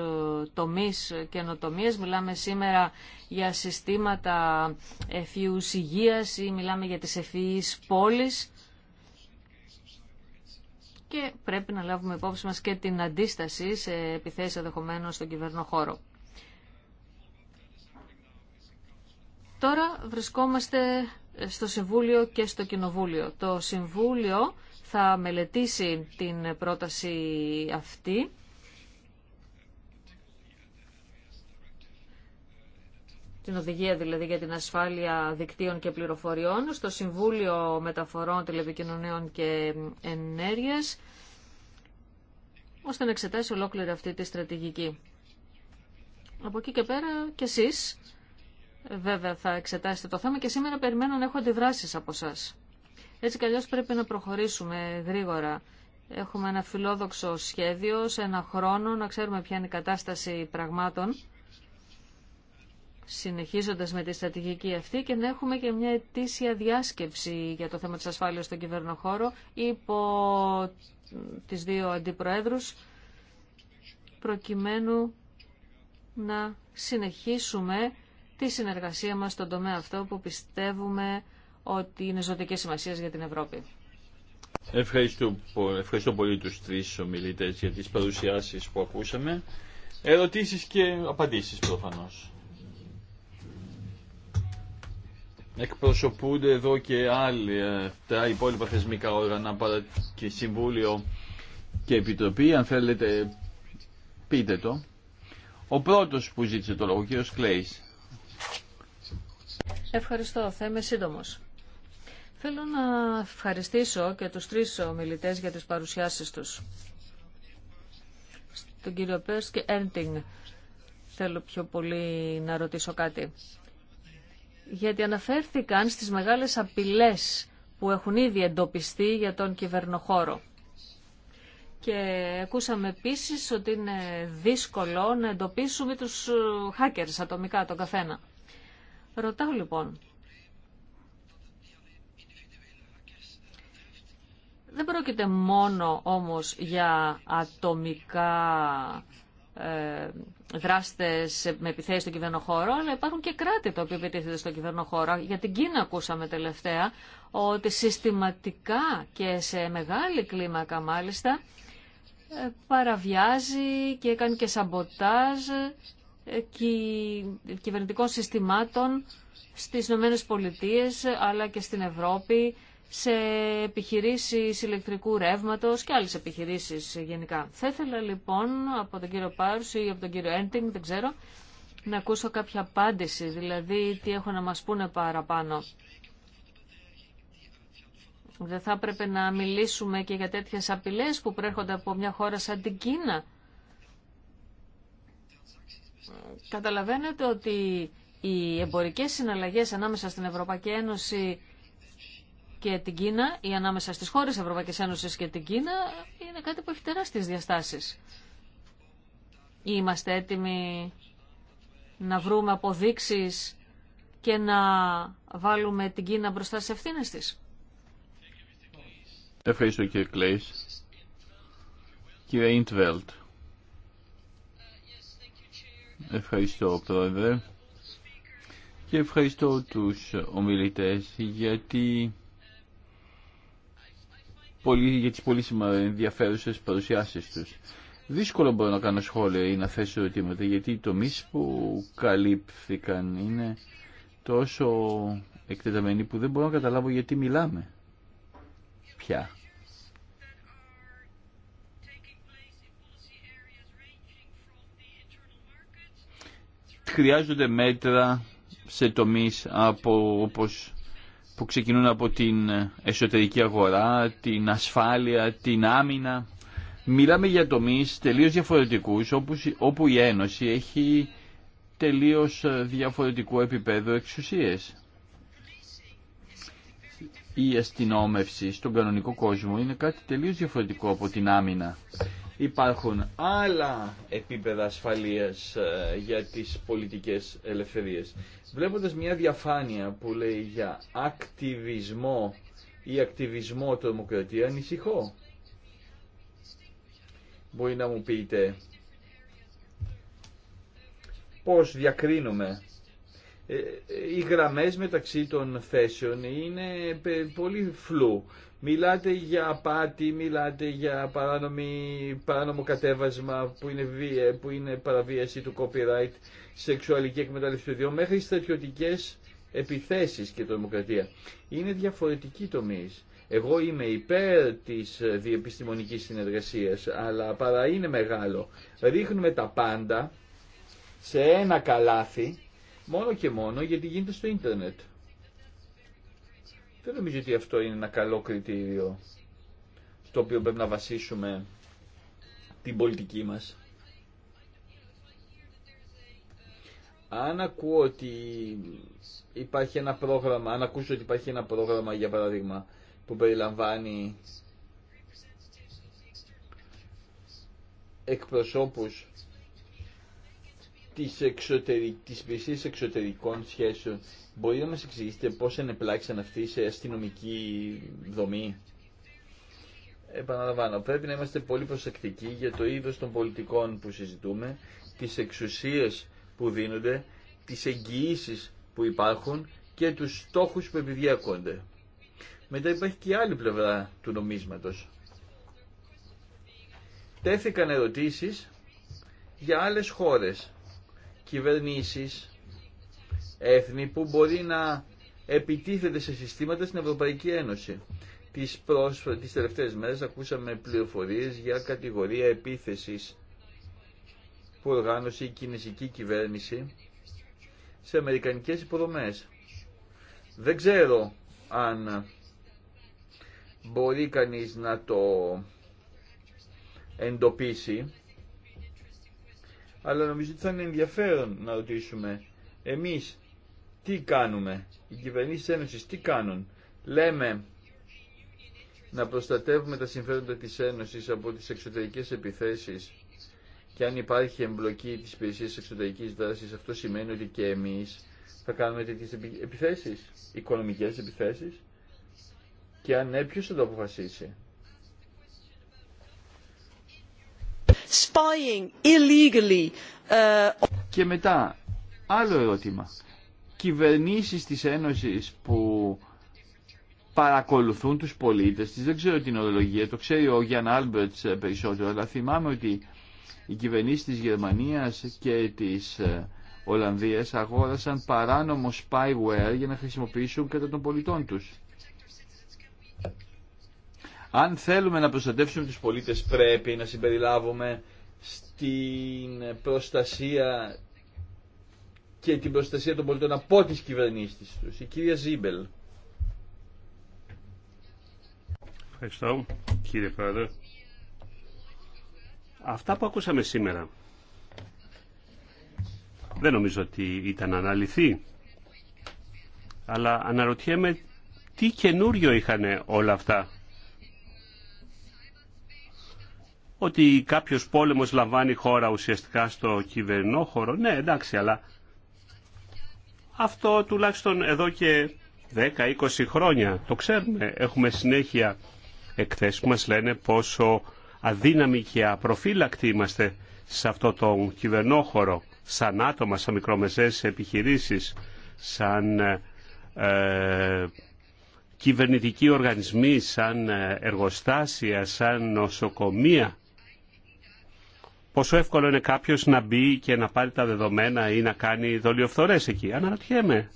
τομείς καινοτομίε. Μιλάμε σήμερα για συστήματα ευφύους υγείας ή μιλάμε για τις ευφύείς πόλεις και πρέπει να λάβουμε υπόψη μας και την αντίσταση σε επιθέσεις ενδεχομένω στον κυβερνοχώρο. Τώρα βρισκόμαστε στο Συμβούλιο και στο Κοινοβούλιο. Το Συμβούλιο θα μελετήσει την πρόταση αυτή. την οδηγία δηλαδή για την ασφάλεια δικτύων και πληροφοριών στο Συμβούλιο Μεταφορών, Τηλεπικοινωνίων και Ενέργειας ώστε να εξετάσει ολόκληρη αυτή τη στρατηγική. Από εκεί και πέρα και εσείς βέβαια θα εξετάσετε το θέμα και σήμερα περιμένω να έχω αντιδράσεις από σας. Έτσι κι αλλιώς πρέπει να προχωρήσουμε γρήγορα. Έχουμε ένα φιλόδοξο σχέδιο σε ένα χρόνο να ξέρουμε ποια είναι η κατάσταση πραγμάτων συνεχίζοντας με τη στρατηγική αυτή και να έχουμε και μια ετήσια διάσκεψη για το θέμα της ασφάλειας στον κυβερνοχώρο υπό τις δύο αντιπροέδρους προκειμένου να συνεχίσουμε τη συνεργασία μας στον τομέα αυτό που πιστεύουμε ότι είναι ζωτικές σημασίες για την Ευρώπη. Ευχαριστώ, πολύ τους τρεις ομιλητές για τις παρουσιάσεις που ακούσαμε. Ερωτήσεις και απαντήσεις προφανώς. Εκπροσωπούνται εδώ και άλλοι ε, τα υπόλοιπα θεσμικά όργανα παρά και Συμβούλιο και Επιτροπή. Αν θέλετε πείτε το. Ο πρώτος που ζήτησε το λόγο, ο κύριος Κλέης. Ευχαριστώ. Θα είμαι σύντομος. Θέλω να ευχαριστήσω και τους τρεις ομιλητές για τις παρουσιάσεις τους. Στον κύριο Πέρς και Έντινγκ. θέλω πιο πολύ να ρωτήσω κάτι. Γιατί αναφέρθηκαν στις μεγάλες απειλές που έχουν ήδη εντοπιστεί για τον κυβερνοχώρο. Και ακούσαμε επίσης ότι είναι δύσκολο να εντοπίσουμε τους hackers ατομικά, τον καθένα. Ρωτάω λοιπόν, Δεν πρόκειται μόνο όμως για ατομικά ε, δράστες με επιθέσεις στον κυβερνοχώρο, αλλά υπάρχουν και κράτη τα οποία επιτίθεται στον κυβερνοχώρο. Για την Κίνα ακούσαμε τελευταία ότι συστηματικά και σε μεγάλη κλίμακα μάλιστα ε, παραβιάζει και κάνει και σαμποτάζ ε, κυβερνητικών συστημάτων στις Ηνωμένες Πολιτείες ε, αλλά και στην Ευρώπη σε επιχειρήσεις ηλεκτρικού ρεύματος και άλλες επιχειρήσεις γενικά. Θα ήθελα λοιπόν από τον κύριο Πάρους ή από τον κύριο Έντινγκ, δεν ξέρω, να ακούσω κάποια απάντηση, δηλαδή τι έχουν να μας πούνε παραπάνω. Δεν θα έπρεπε να μιλήσουμε και για τέτοιες απειλές που προέρχονται από μια χώρα σαν την Κίνα. Καταλαβαίνετε ότι οι εμπορικές συναλλαγές ανάμεσα στην Ευρωπαϊκή Ένωση και την Κίνα ή ανάμεσα στις χώρες Ευρωπαϊκής Ένωσης και την Κίνα είναι κάτι που έχει τεράστιες διαστάσεις. Είμαστε έτοιμοι να βρούμε αποδείξεις και να βάλουμε την Κίνα μπροστά στις ευθύνες της. Ευχαριστώ κύριε Κλέης. Κύριε Ιντβέλτ. Ευχαριστώ πρόεδρε. Και ευχαριστώ τους ομιλητές γιατί πολύ, για τις πολύ ενδιαφέρουσες παρουσιάσεις τους. Δύσκολο μπορώ να κάνω σχόλια ή να θέσω ερωτήματα γιατί οι τομεί που καλύφθηκαν είναι τόσο εκτεταμένοι που δεν μπορώ να καταλάβω γιατί μιλάμε πια. Χρειάζονται μέτρα σε τομείς από όπως που ξεκινούν από την εσωτερική αγορά, την ασφάλεια, την άμυνα. Μιλάμε για τομείς τελείως διαφορετικούς όπου η Ένωση έχει τελείως ε, διαφορετικού επίπεδου εξουσίες. Η αστυνόμευση στον κανονικό κόσμο είναι κάτι τελείως διαφορετικό από την άμυνα. Υπάρχουν άλλα επίπεδα ασφαλείας ε, για τις πολιτικές ελευθερίες. Βλέποντας μια διαφάνεια που λέει για ακτιβισμό ή ακτιβισμό τρομοκρατία, ανησυχώ. Μπορεί να μου πείτε πώς διακρίνουμε. Ε, ε, οι γραμμές μεταξύ των θέσεων είναι πολύ φλού. Μιλάτε για απάτη, μιλάτε για παράνομη, παράνομο κατέβασμα που είναι, βία, που είναι παραβίαση του copyright, σεξουαλική εκμετάλλευση του μέχρι στρατιωτικέ επιθέσεις και τρομοκρατία. Είναι διαφορετικοί τομείς. Εγώ είμαι υπέρ της διεπιστημονικής συνεργασίας, αλλά παρά είναι μεγάλο. Ρίχνουμε τα πάντα σε ένα καλάθι, μόνο και μόνο γιατί γίνεται στο ίντερνετ. Δεν νομίζω ότι αυτό είναι ένα καλό κριτήριο στο οποίο πρέπει να βασίσουμε την πολιτική μας. Αν ακούω ότι υπάρχει ένα πρόγραμμα, αν ακούσω ότι υπάρχει ένα πρόγραμμα για παράδειγμα που περιλαμβάνει εκπροσώπους της, εξωτερι... της εξωτερικών σχέσεων. Μπορεί να μας εξηγήσετε πώς ενεπλάξαν αυτοί σε αστυνομική δομή. Επαναλαμβάνω, πρέπει να είμαστε πολύ προσεκτικοί για το είδος των πολιτικών που συζητούμε, τις εξουσίες που δίνονται, τις εγγυήσει που υπάρχουν και τους στόχους που επιδιέκονται. Μετά υπάρχει και η άλλη πλευρά του νομίσματος. Τέθηκαν ερωτήσεις για άλλες χώρες κυβερνήσεις, έθνη που μπορεί να επιτίθεται σε συστήματα στην Ευρωπαϊκή Ένωση. Τις, πρόσφα... τις τελευταίες μέρες ακούσαμε πληροφορίες για κατηγορία επίθεσης που οργάνωσε η κινησική κυβέρνηση σε αμερικανικές υποδομές. Δεν ξέρω αν μπορεί κανείς να το εντοπίσει αλλά νομίζω ότι θα είναι ενδιαφέρον να ρωτήσουμε εμείς τι κάνουμε, οι κυβερνήσεις Ένωσης τι κάνουν. Λέμε να προστατεύουμε τα συμφέροντα της Ένωσης από τις εξωτερικές επιθέσεις και αν υπάρχει εμπλοκή της υπηρεσία εξωτερικής δράσης αυτό σημαίνει ότι και εμείς θα κάνουμε τέτοιες επιθέσεις, οικονομικές επιθέσεις και αν ναι θα το αποφασίσει. spying illegally. Uh, και μετά, άλλο ερώτημα. Κυβερνήσεις της Ένωσης που παρακολουθούν τους πολίτες της, δεν ξέρω την ορολογία, το ξέρει ο Γιάνν Άλμπερτς ε, περισσότερο, αλλά θυμάμαι ότι οι κυβερνήσεις της Γερμανίας και της ε, Ολλανδίας αγόρασαν παράνομο spyware για να χρησιμοποιήσουν κατά των πολιτών τους. Αν θέλουμε να προστατεύσουμε τους πολίτες πρέπει να συμπεριλάβουμε στην προστασία και την προστασία των πολιτών από τις κυβερνήσεις τους. Η κυρία Ζίμπελ. Ευχαριστώ κύριε Πρόεδρε. Αυτά που ακούσαμε σήμερα δεν νομίζω ότι ήταν αναλυθή αλλά αναρωτιέμαι τι καινούριο είχαν όλα αυτά ότι κάποιος πόλεμος λαμβάνει χώρα ουσιαστικά στο κυβερνόχωρο. Ναι, εντάξει, αλλά αυτό τουλάχιστον εδώ και 10-20 χρόνια το ξέρουμε. Έχουμε συνέχεια εκθέσεις που μας λένε πόσο αδύναμοι και απροφύλακτοι είμαστε σε αυτό το κυβερνόχωρο, σαν άτομα, σαν μικρομεσαίες επιχειρήσεις, σαν ε, ε κυβερνητικοί οργανισμοί, σαν ε, εργοστάσια, σαν νοσοκομεία πόσο εύκολο είναι κάποιος να μπει και να πάρει τα δεδομένα ή να κάνει δολιοφθορές εκεί. Αναρωτιέμαι.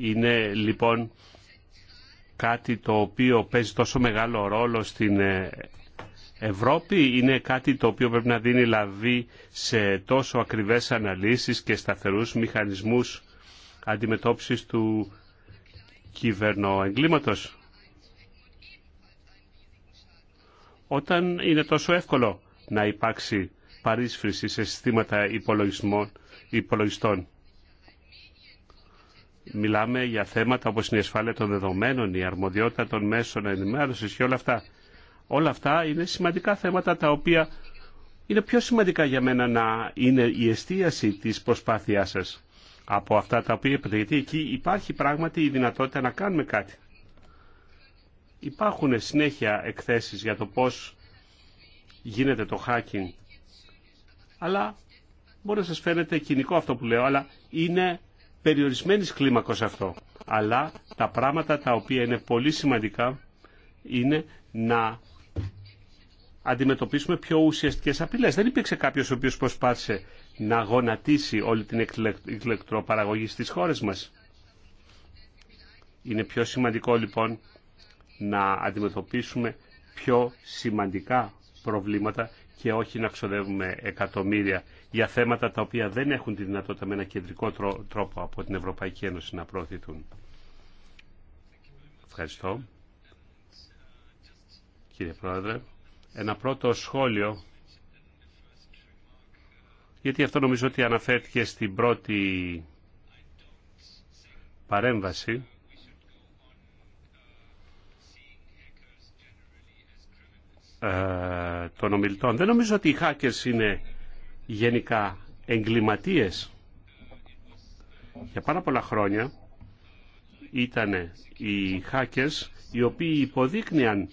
Είναι λοιπόν κάτι το οποίο παίζει τόσο μεγάλο ρόλο στην ε, Ευρώπη είναι κάτι το οποίο πρέπει να δίνει λαβή σε τόσο ακριβές αναλύσεις και σταθερούς μηχανισμούς αντιμετώπισης του κυβερνοεγκλήματος. Όταν είναι τόσο εύκολο να υπάρξει παρίσφρηση σε συστήματα υπολογιστών. Μιλάμε για θέματα όπως είναι η ασφάλεια των δεδομένων, η αρμοδιότητα των μέσων ενημέρωσης και όλα αυτά. Όλα αυτά είναι σημαντικά θέματα τα οποία είναι πιο σημαντικά για μένα να είναι η εστίαση της προσπάθειάς σας από αυτά τα οποία είπατε, γιατί εκεί υπάρχει πράγματι η δυνατότητα να κάνουμε κάτι. Υπάρχουν συνέχεια εκθέσεις για το πώς γίνεται το hacking. Αλλά μπορεί να σας φαίνεται κοινικό αυτό που λέω, αλλά είναι περιορισμένης κλίμακος αυτό. Αλλά τα πράγματα τα οποία είναι πολύ σημαντικά είναι να αντιμετωπίσουμε πιο ουσιαστικές απειλές. Δεν υπήρξε κάποιος ο οποίος προσπάθησε να γονατίσει όλη την ηλεκτροπαραγωγή στις χώρες μας. Είναι πιο σημαντικό λοιπόν να αντιμετωπίσουμε πιο σημαντικά προβλήματα και όχι να ξοδεύουμε εκατομμύρια για θέματα τα οποία δεν έχουν τη δυνατότητα με ένα κεντρικό τρόπο από την Ευρωπαϊκή Ένωση να προωθηθούν. Ευχαριστώ. Κύριε Πρόεδρε, ένα πρώτο σχόλιο, γιατί αυτό νομίζω ότι αναφέρθηκε στην πρώτη παρέμβαση. Ε, των ομιλητών. Δεν νομίζω ότι οι hackers είναι γενικά εγκληματίες. Για πάρα πολλά χρόνια ήταν οι hackers οι οποίοι υποδείκνυαν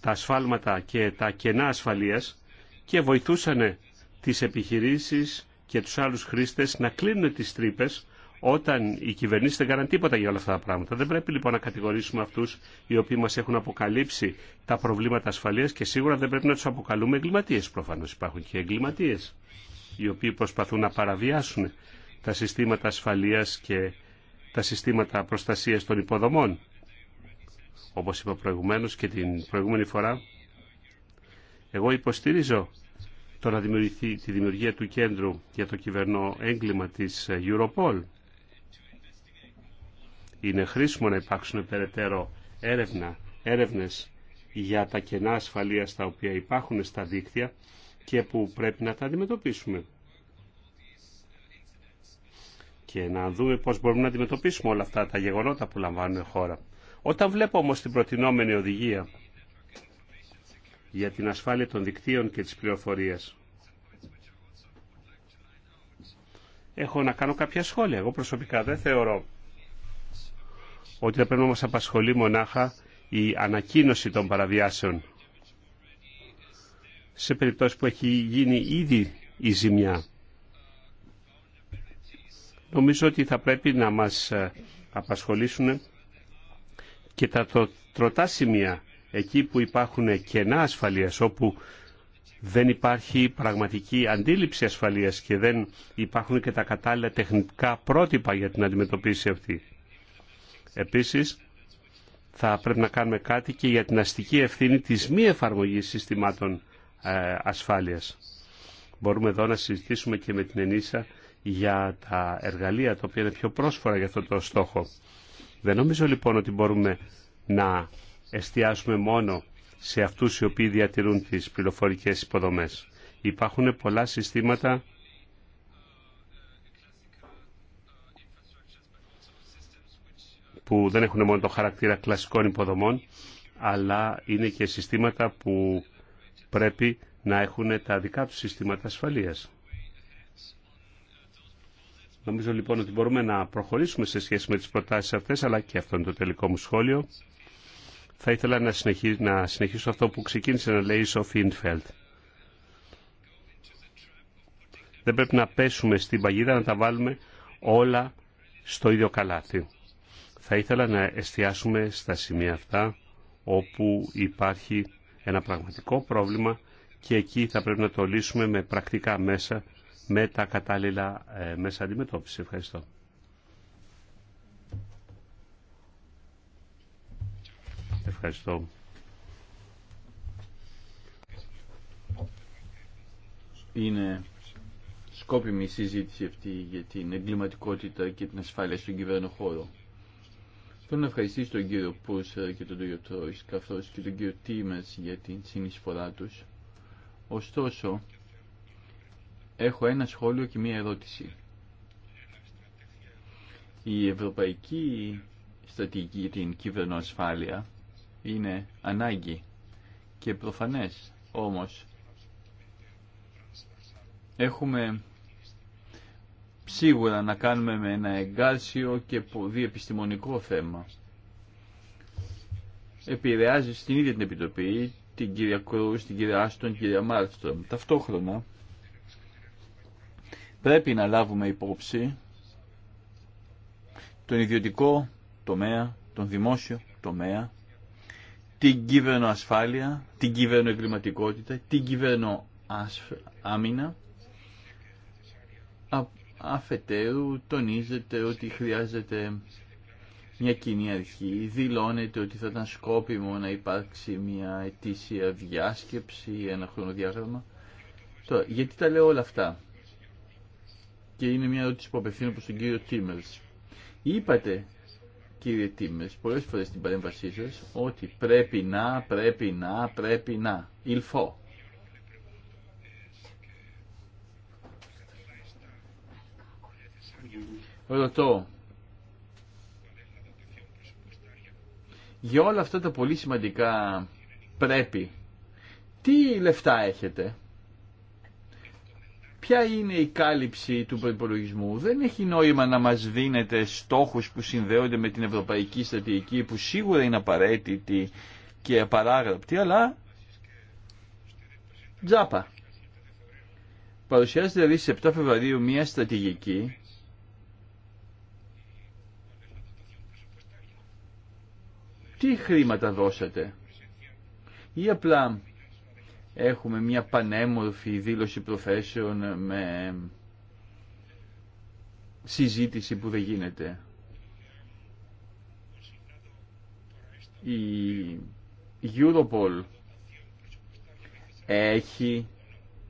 τα ασφάλματα και τα κενά ασφαλείας και βοηθούσαν τις επιχειρήσεις και τους άλλους χρήστες να κλείνουν τις τρύπες όταν οι κυβερνήσει δεν κάναν τίποτα για όλα αυτά τα πράγματα. Δεν πρέπει λοιπόν να κατηγορήσουμε αυτού οι οποίοι μα έχουν αποκαλύψει τα προβλήματα ασφαλεία και σίγουρα δεν πρέπει να του αποκαλούμε εγκληματίε. Προφανώ υπάρχουν και εγκληματίε οι οποίοι προσπαθούν να παραβιάσουν τα συστήματα ασφαλεία και τα συστήματα προστασία των υποδομών. Όπω είπα προηγουμένω και την προηγούμενη φορά, εγώ υποστηρίζω το να δημιουργηθεί τη δημιουργία του κέντρου για το κυβερνό έγκλημα της Europol είναι χρήσιμο να υπάρξουν περαιτέρω έρευνα, έρευνες για τα κενά ασφαλείας τα οποία υπάρχουν στα δίκτυα και που πρέπει να τα αντιμετωπίσουμε. Και να δούμε πώς μπορούμε να αντιμετωπίσουμε όλα αυτά τα γεγονότα που λαμβάνουν χώρα. Όταν βλέπω όμως την προτινόμενη οδηγία για την ασφάλεια των δικτύων και της πληροφορίας, έχω να κάνω κάποια σχόλια. Εγώ προσωπικά δεν θεωρώ ότι θα πρέπει να μας απασχολεί μονάχα η ανακοίνωση των παραβιάσεων σε περιπτώσεις που έχει γίνει ήδη η ζημιά. Νομίζω ότι θα πρέπει να μας ε, απασχολήσουν και τα τροτά σημεία εκεί που υπάρχουν κενά ασφαλείας, όπου δεν υπάρχει πραγματική αντίληψη ασφαλείας και δεν υπάρχουν και τα κατάλληλα τεχνικά πρότυπα για την αντιμετωπίση αυτή. Επίσης, θα πρέπει να κάνουμε κάτι και για την αστική ευθύνη της μη εφαρμογής συστημάτων ε, ασφάλειας. Μπορούμε εδώ να συζητήσουμε και με την Ενίσα για τα εργαλεία τα οποία είναι πιο πρόσφορα για αυτό το στόχο. Δεν νομίζω λοιπόν ότι μπορούμε να εστιάσουμε μόνο σε αυτούς οι οποίοι διατηρούν τις πληροφορικές υποδομές. Υπάρχουν πολλά συστήματα που δεν έχουν μόνο το χαρακτήρα κλασικών υποδομών, αλλά είναι και συστήματα που πρέπει να έχουν τα δικά τους συστήματα ασφαλείας. Νομίζω λοιπόν ότι μπορούμε να προχωρήσουμε σε σχέση με τις προτάσεις αυτές, αλλά και αυτό είναι το τελικό μου σχόλιο. Θα ήθελα να, συνεχίσω, να αυτό που ξεκίνησε να λέει η Σοφή Δεν πρέπει να πέσουμε στην παγίδα να τα βάλουμε όλα στο ίδιο καλάθι. Θα ήθελα να εστιάσουμε στα σημεία αυτά όπου υπάρχει ένα πραγματικό πρόβλημα και εκεί θα πρέπει να το λύσουμε με πρακτικά μέσα, με τα κατάλληλα ε, μέσα αντιμετώπιση. Ευχαριστώ. Ευχαριστώ. Είναι σκόπιμη η συζήτηση αυτή για την εγκληματικότητα και την ασφάλεια στον χώρο. Θέλω να ευχαριστήσω τον κύριο Πούς ε, και τον κύριο Τρόις καθώς και τον κύριο Τίμερς για την συνεισφορά τους. Ωστόσο, έχω ένα σχόλιο και μία ερώτηση. Η ευρωπαϊκή στρατηγική για την κυβερνοασφάλεια είναι ανάγκη και προφανές όμως έχουμε σίγουρα να κάνουμε με ένα εγκάρσιο και διεπιστημονικό θέμα. Επηρεάζει στην ίδια την Επιτροπή, την κυρία Κρούς, την κυρία Άστον, την κυρία Μάρτστον. Ταυτόχρονα πρέπει να λάβουμε υπόψη τον ιδιωτικό τομέα, τον δημόσιο τομέα, την κυβερνοασφάλεια, την κυβερνοεγκληματικότητα, την κυβερνοάμυνα αφετέρου τονίζεται ότι χρειάζεται μια κοινή αρχή, δηλώνεται ότι θα ήταν σκόπιμο να υπάρξει μια ετήσια διάσκεψη, ένα χρονοδιάγραμμα. Τώρα, γιατί τα λέω όλα αυτά. Και είναι μια ερώτηση που απευθύνω προς τον κύριο Τίμερς. Είπατε, κύριε Τίμερς, πολλές φορές στην παρέμβασή σας, ότι πρέπει να, πρέπει να, πρέπει να, υλφώ. ρωτώ, για όλα αυτά τα πολύ σημαντικά πρέπει, τι λεφτά έχετε, ποια είναι η κάλυψη του προπολογισμού. Δεν έχει νόημα να μας δίνετε στόχους που συνδέονται με την ευρωπαϊκή στρατηγική που σίγουρα είναι απαραίτητη και απαράγραπτη, αλλά τζάπα. Παρουσιάζεται δηλαδή σε 7 Φεβρουαρίου μια στρατηγική τι χρήματα δώσατε ή απλά έχουμε μια πανέμορφη δήλωση προθέσεων με συζήτηση που δεν γίνεται. Η Europol έχει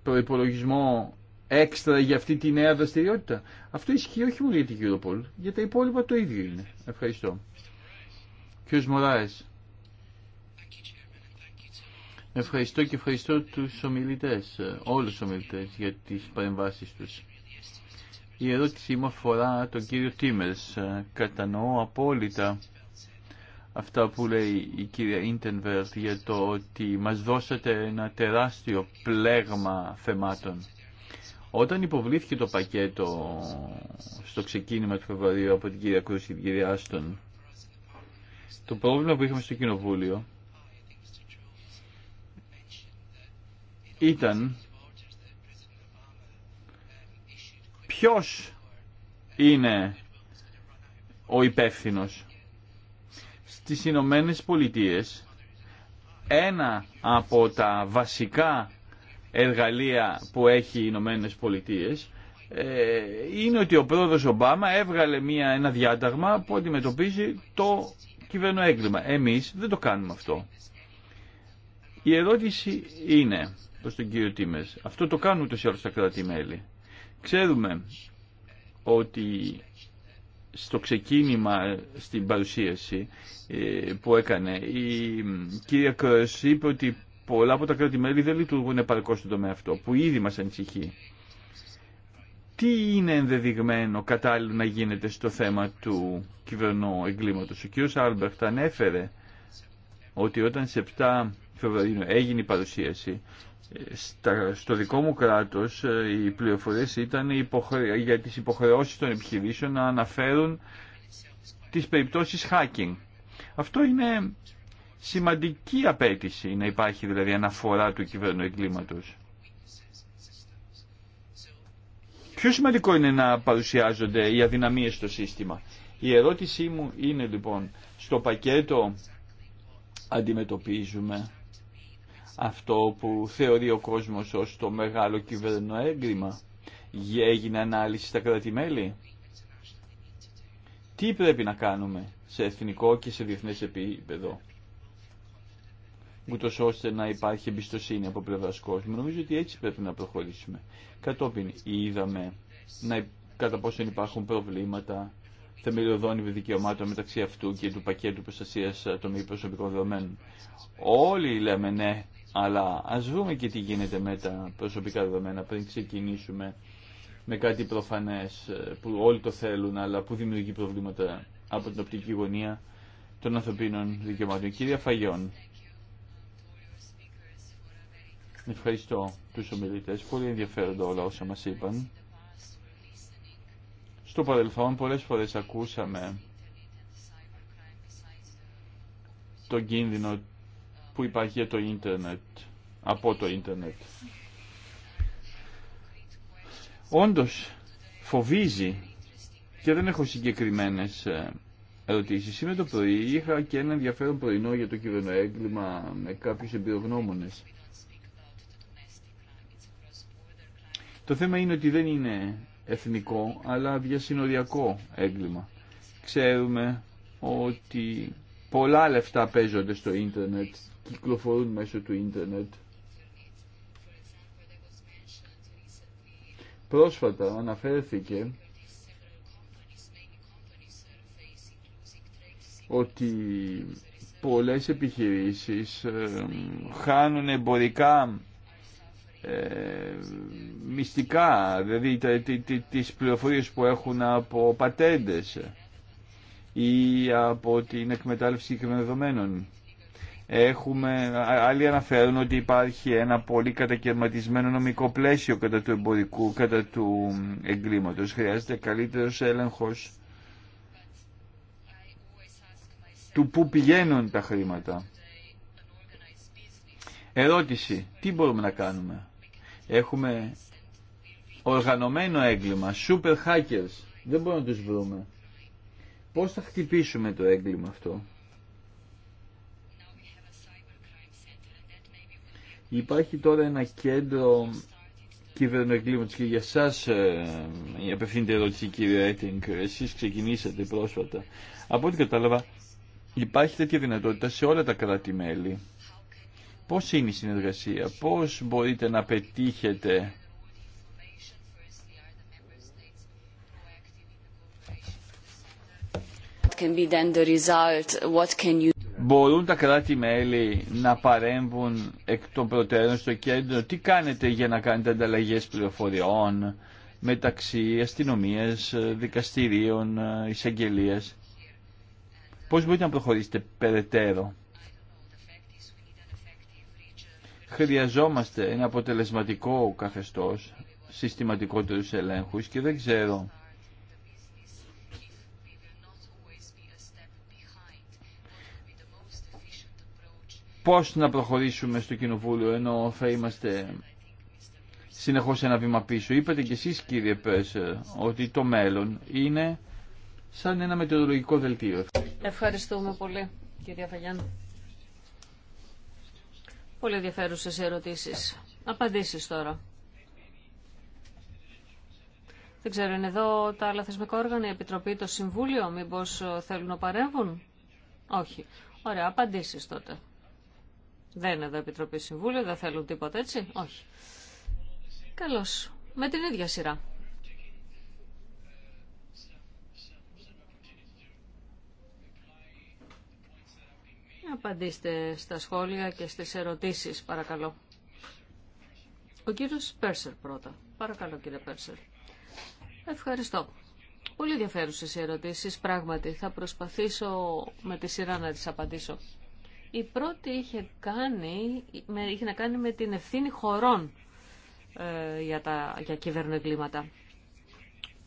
προϋπολογισμό έξτρα για αυτή τη νέα δραστηριότητα. Αυτό ισχύει όχι μόνο για την Europol, για τα υπόλοιπα το ίδιο είναι. Ευχαριστώ. Μωράες. Ευχαριστώ και ευχαριστώ τους ομιλητές, όλους τους ομιλητές για τις παρεμβάσεις τους. Η ερώτησή μου αφορά τον κύριο Τίμερς. Κατανοώ απόλυτα αυτά που λέει η κυρία Ιντενβερτ για το ότι μας δώσατε ένα τεράστιο πλέγμα θεμάτων. Όταν υποβλήθηκε το πακέτο στο ξεκίνημα του Φεβρουαρίου από την κυρία Κρούση και την κυρία Άστον, το πρόβλημα που είχαμε στο Κοινοβούλιο ήταν ποιος είναι ο υπεύθυνος. Στις Ηνωμένε Πολιτείες ένα από τα βασικά εργαλεία που έχει οι Ηνωμένε Πολιτείες ε, είναι ότι ο πρόεδρος Ομπάμα έβγαλε μια, ένα διάταγμα που αντιμετωπίζει το έγκλημα. Εμείς δεν το κάνουμε αυτό. Η ερώτηση είναι προς τον κύριο Τίμες. Αυτό το κάνουν ούτως ή άλλως τα κράτη-μέλη. Ξέρουμε ότι στο ξεκίνημα στην παρουσίαση ε, που έκανε η κυρία Κρός είπε ότι πολλά από τα κράτη-μέλη δεν λειτουργούν επαρκώς στον τομέα αυτό που ήδη μας ανησυχεί τι είναι ενδεδειγμένο κατάλληλο να γίνεται στο θέμα του κυβερνού εγκλήματος. Ο κ. Άλμπερτ ανέφερε ότι όταν σε 7 Φεβρουαρίου έγινε η παρουσίαση, ε, στο δικό μου κράτος ε, οι πληροφορίες ήταν για τις υποχρεώσεις των επιχειρήσεων να αναφέρουν τις περιπτώσεις hacking. Αυτό είναι σημαντική απέτηση να υπάρχει δηλαδή αναφορά του κυβερνού εγκλήματος. πιο σημαντικό είναι να παρουσιάζονται οι αδυναμίες στο σύστημα. Η ερώτησή μου είναι λοιπόν, στο πακέτο αντιμετωπίζουμε αυτό που θεωρεί ο κόσμος ως το μεγάλο κυβερνό έγκριμα. Έγινε ανάλυση στα κράτη-μέλη. Τι πρέπει να κάνουμε σε εθνικό και σε διεθνές επίπεδο ούτω ώστε να υπάρχει εμπιστοσύνη από πλευρά κόσμου. Νομίζω ότι έτσι πρέπει να προχωρήσουμε. Κατόπιν είδαμε να, κατά πόσο υπάρχουν προβλήματα θεμελιωδών δικαιωμάτων μεταξύ αυτού και του πακέτου προστασία των προσωπικών δεδομένων. Όλοι λέμε ναι, αλλά α δούμε και τι γίνεται με τα προσωπικά δεδομένα πριν ξεκινήσουμε με κάτι προφανέ ε, που όλοι το θέλουν αλλά που δημιουργεί προβλήματα από την οπτική γωνία των ανθρωπίνων δικαιωμάτων. Κυρία Φαγιών, Ευχαριστώ τους ομιλητές. Πολύ ενδιαφέροντα όλα όσα μας είπαν. Στο παρελθόν πολλές φορές ακούσαμε το κίνδυνο που υπάρχει για το ίντερνετ, από το ίντερνετ. Όντως φοβίζει και δεν έχω συγκεκριμένες ε, ερωτήσεις. Σήμερα το πρωί είχα και ένα ενδιαφέρον πρωινό για το κυβερνοέγκλημα με κάποιους εμπειρογνώμονες. Το θέμα είναι ότι δεν είναι εθνικό, αλλά διασυνοριακό έγκλημα. Ξέρουμε ότι πολλά λεφτά παίζονται στο ίντερνετ, κυκλοφορούν μέσω του ίντερνετ. Πρόσφατα αναφέρθηκε ότι πολλές επιχειρήσεις ε, χάνουν εμπορικά ε, μυστικά, δηλαδή τις πληροφορίες που έχουν από πατέντες ή από την εκμετάλλευση συγκεκριμένων Έχουμε, άλλοι αναφέρουν ότι υπάρχει ένα πολύ κατακαιρματισμένο νομικό πλαίσιο κατά του εμπορικού, κατά του εγκλήματος. Χρειάζεται καλύτερος έλεγχος του πού πηγαίνουν τα χρήματα. Ερώτηση, τι μπορούμε να κάνουμε. Έχουμε οργανωμένο έγκλημα, super hackers. Δεν μπορούμε να τους βρούμε. Πώς θα χτυπήσουμε το έγκλημα αυτό. Υπάρχει τώρα ένα κέντρο κυβερνοεγκλήματος και για σας ε, απευθύνεται ερώτηση κύριε Έτινγκ, εσείς ξεκινήσατε πρόσφατα. Από ό,τι κατάλαβα υπάρχει τέτοια δυνατότητα σε όλα τα κράτη-μέλη. Πώς είναι η συνεργασία, πώς μπορείτε να πετύχετε Μπορούν τα κράτη-μέλη να παρέμβουν εκ των προτέρων στο κέντρο. Τι κάνετε για να κάνετε ανταλλαγέ πληροφοριών μεταξύ αστυνομία, δικαστηρίων, εισαγγελία. Πώς μπορείτε να προχωρήσετε περαιτέρω. Χρειαζόμαστε ένα αποτελεσματικό καθεστώς, συστηματικότερους ελέγχους και δεν ξέρω πώς να προχωρήσουμε στο Κοινοβούλιο ενώ θα είμαστε συνεχώς ένα βήμα πίσω. Είπατε κι εσείς κύριε Πέσσερ ότι το μέλλον είναι σαν ένα μετεωρολογικό δελτίο. Ευχαριστούμε πολύ κύριε Φαγιάννη. Πολύ ενδιαφέρουσε ερωτήσεις. Απαντήσει τώρα. Δεν ξέρω, είναι εδώ τα άλλα θεσμικά όργανα, η Επιτροπή, το Συμβούλιο, μήπως ε, θέλουν να παρέμβουν. Όχι. Ωραία, απαντήσει τότε. Δεν είναι εδώ Επιτροπή Συμβούλιο, δεν θέλουν τίποτα έτσι. Όχι. Καλώς. Με την ίδια σειρά. απαντήστε στα σχόλια και στις ερωτήσεις, παρακαλώ. Ο κύριος Πέρσερ πρώτα. Παρακαλώ κύριε Πέρσερ. Ευχαριστώ. Πολύ ενδιαφέρουσε οι ερωτήσεις, πράγματι. Θα προσπαθήσω με τη σειρά να τις απαντήσω. Η πρώτη είχε, κάνει, είχε να κάνει με την ευθύνη χωρών ε, για, τα, για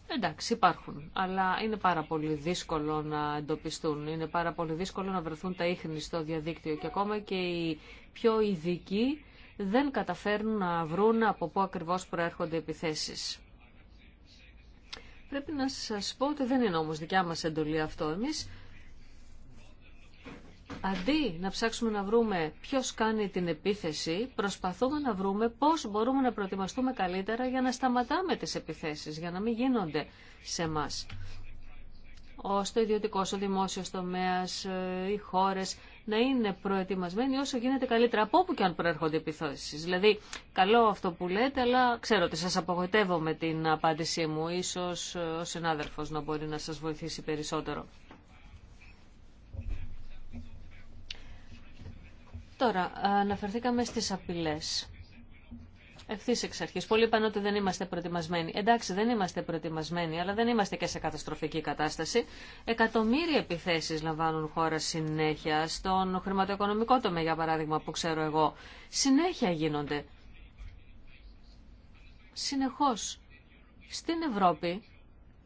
Εντάξει, υπάρχουν, αλλά είναι πάρα πολύ δύσκολο να εντοπιστούν. Είναι πάρα πολύ δύσκολο να βρεθούν τα ίχνη στο διαδίκτυο και ακόμα και οι πιο ειδικοί δεν καταφέρνουν να βρουν από πού ακριβώς προέρχονται επιθέσεις. Πρέπει να σας πω ότι δεν είναι όμως δικιά μας εντολή αυτό εμείς. Αντί να ψάξουμε να βρούμε ποιος κάνει την επίθεση, προσπαθούμε να βρούμε πώς μπορούμε να προετοιμαστούμε καλύτερα για να σταματάμε τις επιθέσεις, για να μην γίνονται σε εμά. Ο ο ιδιωτικό, ο δημόσιο τομέα, ε, οι χώρε να είναι προετοιμασμένοι όσο γίνεται καλύτερα από όπου και αν προέρχονται επιθέσει. Δηλαδή, καλό αυτό που λέτε, αλλά ξέρω ότι σα απογοητεύω με την απάντησή μου. σω ε, ο συνάδελφο να μπορεί να σα βοηθήσει περισσότερο. Τώρα, αναφερθήκαμε στις απειλές. Ευθύ εξ αρχή. Πολλοί είπαν ότι δεν είμαστε προετοιμασμένοι. Εντάξει, δεν είμαστε προετοιμασμένοι, αλλά δεν είμαστε και σε καταστροφική κατάσταση. Εκατομμύρια επιθέσει λαμβάνουν χώρα συνέχεια. Στον χρηματοοικονομικό τομέα, για παράδειγμα, που ξέρω εγώ, συνέχεια γίνονται. Συνεχώ. Στην Ευρώπη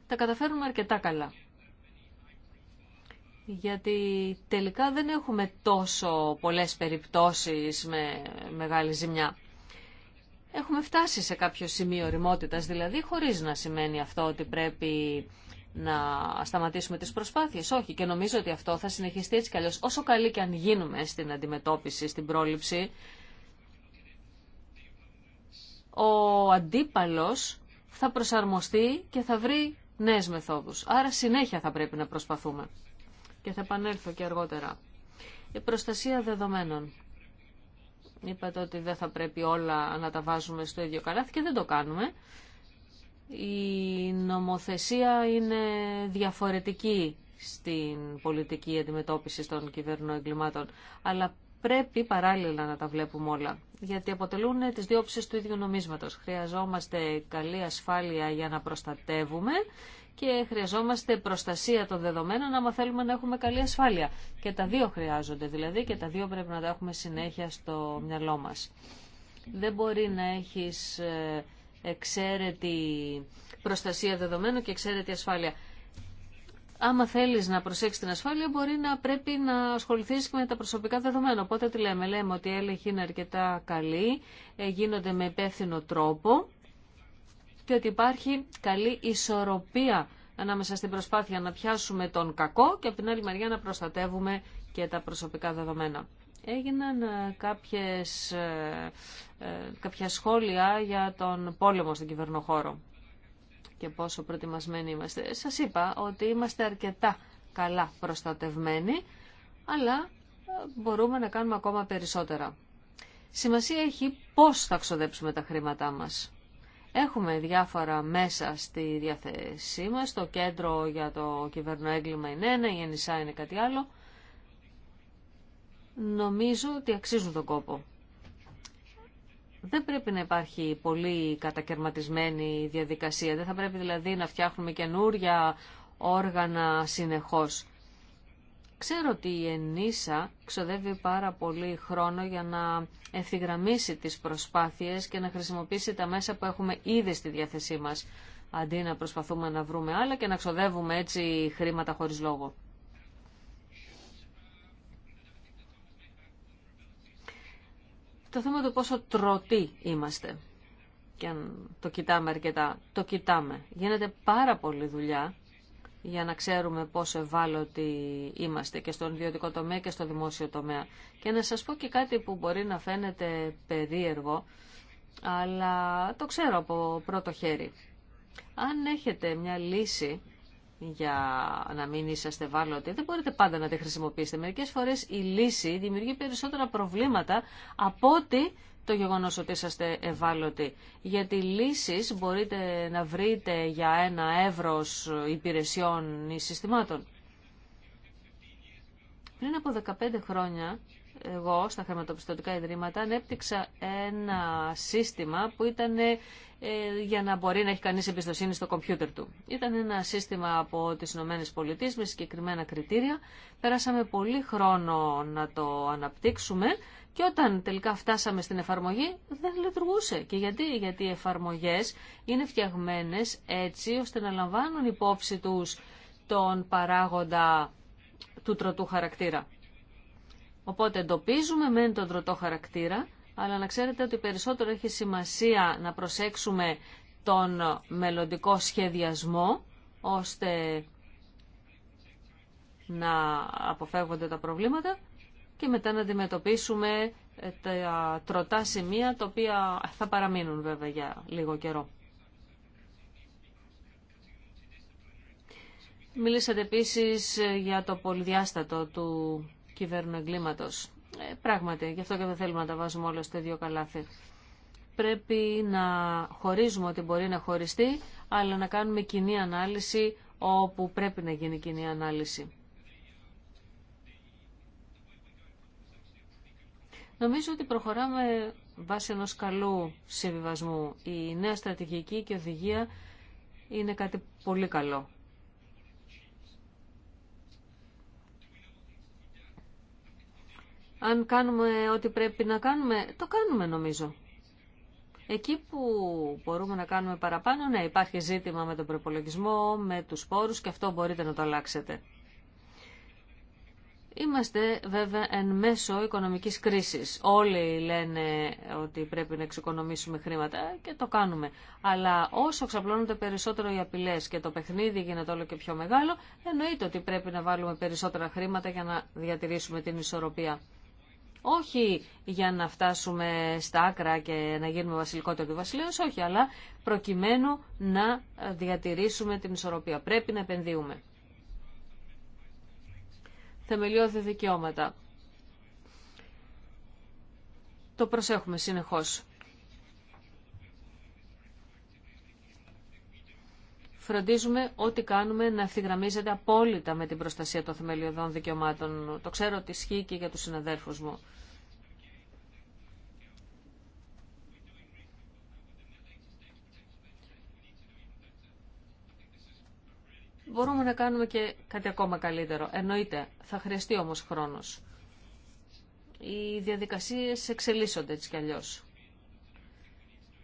τα καταφέρνουμε αρκετά καλά γιατί τελικά δεν έχουμε τόσο πολλές περιπτώσεις με μεγάλη ζημιά. Έχουμε φτάσει σε κάποιο σημείο ρημότητας, δηλαδή χωρίς να σημαίνει αυτό ότι πρέπει να σταματήσουμε τις προσπάθειες. Όχι, και νομίζω ότι αυτό θα συνεχιστεί έτσι κι αλλιώς. Όσο καλή και αν γίνουμε στην αντιμετώπιση, στην πρόληψη, ο αντίπαλος θα προσαρμοστεί και θα βρει νέες μεθόδους. Άρα συνέχεια θα πρέπει να προσπαθούμε και θα επανέλθω και αργότερα. Η προστασία δεδομένων. Είπατε ότι δεν θα πρέπει όλα να τα βάζουμε στο ίδιο καλάθι και δεν το κάνουμε. Η νομοθεσία είναι διαφορετική στην πολιτική αντιμετώπιση των εγκλημάτων, αλλά πρέπει παράλληλα να τα βλέπουμε όλα, γιατί αποτελούν τις δύο του ίδιου νομίσματος. Χρειαζόμαστε καλή ασφάλεια για να προστατεύουμε και χρειαζόμαστε προστασία των δεδομένων άμα θέλουμε να έχουμε καλή ασφάλεια. Και τα δύο χρειάζονται δηλαδή και τα δύο πρέπει να τα έχουμε συνέχεια στο μυαλό μας. Δεν μπορεί να έχεις ε, εξαίρετη προστασία δεδομένων και εξαίρετη ασφάλεια. Άμα θέλεις να προσέξεις την ασφάλεια μπορεί να πρέπει να ασχοληθείς και με τα προσωπικά δεδομένα. Οπότε τι λέμε, λέμε ότι η έλεγχη είναι αρκετά καλή, ε, γίνονται με υπεύθυνο τρόπο ότι υπάρχει καλή ισορροπία ανάμεσα στην προσπάθεια να πιάσουμε τον κακό και από την άλλη μεριά να προστατεύουμε και τα προσωπικά δεδομένα. Έγιναν ε, κάποιες, ε, ε, κάποια σχόλια για τον πόλεμο στον κυβερνοχώρο και πόσο προετοιμασμένοι είμαστε. Σας είπα ότι είμαστε αρκετά καλά προστατευμένοι, αλλά μπορούμε να κάνουμε ακόμα περισσότερα. Σημασία έχει πώς θα ξοδέψουμε τα χρήματά μας. Έχουμε διάφορα μέσα στη διαθέσή μας. Το κέντρο για το κυβερνοέγκλημα είναι ένα, η ΕΝΙΣΑ είναι κάτι άλλο. Νομίζω ότι αξίζουν τον κόπο. Δεν πρέπει να υπάρχει πολύ κατακαιρματισμένη διαδικασία. Δεν θα πρέπει δηλαδή να φτιάχνουμε καινούρια όργανα συνεχώς. Ξέρω ότι η ΕΝΙΣΑ ξοδεύει πάρα πολύ χρόνο για να ευθυγραμμίσει τις προσπάθειες και να χρησιμοποιήσει τα μέσα που έχουμε ήδη στη διάθεσή μας, αντί να προσπαθούμε να βρούμε άλλα και να ξοδεύουμε έτσι χρήματα χωρίς λόγο. Το θέμα του πόσο τρωτοί είμαστε και αν το κοιτάμε αρκετά, το κοιτάμε. Γίνεται πάρα πολύ δουλειά για να ξέρουμε πόσο ευάλωτοι είμαστε και στον ιδιωτικό τομέα και στο δημόσιο τομέα. Και να σας πω και κάτι που μπορεί να φαίνεται περίεργο, αλλά το ξέρω από πρώτο χέρι. Αν έχετε μια λύση για να μην είσαστε ευάλωτοι, δεν μπορείτε πάντα να τη χρησιμοποιήσετε. Μερικές φορές η λύση δημιουργεί περισσότερα προβλήματα από ότι το γεγονός ότι είσαστε ευάλωτοι. Γιατί λύσεις μπορείτε να βρείτε για ένα εύρος υπηρεσιών ή συστημάτων. Πριν από 15 χρόνια, εγώ στα χρηματοπιστωτικά ιδρύματα ανέπτυξα ένα σύστημα που ήταν ε, για να μπορεί να έχει κανείς εμπιστοσύνη στο κομπιούτερ του. Ήταν ένα σύστημα από τις Ηνωμένε Πολιτείες με συγκεκριμένα κριτήρια. Πέρασαμε πολύ χρόνο να το αναπτύξουμε και όταν τελικά φτάσαμε στην εφαρμογή δεν λειτουργούσε. Και γιατί, γιατί οι εφαρμογές είναι φτιαγμένες έτσι ώστε να λαμβάνουν υπόψη τους τον παράγοντα του τροτού χαρακτήρα. Οπότε εντοπίζουμε μεν τον τροτό χαρακτήρα, αλλά να ξέρετε ότι περισσότερο έχει σημασία να προσέξουμε τον μελλοντικό σχεδιασμό, ώστε να αποφεύγονται τα προβλήματα και μετά να αντιμετωπίσουμε ε, τα τροτά σημεία τα οποία θα παραμείνουν βέβαια για λίγο καιρό. Μιλήσατε επίσης ε, για το πολυδιάστατο του κυβέρνου εγκλήματος. Ε, πράγματι, γι' αυτό και δεν θέλουμε να τα βάζουμε όλα στο ίδιο καλάθι. Πρέπει να χωρίζουμε ότι μπορεί να χωριστεί, αλλά να κάνουμε κοινή ανάλυση όπου πρέπει να γίνει κοινή ανάλυση. Νομίζω ότι προχωράμε βάσει ενός καλού συμβιβασμού. Η νέα στρατηγική και οδηγία είναι κάτι πολύ καλό. Αν κάνουμε ό,τι πρέπει να κάνουμε, το κάνουμε νομίζω. Εκεί που μπορούμε να κάνουμε παραπάνω, ναι, υπάρχει ζήτημα με τον προπολογισμό, με τους πόρους και αυτό μπορείτε να το αλλάξετε. Είμαστε βέβαια εν μέσω οικονομικής κρίσης. Όλοι λένε ότι πρέπει να εξοικονομήσουμε χρήματα και το κάνουμε. Αλλά όσο ξαπλώνονται περισσότερο οι απειλές και το παιχνίδι γίνεται όλο και πιο μεγάλο, εννοείται ότι πρέπει να βάλουμε περισσότερα χρήματα για να διατηρήσουμε την ισορροπία. Όχι για να φτάσουμε στα άκρα και να γίνουμε βασιλικότερο του βασιλέως, όχι, αλλά προκειμένου να διατηρήσουμε την ισορροπία. Πρέπει να επενδύουμε θεμελιώδη δικαιώματα. Το προσέχουμε συνεχώς. φροντίζουμε ό,τι κάνουμε να ευθυγραμμίζεται απόλυτα με την προστασία των θεμελιωδών δικαιωμάτων. Το ξέρω ότι ισχύει και για τους συναδέρφους μου. μπορούμε να κάνουμε και κάτι ακόμα καλύτερο. Εννοείται, θα χρειαστεί όμως χρόνος. Οι διαδικασίες εξελίσσονται έτσι κι αλλιώς.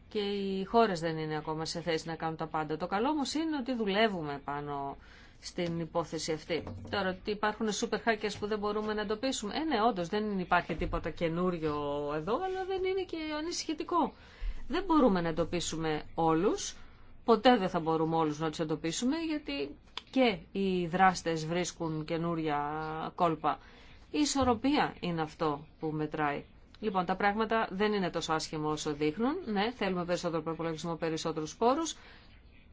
Και οι χώρες δεν είναι ακόμα σε θέση να κάνουν τα πάντα. Το καλό όμως είναι ότι δουλεύουμε πάνω στην υπόθεση αυτή. Τώρα ότι υπάρχουν super hackers που δεν μπορούμε να εντοπίσουμε. Ε, ναι, όντως, δεν υπάρχει τίποτα καινούριο εδώ, αλλά δεν είναι και ανησυχητικό. Δεν μπορούμε να εντοπίσουμε όλους. Ποτέ δεν θα μπορούμε όλους να τους εντοπίσουμε, γιατί και οι δράστες βρίσκουν καινούρια κόλπα. Η ισορροπία είναι αυτό που μετράει. Λοιπόν, τα πράγματα δεν είναι τόσο άσχημα όσο δείχνουν. Ναι, θέλουμε περισσότερο προπολογισμό, περισσότερους πόρους.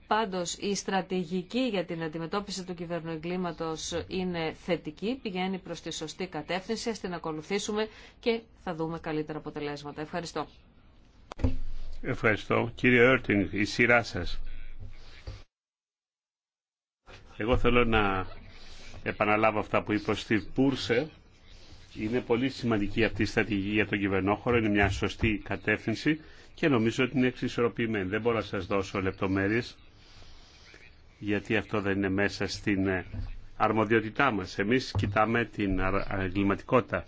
Πάντως, η στρατηγική για την αντιμετώπιση του κυβερνοεγκλήματος είναι θετική, πηγαίνει προς τη σωστή κατεύθυνση, ας την ακολουθήσουμε και θα δούμε καλύτερα αποτελέσματα. Ευχαριστώ. Ευχαριστώ. Κύριε Έρτινγκ, η σειρά εγώ θέλω να επαναλάβω αυτά που είπε ο Στιβ Πούρσε. Είναι πολύ σημαντική αυτή η στρατηγική για τον κυβερνόχωρο. Είναι μια σωστή κατεύθυνση και νομίζω ότι είναι εξισορροπημένη. Δεν μπορώ να σας δώσω λεπτομέρειες γιατί αυτό δεν είναι μέσα στην ε, αρμοδιότητά μας. Εμείς κοιτάμε την αγκληματικότητα.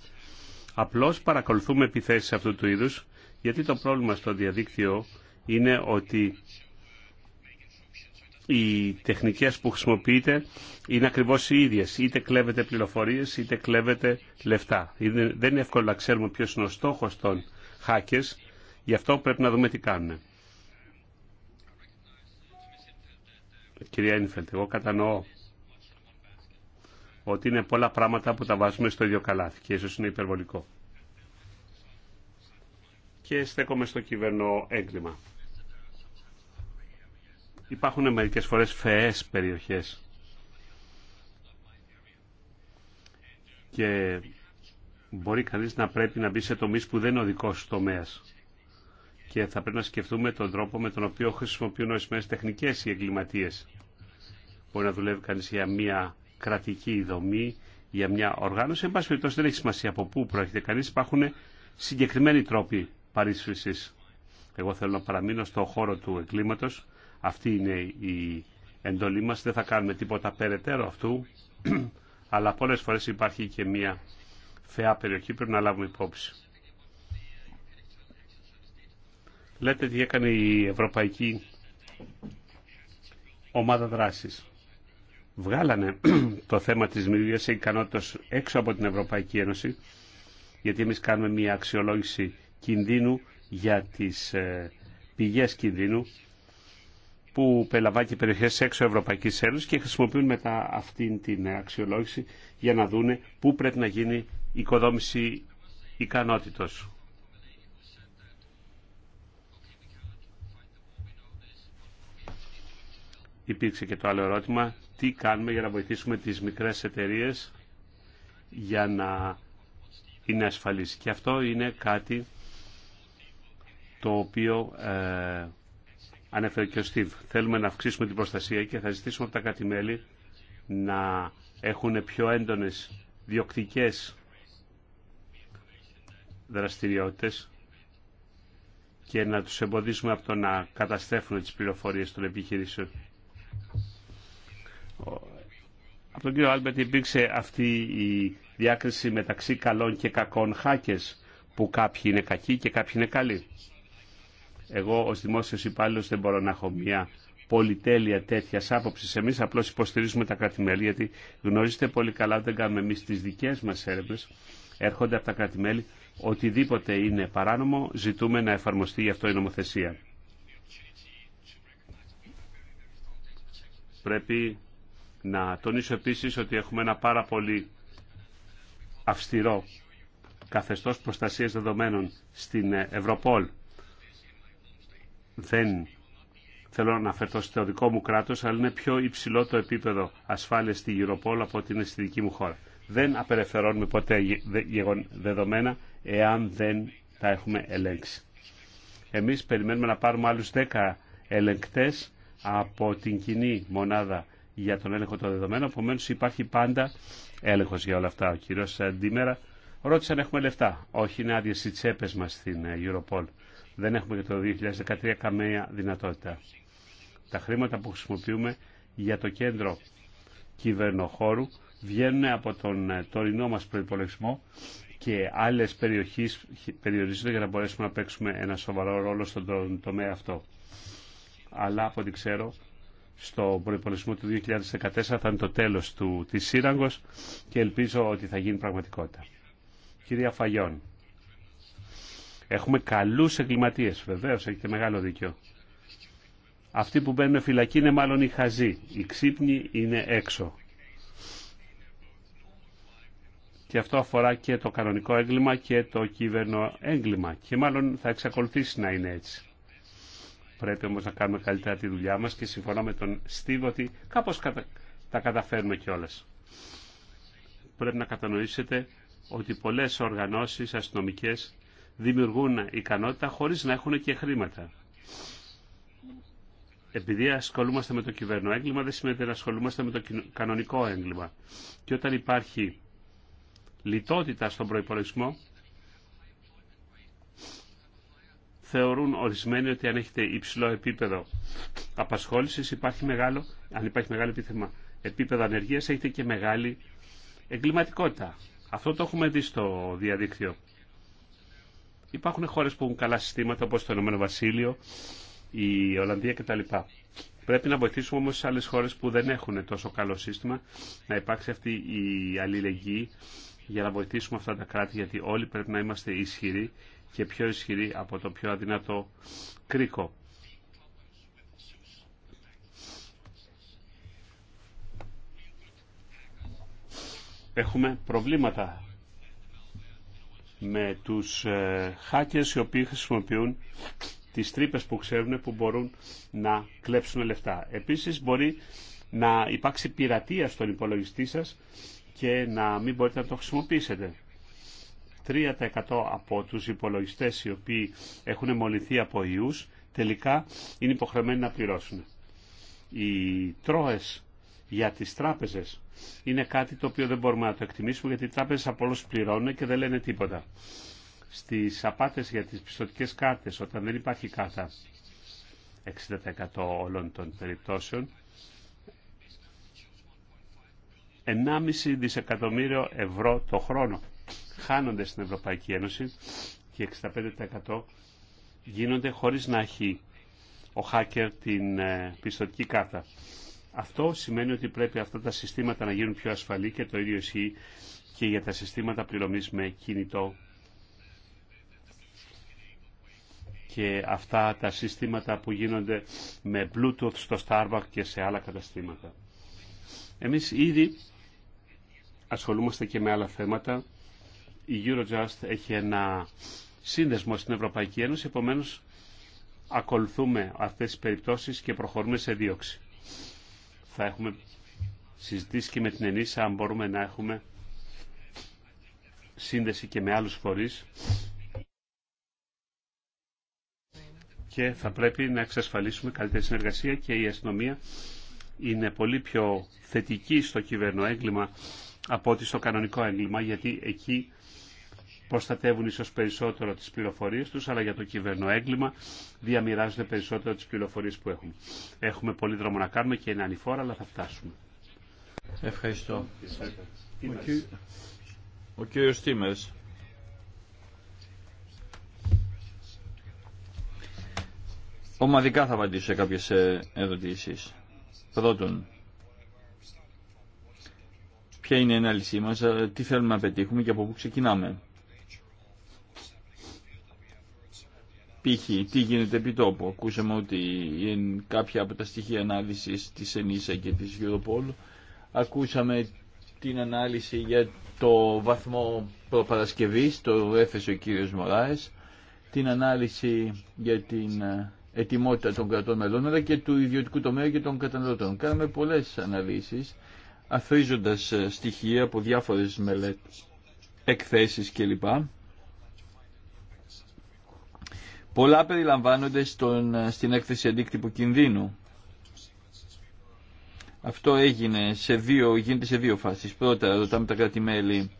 Απλώς παρακολουθούμε επιθέσεις αυτού του είδους γιατί το πρόβλημα στο διαδίκτυο είναι ότι οι τεχνικές που χρησιμοποιείτε είναι ακριβώς οι ίδιες. Είτε κλέβετε πληροφορίες, είτε κλέβετε λεφτά. Δεν είναι εύκολο να ξέρουμε ποιος είναι ο στόχος των hackers, γι' αυτό πρέπει να δούμε τι κάνουν. Κυρία Ένφελτ, εγώ κατανοώ ότι είναι πολλά πράγματα που τα βάζουμε στο ίδιο καλάθι και ίσως είναι υπερβολικό. Και στέκομαι στο κυβερνό έγκλημα υπάρχουν μερικές φορές φαιές περιοχές. Και μπορεί κανείς να πρέπει να μπει σε τομείς που δεν είναι ο δικός του τομέας. Και θα πρέπει να σκεφτούμε τον τρόπο με τον οποίο χρησιμοποιούν ορισμένε τεχνικές οι εγκληματίες. Μπορεί να δουλεύει κανείς για μια κρατική δομή, για μια οργάνωση. Εν πάση περιπτώσει δεν έχει σημασία από πού προέρχεται κανείς. Υπάρχουν συγκεκριμένοι τρόποι παρίσφυσης. Εγώ θέλω να παραμείνω στον χώρο του εγκλήματος αυτή είναι η εντολή μας. Δεν θα κάνουμε τίποτα περαιτέρω αυτού, αλλά πολλές φορές υπάρχει και μια θεά περιοχή πρέπει να λάβουμε υπόψη. Λέτε τι έκανε η Ευρωπαϊκή Ομάδα Δράσης. Βγάλανε το θέμα της δημιουργίας ικανότητας έξω από την Ευρωπαϊκή Ένωση, γιατί εμείς κάνουμε μια αξιολόγηση κινδύνου για τις ε, πηγές κινδύνου που και περιοχές έξω Ευρωπαϊκή Ένωση και χρησιμοποιούν μετά αυτήν την αξιολόγηση για να δούνε πού πρέπει να γίνει η οικοδόμηση ικανότητος. Υπήρξε και το άλλο ερώτημα, τι κάνουμε για να βοηθήσουμε τις μικρές εταιρείες για να είναι ασφαλείς. Και αυτό είναι κάτι το οποίο ε, ανέφερε και ο Στίβ. Θέλουμε να αυξήσουμε την προστασία και θα ζητήσουμε από τα κρατη να έχουν πιο έντονες διοκτικές δραστηριότητες και να τους εμποδίσουμε από το να καταστρέφουν τις πληροφορίες των επιχειρήσεων. Από τον κύριο Άλμπερτ υπήρξε αυτή η διάκριση μεταξύ καλών και κακών χάκες που κάποιοι είναι κακοί και κάποιοι είναι καλοί. Εγώ ω δημόσιο υπάλληλο δεν μπορώ να έχω μια πολυτέλεια τέτοια άποψη. Εμεί απλώ υποστηρίζουμε τα κρατημέλη γιατί γνωρίζετε πολύ καλά, δεν κάνουμε εμεί τι δικέ μα έρευνε, έρχονται από τα κρατημέλη. Οτιδήποτε είναι παράνομο, ζητούμε να εφαρμοστεί γι' αυτό η νομοθεσία. Πρέπει να τονίσω επίσης ότι έχουμε ένα πάρα πολύ αυστηρό καθεστώς προστασίας δεδομένων στην Ευρωπόλ δεν θέλω να αναφερθώ στο δικό μου κράτος, αλλά είναι πιο υψηλό το επίπεδο ασφάλειας στη Europol από ότι είναι στη δική μου χώρα. Δεν απελευθερώνουμε ποτέ δεδομένα εάν δεν τα έχουμε ελέγξει. Εμείς περιμένουμε να πάρουμε άλλους 10 ελεγκτές από την κοινή μονάδα για τον έλεγχο των δεδομένων, επομένω υπάρχει πάντα έλεγχος για όλα αυτά. Ο κύριο Ντίμερα ρώτησε αν έχουμε λεφτά. Όχι, είναι άδειε οι τσέπε μας στην ε, Europol δεν έχουμε για το 2013 καμία δυνατότητα. Τα χρήματα που χρησιμοποιούμε για το κέντρο κυβερνοχώρου βγαίνουν από τον ε, τωρινό μας προϋπολογισμό και άλλες περιοχές περιορίζονται για να μπορέσουμε να παίξουμε ένα σοβαρό ρόλο στον τομέα αυτό. Αλλά από ό,τι ξέρω, στο προϋπολογισμό του 2014 θα είναι το τέλος του, της σύραγγος και ελπίζω ότι θα γίνει πραγματικότητα. Κυρία Φαγιών. Έχουμε καλούς εγκληματίες, βεβαίως, έχετε μεγάλο δίκιο. Αυτοί που μπαίνουν φυλακή είναι μάλλον οι χαζοί. Οι ξύπνοι είναι έξω. Και αυτό αφορά και το κανονικό έγκλημα και το κυβερνό έγκλημα. Και μάλλον θα εξακολουθήσει να είναι έτσι. Πρέπει όμως να κάνουμε καλύτερα τη δουλειά μας και συμφωνώ με τον Στίβο ότι κάπως τα καταφέρουμε κιόλα. Πρέπει να κατανοήσετε ότι πολλές οργανώσεις αστυνομικές δημιουργούν ικανότητα χωρίς να έχουν και χρήματα. Επειδή ασχολούμαστε με το κυβέρνο έγκλημα, δεν σημαίνει ότι ασχολούμαστε με το κανονικό έγκλημα. Και όταν υπάρχει λιτότητα στον προϋπολογισμό, θεωρούν ορισμένοι ότι αν έχετε υψηλό επίπεδο απασχόλησης, υπάρχει μεγάλο, αν υπάρχει μεγάλο επίθεμα επίπεδο ανεργίας, έχετε και μεγάλη εγκληματικότητα. Αυτό το έχουμε δει στο διαδίκτυο. Υπάρχουν χώρες που έχουν καλά συστήματα όπως το Ηνωμένο Βασίλειο, η Ολλανδία κτλ. Πρέπει να βοηθήσουμε όμως σε άλλες χώρες που δεν έχουν τόσο καλό σύστημα να υπάρξει αυτή η αλληλεγγύη για να βοηθήσουμε αυτά τα κράτη γιατί όλοι πρέπει να είμαστε ισχυροί και πιο ισχυροί από το πιο αδυνατό κρίκο. Έχουμε προβλήματα με τους ε, hackers οι οποίοι χρησιμοποιούν τις τρύπες που ξέρουν που μπορούν να κλέψουν λεφτά. Επίσης μπορεί να υπάρξει πειρατεία στον υπολογιστή σας και να μην μπορείτε να το χρησιμοποιήσετε. 3% από τους υπολογιστές οι οποίοι έχουν μολυνθεί από ιούς τελικά είναι υποχρεωμένοι να πληρώσουν. Οι τρόες για τις τράπεζες είναι κάτι το οποίο δεν μπορούμε να το εκτιμήσουμε γιατί οι τράπεζες απλώς πληρώνουν και δεν λένε τίποτα. Στις απάτες για τις πιστοτικές κάρτες όταν δεν υπάρχει κάρτα 60% όλων των περιπτώσεων 1,5 δισεκατομμύριο ευρώ το χρόνο χάνονται στην Ευρωπαϊκή Ένωση και 65% γίνονται χωρίς να έχει ο hacker την ε, πιστοτική κάρτα. Αυτό σημαίνει ότι πρέπει αυτά τα συστήματα να γίνουν πιο ασφαλή και το ίδιο ισχύει και για τα συστήματα πληρωμής με κινητό και αυτά τα συστήματα που γίνονται με Bluetooth στο Starbucks και σε άλλα καταστήματα. Εμείς ήδη ασχολούμαστε και με άλλα θέματα. Η Eurojust έχει ένα σύνδεσμο στην Ευρωπαϊκή Ένωση, επομένως ακολουθούμε αυτές τις περιπτώσεις και προχωρούμε σε δίωξη. Θα έχουμε συζητήσει και με την Ενίσσα αν μπορούμε να έχουμε σύνδεση και με άλλους φορείς και θα πρέπει να εξασφαλίσουμε καλύτερη συνεργασία και η αστυνομία είναι πολύ πιο θετική στο έγκλημα από ότι στο κανονικό έγκλημα γιατί εκεί προστατεύουν ίσω περισσότερο τι πληροφορίε του, αλλά για το κυβερνοέγκλημα διαμοιράζονται περισσότερο τι πληροφορίε που έχουν. Έχουμε πολύ δρόμο να κάνουμε και είναι ανηφόρα, αλλά θα φτάσουμε. Ευχαριστώ. Ο, κύριο Τίμερ. Ομαδικά θα απαντήσω σε κάποιες ε, ερωτήσει. Πρώτον, ποια είναι η ανάλυση μα, ε, τι θέλουμε να πετύχουμε και από πού ξεκινάμε. π.χ. τι γίνεται επί τόπου. Ακούσαμε ότι κάποια από τα στοιχεία ανάλυση της ΕΝΙΣΑ και της Europol. Ακούσαμε την ανάλυση για το βαθμό προπαρασκευή, το έφεσε ο κύριος Μωράες, την ανάλυση για την ε, ετοιμότητα των κρατών μελών, αλλά και του ιδιωτικού τομέα και των καταναλωτών. Κάναμε πολλές αναλύσεις, αφρίζοντα ε, στοιχεία από διάφορες μελέτες, εκθέσεις κλπ. Πολλά περιλαμβάνονται στον, στην έκθεση αντίκτυπου κινδύνου. Αυτό έγινε σε δύο, γίνεται σε δύο φάσεις. Πρώτα ρωτάμε τα κράτη-μέλη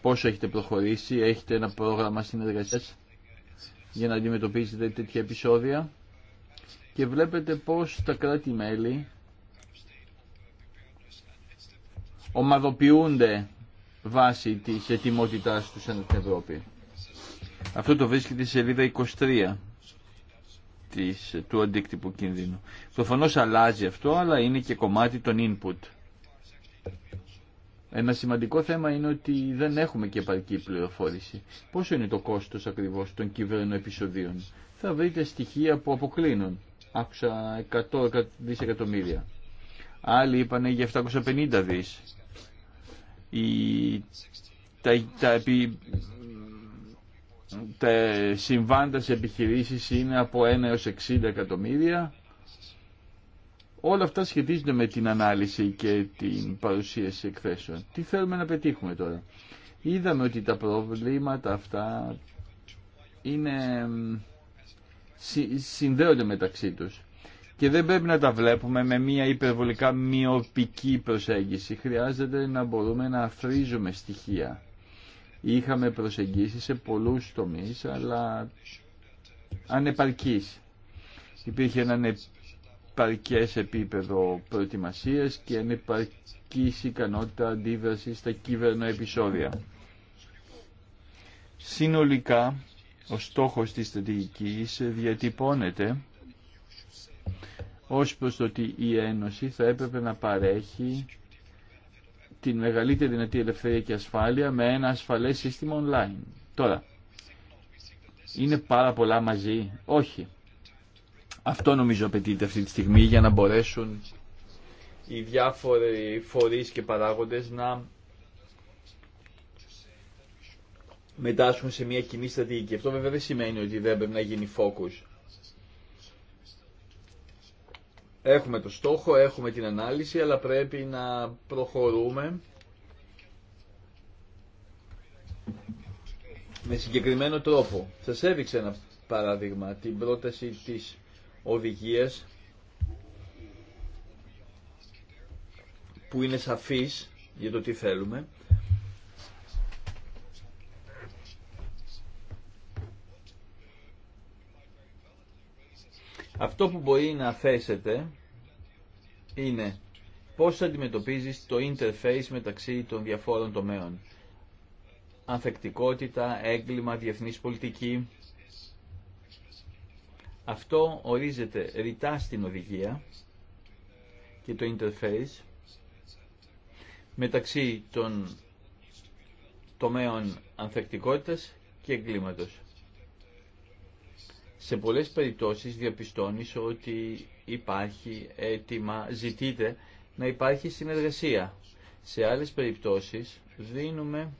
πόσο έχετε προχωρήσει, έχετε ένα πρόγραμμα συνεργασίας για να αντιμετωπίσετε τέτοια επεισόδια και βλέπετε πώς τα κράτη-μέλη ομαδοποιούνται βάσει της ετοιμότητάς τους στην Ευρώπη. Αυτό το βρίσκεται στη σελίδα 23 της, του αντίκτυπου κίνδυνου. Προφανώς αλλάζει αυτό, αλλά είναι και κομμάτι των input. Ένα σημαντικό θέμα είναι ότι δεν έχουμε και επαρκή πληροφόρηση. Πόσο είναι το κόστος ακριβώς των επεισοδίων; Θα βρείτε στοιχεία που αποκλίνουν. Άκουσα 100 δισεκατομμύρια. Άλλοι είπαν για 750 δις. Τα, τα τα συμβάντα σε επιχειρήσεις είναι από 1 έως 60 εκατομμύρια. Όλα αυτά σχετίζονται με την ανάλυση και την παρουσίαση εκθέσεων. Τι θέλουμε να πετύχουμε τώρα. Είδαμε ότι τα προβλήματα αυτά είναι, συνδέονται μεταξύ τους και δεν πρέπει να τα βλέπουμε με μια υπερβολικά μειοπική προσέγγιση. Χρειάζεται να μπορούμε να αφρίζουμε στοιχεία Είχαμε προσεγγίσει σε πολλούς τομείς, αλλά ανεπαρκής. Υπήρχε ένα ανεπαρκές επίπεδο προετοιμασίας και ανεπαρκής ικανότητα αντίδρασης στα κύβερνα επεισόδια. Συνολικά, ο στόχος της στρατηγικής διατυπώνεται ως προς το ότι η Ένωση θα έπρεπε να παρέχει την μεγαλύτερη δυνατή ελευθερία και ασφάλεια με ένα ασφαλές σύστημα online. Τώρα, είναι πάρα πολλά μαζί. Όχι. Αυτό νομίζω απαιτείται αυτή τη στιγμή για να μπορέσουν οι διάφοροι φορείς και παράγοντες να μετάσχουν σε μια κοινή στρατηγική. Αυτό βέβαια δεν σημαίνει ότι δεν πρέπει να γίνει focus. Έχουμε το στόχο, έχουμε την ανάλυση, αλλά πρέπει να προχωρούμε με συγκεκριμένο τρόπο. Σα έδειξα ένα παράδειγμα, την πρόταση της οδηγίας που είναι σαφής για το τι θέλουμε Αυτό που μπορεί να θέσετε είναι πώς αντιμετωπίζεις το interface μεταξύ των διαφόρων τομέων. Ανθεκτικότητα, έγκλημα, διεθνής πολιτική. Αυτό ορίζεται ρητά στην οδηγία και το interface μεταξύ των τομέων ανθεκτικότητας και εγκλήματος σε πολλές περιπτώσεις διαπιστώνεις ότι υπάρχει έτοιμα, ζητείτε να υπάρχει συνεργασία. Σε άλλες περιπτώσεις δίνουμε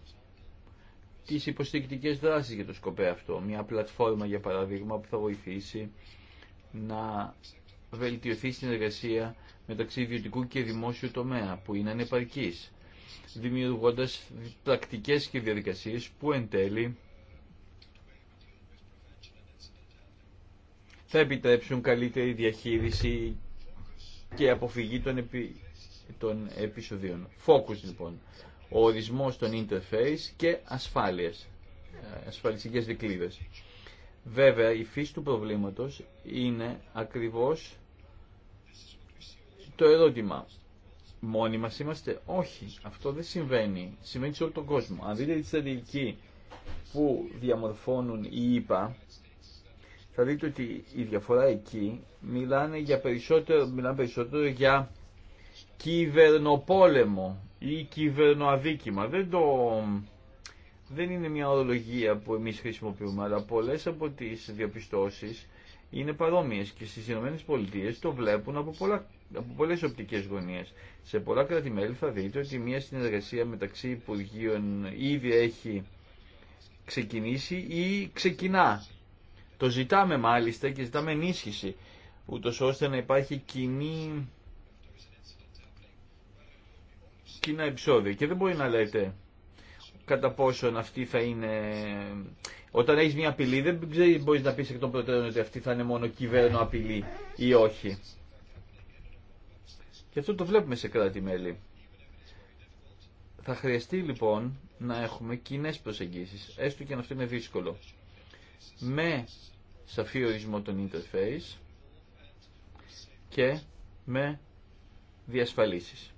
τις υποστηρικτικές δράσεις για το σκοπέ αυτό. Μια πλατφόρμα για παράδειγμα που θα βοηθήσει να βελτιωθεί η συνεργασία μεταξύ ιδιωτικού και δημόσιου τομέα που είναι ανεπαρκής δημιουργώντας πρακτικές και διαδικασίες που εν τέλει θα επιτρέψουν καλύτερη διαχείριση και αποφυγή των, επι των επεισοδίων. Focus λοιπόν. Ο ορισμός των interface και ασφάλειες, ε, ασφαλιστικές δικλείδες. Βέβαια η φύση του προβλήματος είναι ακριβώς το ερώτημα. Μόνοι μας είμαστε. Όχι, αυτό δεν συμβαίνει. Συμβαίνει σε όλο τον κόσμο. Αν δείτε τη στρατηγική που διαμορφώνουν οι ΙΠΑ, θα δείτε ότι η διαφορά εκεί μιλάνε για περισσότερο, μιλάνε περισσότερο για κυβερνοπόλεμο ή κυβερνοαδίκημα. Δεν, το, δεν είναι μια ορολογία που εμείς χρησιμοποιούμε, αλλά πολλές από τις διαπιστώσεις είναι παρόμοιες και στις ΗΠΑ το βλέπουν από, πολλά, από πολλές οπτικές γωνίες. Σε πολλά κράτη-μέλη θα δείτε ότι μια συνεργασία μεταξύ Υπουργείων ήδη έχει ξεκινήσει ή ξεκινά το ζητάμε μάλιστα και ζητάμε ενίσχυση, ούτω ώστε να υπάρχει κοινή κοινά επεισόδια. Και δεν μπορεί να λέτε κατά πόσον αυτή θα είναι... Όταν έχεις μια απειλή δεν ξέρεις, μπορείς να πεις εκ των προτέρων ότι αυτή θα είναι μόνο κυβέρνο απειλή ή όχι. Και αυτό το βλέπουμε σε κράτη-μέλη. Θα χρειαστεί λοιπόν να έχουμε κοινέ προσεγγίσεις, έστω και αν αυτό είναι δύσκολο με σαφή ορισμό των interface και με διασφαλίσεις.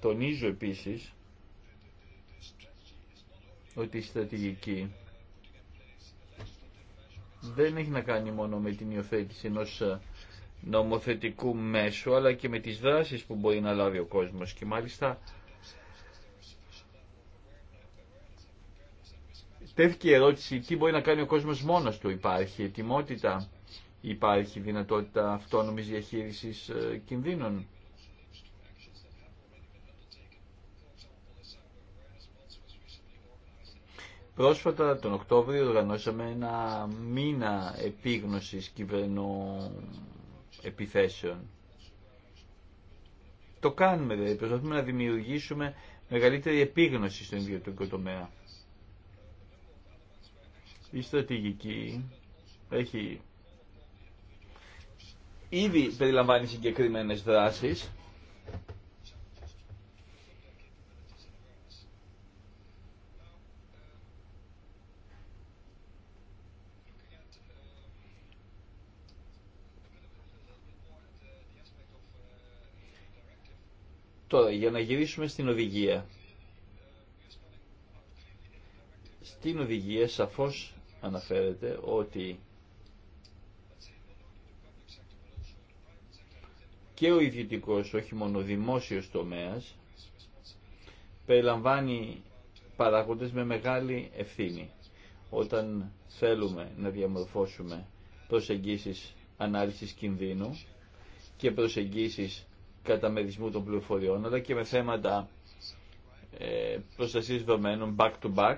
Τονίζω επίσης ότι η στρατηγική δεν έχει να κάνει μόνο με την υιοθέτηση ενός νομοθετικού μέσου αλλά και με τις δράσεις που μπορεί να λάβει ο κόσμος και μάλιστα Τέθηκε η ερώτηση, τι μπορεί να κάνει ο κόσμος μόνος του, υπάρχει ετοιμότητα, υπάρχει δυνατότητα αυτόνομης διαχείρισης ε, κινδύνων. Πρόσφατα τον Οκτώβριο οργανώσαμε ένα μήνα επίγνωσης κυβερνοεπιθέσεων. Το κάνουμε δηλαδή, προσπαθούμε να δημιουργήσουμε μεγαλύτερη επίγνωση στον ιδιωτικό τομέα. Η στρατηγική έχει ήδη περιλαμβάνει συγκεκριμένες δράσεις Τώρα, για να γυρίσουμε στην οδηγία. Στην οδηγία σαφώς αναφέρεται ότι και ο ιδιωτικός, όχι μόνο ο δημόσιος τομέας, περιλαμβάνει παράγοντες με μεγάλη ευθύνη. Όταν θέλουμε να διαμορφώσουμε προσεγγίσεις ανάλυσης κινδύνου και προσεγγίσεις καταμερισμού των πληροφοριών, αλλά και με θέματα ε, προστασίας δεδομένων back-to-back,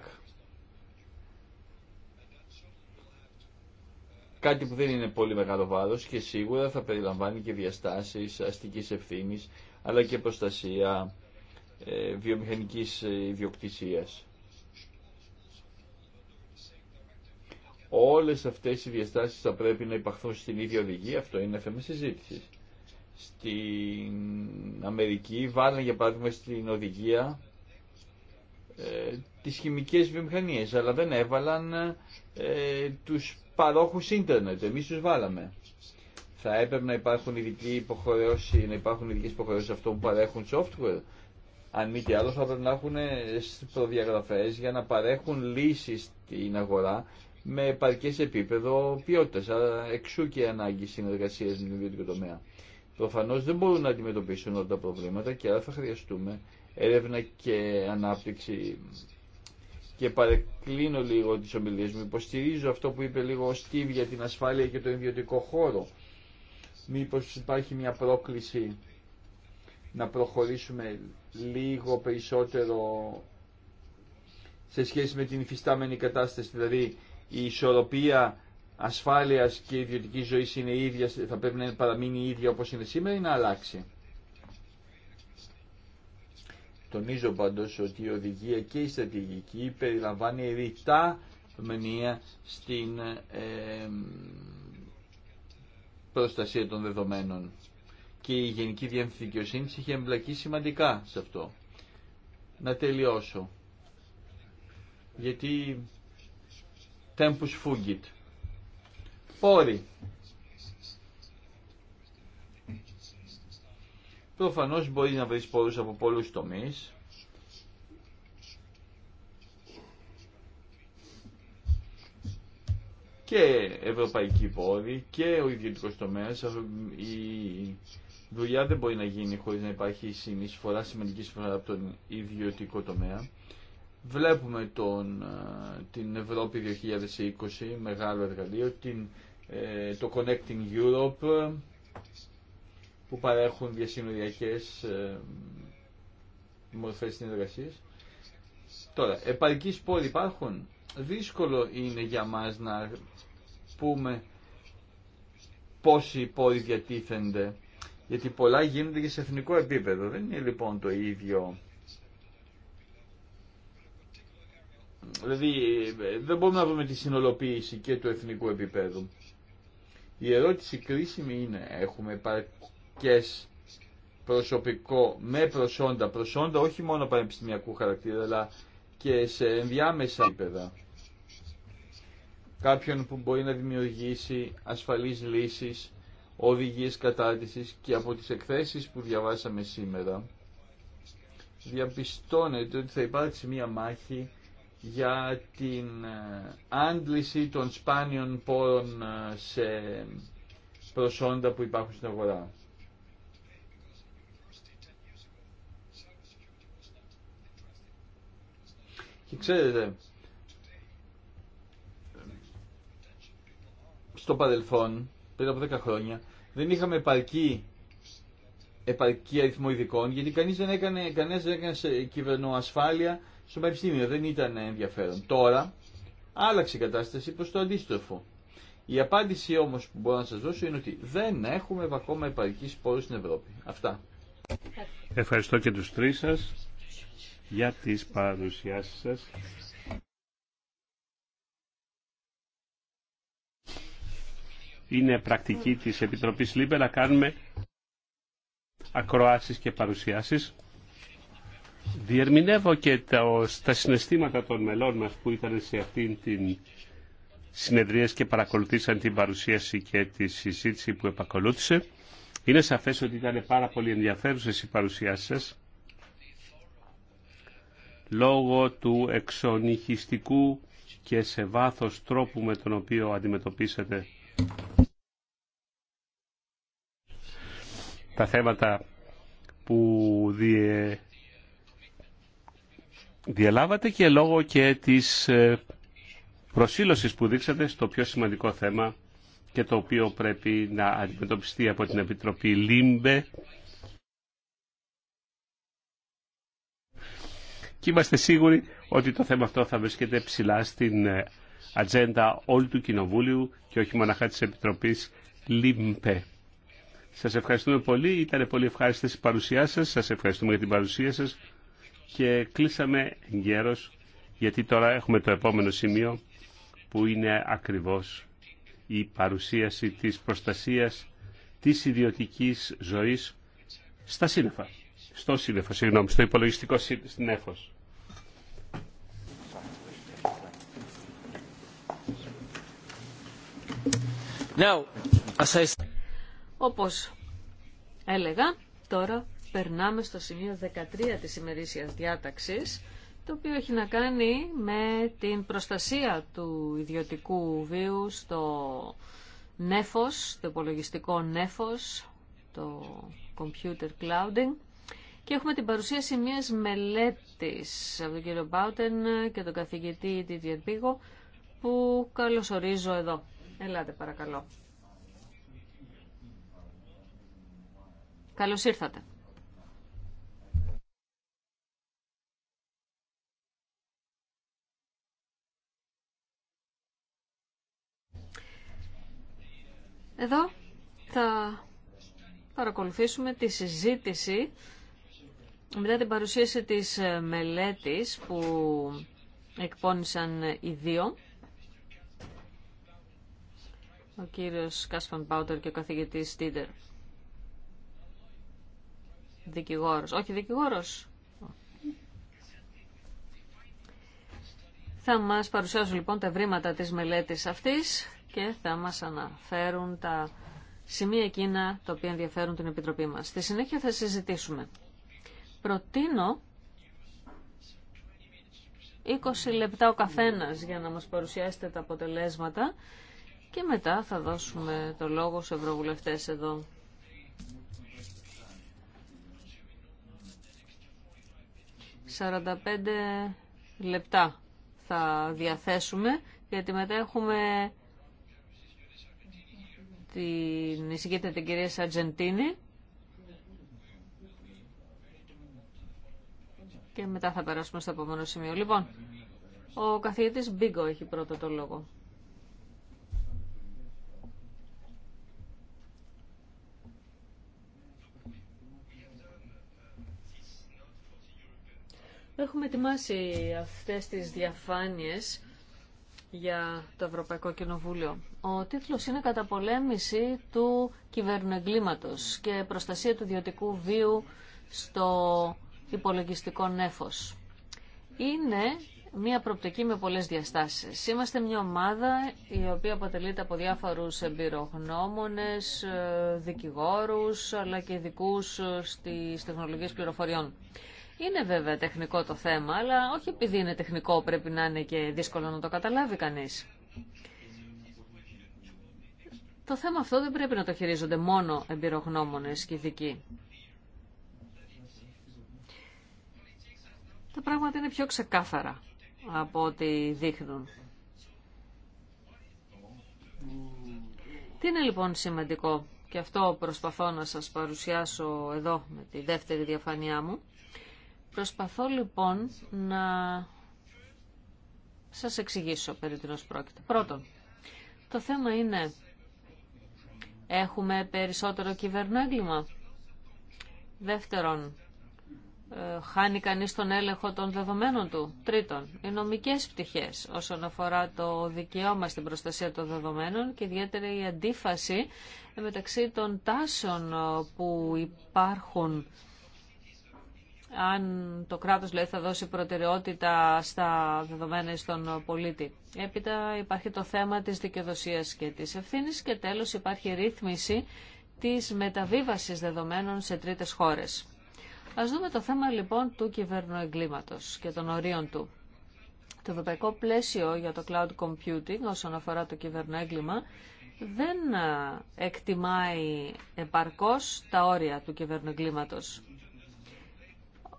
κάτι που δεν είναι πολύ μεγάλο βάρος και σίγουρα θα περιλαμβάνει και διαστάσεις αστικής ευθύνης αλλά και προστασία ε, βιομηχανικής ιδιοκτησίας. Όλες αυτές οι διαστάσεις θα πρέπει να υπαχθούν στην ίδια οδηγία, αυτό είναι θέμα συζήτηση. Στην Αμερική βάλανε για παράδειγμα στην οδηγία ε, τις χημικές βιομηχανίες, αλλά δεν έβαλαν ε, τους Παρόχου ίντερνετ. εμεί του βάλαμε. Θα έπρεπε να υπάρχουν ειδικοί υποχρεώσει, να υπάρχουν ειδικέ υποχρεώσει αυτών που παρέχουν software. Αν μη τι άλλο, θα πρέπει να έχουν προδιαγραφέ για να παρέχουν λύσει στην αγορά με επαρκέ επίπεδο ποιότητα. Άρα, εξού και η ανάγκη συνεργασία με την ιδιωτική τομέα. Προφανώ δεν μπορούν να αντιμετωπίσουν όλα τα προβλήματα και άρα θα χρειαστούμε έρευνα και ανάπτυξη και παρεκκλίνω λίγο τις ομιλίες μου, υποστηρίζω αυτό που είπε λίγο ο Στίβ για την ασφάλεια και τον ιδιωτικό χώρο. Μήπως υπάρχει μια πρόκληση να προχωρήσουμε λίγο περισσότερο σε σχέση με την υφιστάμενη κατάσταση, δηλαδή η ισορροπία ασφάλειας και ιδιωτικής ζωής είναι ίδια, θα πρέπει να παραμείνει ίδια όπως είναι σήμερα ή να αλλάξει. Τονίζω πάντως ότι η οδηγία και η στρατηγική περιλαμβάνει ρητά μνήμα στην ε, προστασία των δεδομένων. Και η Γενική Διεύθυνση Δικαιοσύνη είχε εμπλακεί σημαντικά σε αυτό. Να τελειώσω. Γιατί tempus fugit. Πόροι Προφανώς μπορεί να βρεις πόρους από πολλούς τομείς. Και ευρωπαϊκή πόροι και ο ιδιωτικός τομέας. Η δουλειά δεν μπορεί να γίνει χωρίς να υπάρχει συνεισφορά, σημαντική συνεισφορά από τον ιδιωτικό τομέα. Βλέπουμε τον, την Ευρώπη 2020, μεγάλο εργαλείο, την, ε, το Connecting Europe, που παρέχουν διασυνοριακές ε, μορφές Τώρα, επαρκή πόροι υπάρχουν. Δύσκολο είναι για μας να πούμε πόσοι πόροι διατίθενται, γιατί πολλά γίνονται και σε εθνικό επίπεδο. Δεν είναι λοιπόν το ίδιο. Δηλαδή, δεν μπορούμε να βρούμε τη συνολοποίηση και του εθνικού επίπεδου. Η ερώτηση κρίσιμη είναι, έχουμε και προσωπικό με προσόντα, προσόντα όχι μόνο πανεπιστημιακού χαρακτήρα, αλλά και σε ενδιάμεσα επίπεδα. Κάποιον που μπορεί να δημιουργήσει ασφαλείς λύσεις, οδηγίες κατάρτισης και από τις εκθέσεις που διαβάσαμε σήμερα, διαπιστώνεται ότι θα υπάρξει μία μάχη για την ε, άντληση των σπάνιων πόρων ε, σε προσόντα που υπάρχουν στην αγορά. Και ξέρετε, στο παρελθόν, πριν από 10 χρόνια, δεν είχαμε επαρκή, επαρκή αριθμό ειδικών, γιατί κανείς δεν έκανε, κανένας δεν έκανε κυβερνοασφάλεια στο πανεπιστήμιο, δεν ήταν ενδιαφέρον. Τώρα άλλαξε η κατάσταση προς το αντίστροφο. Η απάντηση όμως που μπορώ να σας δώσω είναι ότι δεν έχουμε ακόμα επαρκή σπόρους στην Ευρώπη. Αυτά. Ευχαριστώ και τους τρεις σας για τις παρουσιάσεις σας. Είναι πρακτική της Επιτροπής Λίμπε να κάνουμε ακροάσεις και παρουσιάσεις. Διερμηνεύω και τα, συναισθήματα των μελών μας που ήταν σε αυτήν την συνεδρία και παρακολουθήσαν την παρουσίαση και τη συζήτηση που επακολούθησε. Είναι σαφές ότι ήταν πάρα πολύ ενδιαφέρουσες οι παρουσιάσεις σας λόγω του εξονυχιστικού και σε βάθος τρόπου με τον οποίο αντιμετωπίσετε τα θέματα που διε... διελάβατε και λόγω και της ε, προσήλωσης που δείξατε στο πιο σημαντικό θέμα και το οποίο πρέπει να αντιμετωπιστεί από την Επιτροπή ΛΥΜΠΕ και είμαστε σίγουροι ότι το θέμα αυτό θα βρίσκεται ψηλά στην ε, ατζέντα όλου του Κοινοβούλιου και όχι μοναχά της Επιτροπής ΛΥΜΠΕ. Σας ευχαριστούμε πολύ. Ήταν πολύ ευχάριστη η παρουσία σας. Σας ευχαριστούμε για την παρουσία σας. Και κλείσαμε γέρος, γιατί τώρα έχουμε το επόμενο σημείο που είναι ακριβώς η παρουσίαση της προστασίας της ιδιωτικής ζωής στα σύννεφα. Στο σύννεφο, συγγνώμη, στο υπολογιστικό σύννεφος. Όπως έλεγα, τώρα περνάμε στο σημείο 13 της ημερήσιας διάταξης, το οποίο έχει να κάνει με την προστασία του ιδιωτικού βίου στο νέφος, το υπολογιστικό νέφος, το computer clouding. Και έχουμε την παρουσίαση μιας μελέτης από τον κύριο Μπάουτεν και τον καθηγητή Τιτιερ Πίγο, που καλωσορίζω εδώ. Ελάτε παρακαλώ. Καλώς ήρθατε. Εδώ θα παρακολουθήσουμε τη συζήτηση μετά την παρουσίαση της μελέτης που εκπώνησαν οι δύο ο κύριος Κάσφαν Πάουτερ και ο καθηγητής Τίτερ. Δικηγόρος. Όχι δικηγόρος. Θα μας παρουσιάσουν λοιπόν τα βρήματα της μελέτης αυτής και θα μας αναφέρουν τα σημεία εκείνα τα οποία ενδιαφέρουν την Επιτροπή μας. Στη συνέχεια θα συζητήσουμε. Προτείνω 20 λεπτά ο καθένας για να μας παρουσιάσετε τα αποτελέσματα και μετά θα δώσουμε το λόγο σε ευρωβουλευτές εδώ. «45 λεπτά θα διαθέσουμε, γιατί μετά έχουμε την εισηγήτρια την κυρία Σαρτζεντίνη και μετά θα περάσουμε στο επόμενο σημείο. Λοιπόν, ο καθηγητής Μπίγκο έχει πρώτο το λόγο. Έχουμε ετοιμάσει αυτές τις διαφάνειες για το Ευρωπαϊκό Κοινοβούλιο. Ο τίτλος είναι «Καταπολέμηση του κυβερνοεγκλήματος και προστασία του ιδιωτικού βίου στο υπολογιστικό νέφος». Είναι μια προπτική με πολλές διαστάσεις. Είμαστε μια ομάδα η οποία αποτελείται από διάφορους εμπειρογνώμονες, ε, δικηγόρους, αλλά και ειδικού ε, στις τεχνολογίες πληροφοριών. Είναι βέβαια τεχνικό το θέμα, αλλά όχι επειδή είναι τεχνικό πρέπει να είναι και δύσκολο να το καταλάβει κανείς. Το θέμα αυτό δεν πρέπει να το χειρίζονται μόνο εμπειρογνώμονες και ειδικοί. Τα πράγματα είναι πιο ξεκάθαρα από ό,τι δείχνουν. Τι είναι λοιπόν σημαντικό, και αυτό προσπαθώ να σας παρουσιάσω εδώ με τη δεύτερη διαφάνειά μου, Προσπαθώ λοιπόν να σας εξηγήσω περί τίνος πρόκειται. Πρώτον, το θέμα είναι έχουμε περισσότερο έγκλημα. Δεύτερον, ε, χάνει κανείς τον έλεγχο των δεδομένων του. Τρίτον, οι νομικές πτυχές όσον αφορά το δικαίωμα στην προστασία των δεδομένων και ιδιαίτερα η αντίφαση μεταξύ των τάσεων ε, που υπάρχουν αν το κράτος λέει, θα δώσει προτεραιότητα στα δεδομένα στον πολίτη. Έπειτα υπάρχει το θέμα της δικαιοδοσίας και της ευθύνης και τέλος υπάρχει ρύθμιση της μεταβίβασης δεδομένων σε τρίτες χώρες. Ας δούμε το θέμα λοιπόν του κυβερνοεγκλήματος και των ορίων του. Το ευρωπαϊκό πλαίσιο για το cloud computing όσον αφορά το κυβερνοέγκλημα δεν εκτιμάει επαρκώς τα όρια του κυβερνοεγκλήματος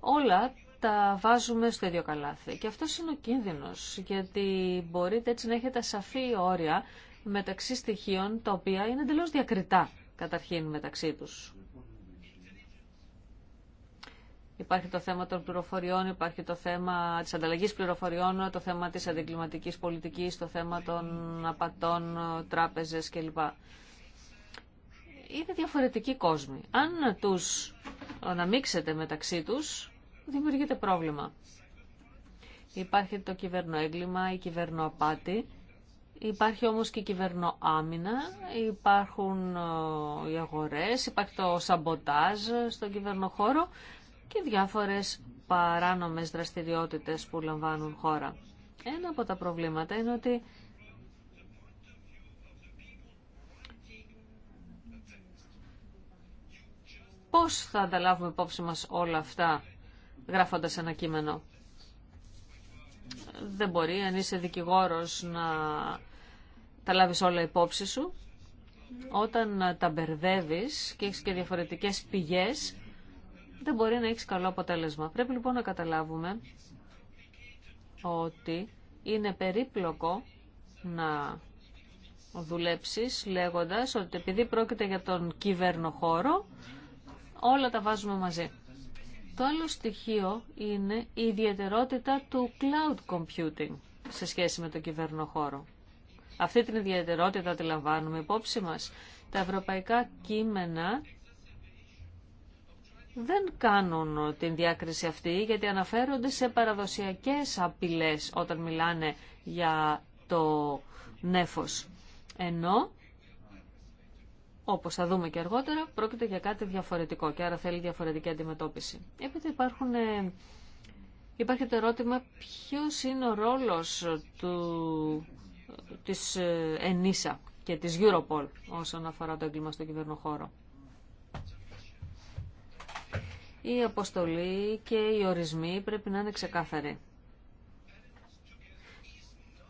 όλα τα βάζουμε στο ίδιο καλάθι. Και αυτό είναι ο κίνδυνος, γιατί μπορείτε έτσι να έχετε σαφή όρια μεταξύ στοιχείων τα οποία είναι εντελώ διακριτά καταρχήν μεταξύ του. Υπάρχει το θέμα των πληροφοριών, υπάρχει το θέμα της ανταλλαγής πληροφοριών, το θέμα της αντιγκληματικής πολιτικής, το θέμα των απατών, τράπεζες κλπ. Είναι διαφορετικοί κόσμοι. Αν τους αναμίξετε μεταξύ τους, δημιουργείται πρόβλημα. Υπάρχει το κυβερνοέγκλημα, η κυβερνοαπάτη, υπάρχει όμως και η κυβερνοάμυνα, υπάρχουν ε, οι αγορές, υπάρχει το σαμποτάζ στον κυβερνοχώρο και διάφορες παράνομες δραστηριότητες που λαμβάνουν χώρα. Ένα από τα προβλήματα είναι ότι πώς θα ανταλάβουμε υπόψη μας όλα αυτά γράφοντας ένα κείμενο. Δεν μπορεί, αν είσαι δικηγόρος, να τα λάβεις όλα υπόψη σου. Όταν τα μπερδεύει και έχεις και διαφορετικές πηγές, δεν μπορεί να έχεις καλό αποτέλεσμα. Πρέπει λοιπόν να καταλάβουμε ότι είναι περίπλοκο να δουλέψεις λέγοντας ότι επειδή πρόκειται για τον χώρο, όλα τα βάζουμε μαζί. Το άλλο στοιχείο είναι η ιδιαιτερότητα του cloud computing σε σχέση με τον κυβερνοχώρο. Αυτή την ιδιαιτερότητα τη λαμβάνουμε υπόψη μας. Τα ευρωπαϊκά κείμενα δεν κάνουν την διάκριση αυτή γιατί αναφέρονται σε παραδοσιακές απειλές όταν μιλάνε για το νέφος. Ενώ όπως θα δούμε και αργότερα, πρόκειται για κάτι διαφορετικό και άρα θέλει διαφορετική αντιμετώπιση. Έπειτα υπάρχουν, ε, υπάρχει το ερώτημα ποιος είναι ο ρόλος του, της ε, ΕΝΙΣΑ και της Europol όσον αφορά το έγκλημα στον κυβερνοχώρο. Η αποστολή και οι ορισμοί πρέπει να είναι ξεκάθαροι.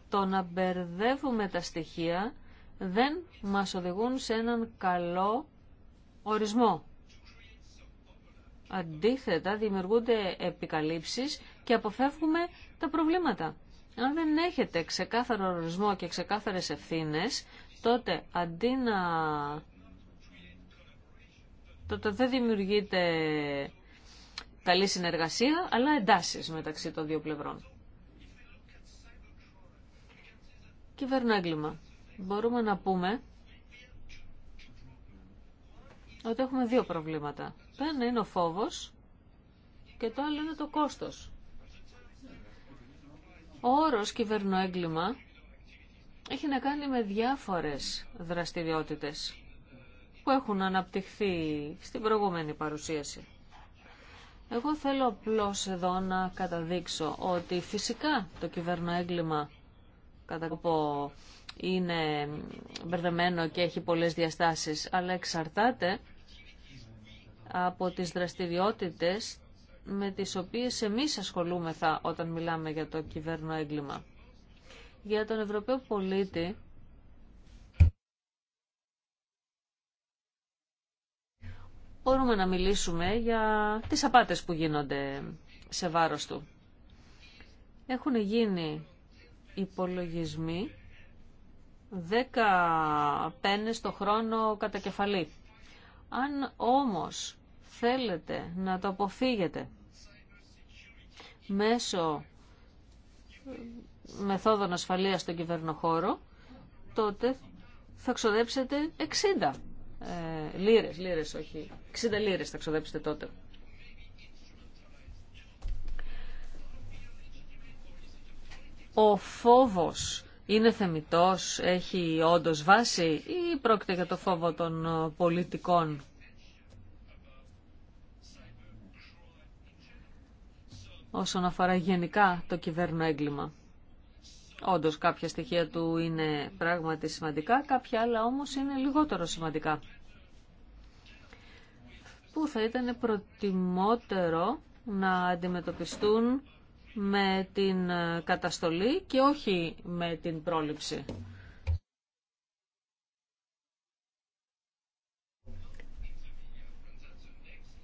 Το να μπερδεύουμε τα στοιχεία δεν μας οδηγούν σε έναν καλό ορισμό. Αντίθετα, δημιουργούνται επικαλύψεις και αποφεύγουμε τα προβλήματα. Αν δεν έχετε ξεκάθαρο ορισμό και ξεκάθαρες ευθύνες, τότε αντί να... τότε δεν δημιουργείται καλή συνεργασία, αλλά εντάσεις μεταξύ των δύο πλευρών. Κυβέρναγκλημα μπορούμε να πούμε ότι έχουμε δύο προβλήματα. Το ένα είναι ο φόβος και το άλλο είναι το κόστος. Ο όρος κυβερνοέγκλημα έχει να κάνει με διάφορες δραστηριότητες που έχουν αναπτυχθεί στην προηγούμενη παρουσίαση. Εγώ θέλω απλώ εδώ να καταδείξω ότι φυσικά το κυβερνοέγκλημα κατά είναι μπερδεμένο και έχει πολλές διαστάσεις, αλλά εξαρτάται από τις δραστηριότητες με τις οποίες εμείς ασχολούμεθα όταν μιλάμε για το κυβέρνο έγκλημα. Για τον Ευρωπαίο πολίτη, μπορούμε να μιλήσουμε για τις απάτες που γίνονται σε βάρος του. Έχουν γίνει υπολογισμοί 10 πένες το χρόνο κατά κεφαλή. Αν όμως θέλετε να το αποφύγετε μέσω μεθόδων ασφαλείας στον κυβερνοχώρο, τότε θα ξοδέψετε 60 ε, λίρες, λίρες όχι, 60 λίρες θα ξοδέψετε τότε. Ο φόβος είναι θεμητός, έχει όντως βάση ή πρόκειται για το φόβο των ε, πολιτικών. Όσον αφορά γενικά το κυβέρνο έγκλημα. Όντως κάποια στοιχεία του είναι πράγματι σημαντικά, κάποια άλλα όμως είναι λιγότερο σημαντικά. Που θα ήταν προτιμότερο να αντιμετωπιστούν με την ε, καταστολή και όχι με την πρόληψη.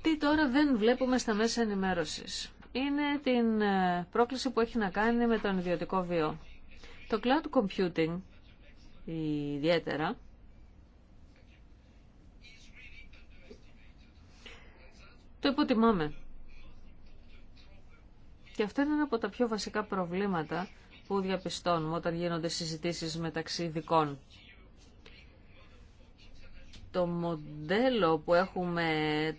Τι τώρα δεν βλέπουμε στα μέσα ενημέρωσης. Είναι την ε, πρόκληση που έχει να κάνει με τον ιδιωτικό βίο. Το cloud computing ιδιαίτερα το υποτιμάμε. Και αυτό είναι ένα από τα πιο βασικά προβλήματα που διαπιστώνουμε όταν γίνονται συζητήσεις μεταξύ ειδικών. Το μοντέλο που έχουμε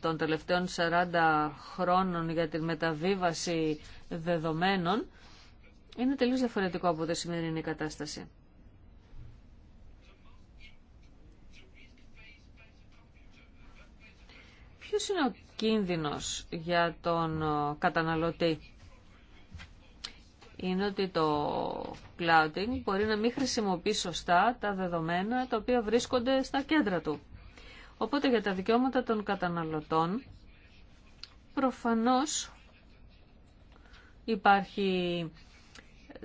των τελευταίων 40 χρόνων για τη μεταβίβαση δεδομένων είναι τελείως διαφορετικό από τη σημερινή κατάσταση. Ποιος είναι ο κίνδυνος για τον καταναλωτή είναι ότι το clouding μπορεί να μην χρησιμοποιεί σωστά τα δεδομένα τα οποία βρίσκονται στα κέντρα του. Οπότε για τα δικαιώματα των καταναλωτών προφανώς υπάρχει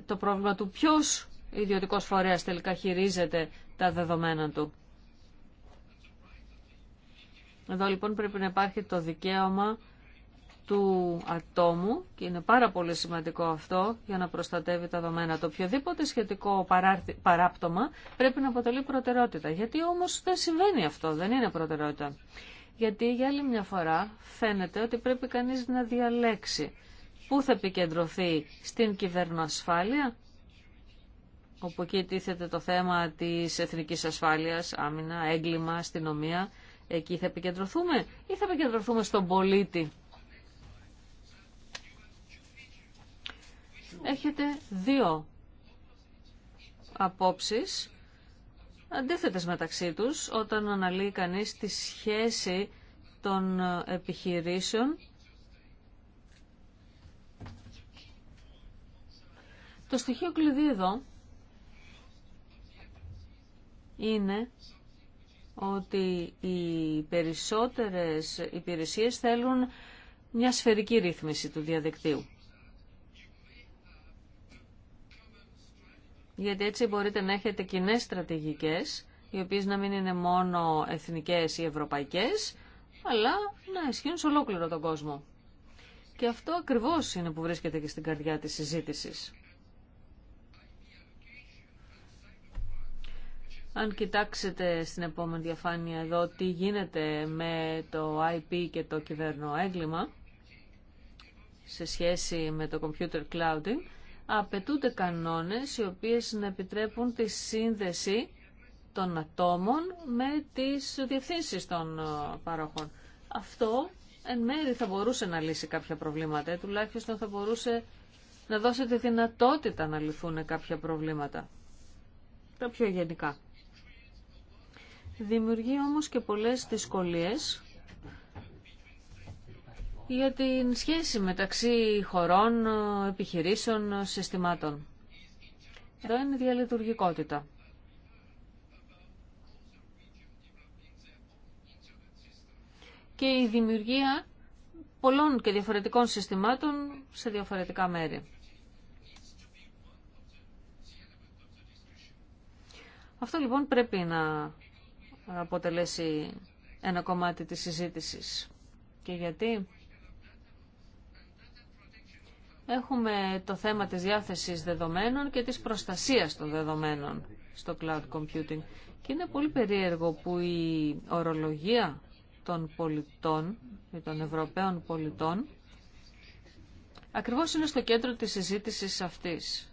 το πρόβλημα του ποιος ιδιωτικός φορέας τελικά χειρίζεται τα δεδομένα του. Εδώ λοιπόν πρέπει να υπάρχει το δικαίωμα του ατόμου και είναι πάρα πολύ σημαντικό αυτό για να προστατεύει τα δομένα. Το οποιοδήποτε σχετικό παράπτωμα πρέπει να αποτελεί προτεραιότητα. Γιατί όμως δεν συμβαίνει αυτό, δεν είναι προτεραιότητα. Γιατί για άλλη μια φορά φαίνεται ότι πρέπει κανείς να διαλέξει πού θα επικεντρωθεί στην κυβερνοασφάλεια, όπου εκεί τίθεται το θέμα της εθνικής ασφάλειας, άμυνα, έγκλημα, αστυνομία, εκεί θα επικεντρωθούμε ή θα επικεντρωθούμε στον πολίτη έχετε δύο απόψεις αντίθετες μεταξύ τους όταν αναλύει κανείς τη σχέση των ε, επιχειρήσεων Το στοιχείο κλειδί εδώ είναι ότι οι περισσότερες υπηρεσίες θέλουν μια σφαιρική ρύθμιση του διαδικτύου. γιατί έτσι μπορείτε να έχετε κοινέ στρατηγικέ, οι οποίες να μην είναι μόνο εθνικές ή ευρωπαϊκές, αλλά να ισχύουν σε ολόκληρο τον κόσμο. Και αυτό ακριβώ είναι που βρίσκεται και στην καρδιά της συζήτηση. Αν κοιτάξετε στην επόμενη διαφάνεια εδώ τι γίνεται με το IP και το κυβέρνο έγκλημα σε σχέση με το computer clouding, απαιτούνται κανόνες οι οποίες να επιτρέπουν τη σύνδεση των ατόμων με τις διευθύνσεις των ε, παρόχων. Αυτό εν μέρη θα μπορούσε να λύσει κάποια προβλήματα, τουλάχιστον θα μπορούσε να δώσει τη δυνατότητα να λυθούν κάποια προβλήματα. Τα πιο γενικά. Δημιουργεί όμως και πολλές δυσκολίες για την σχέση μεταξύ χωρών, επιχειρήσεων, συστημάτων. Εδώ είναι διαλειτουργικότητα. Και η δημιουργία πολλών και διαφορετικών συστημάτων σε διαφορετικά μέρη. Αυτό λοιπόν πρέπει να αποτελέσει ένα κομμάτι της συζήτησης. Και γιατί Έχουμε το θέμα της διάθεσης δεδομένων και της προστασίας των δεδομένων στο cloud computing. Και είναι πολύ περίεργο που η ορολογία των πολιτών, των Ευρωπαίων πολιτών, ακριβώς είναι στο κέντρο της συζήτησης αυτής.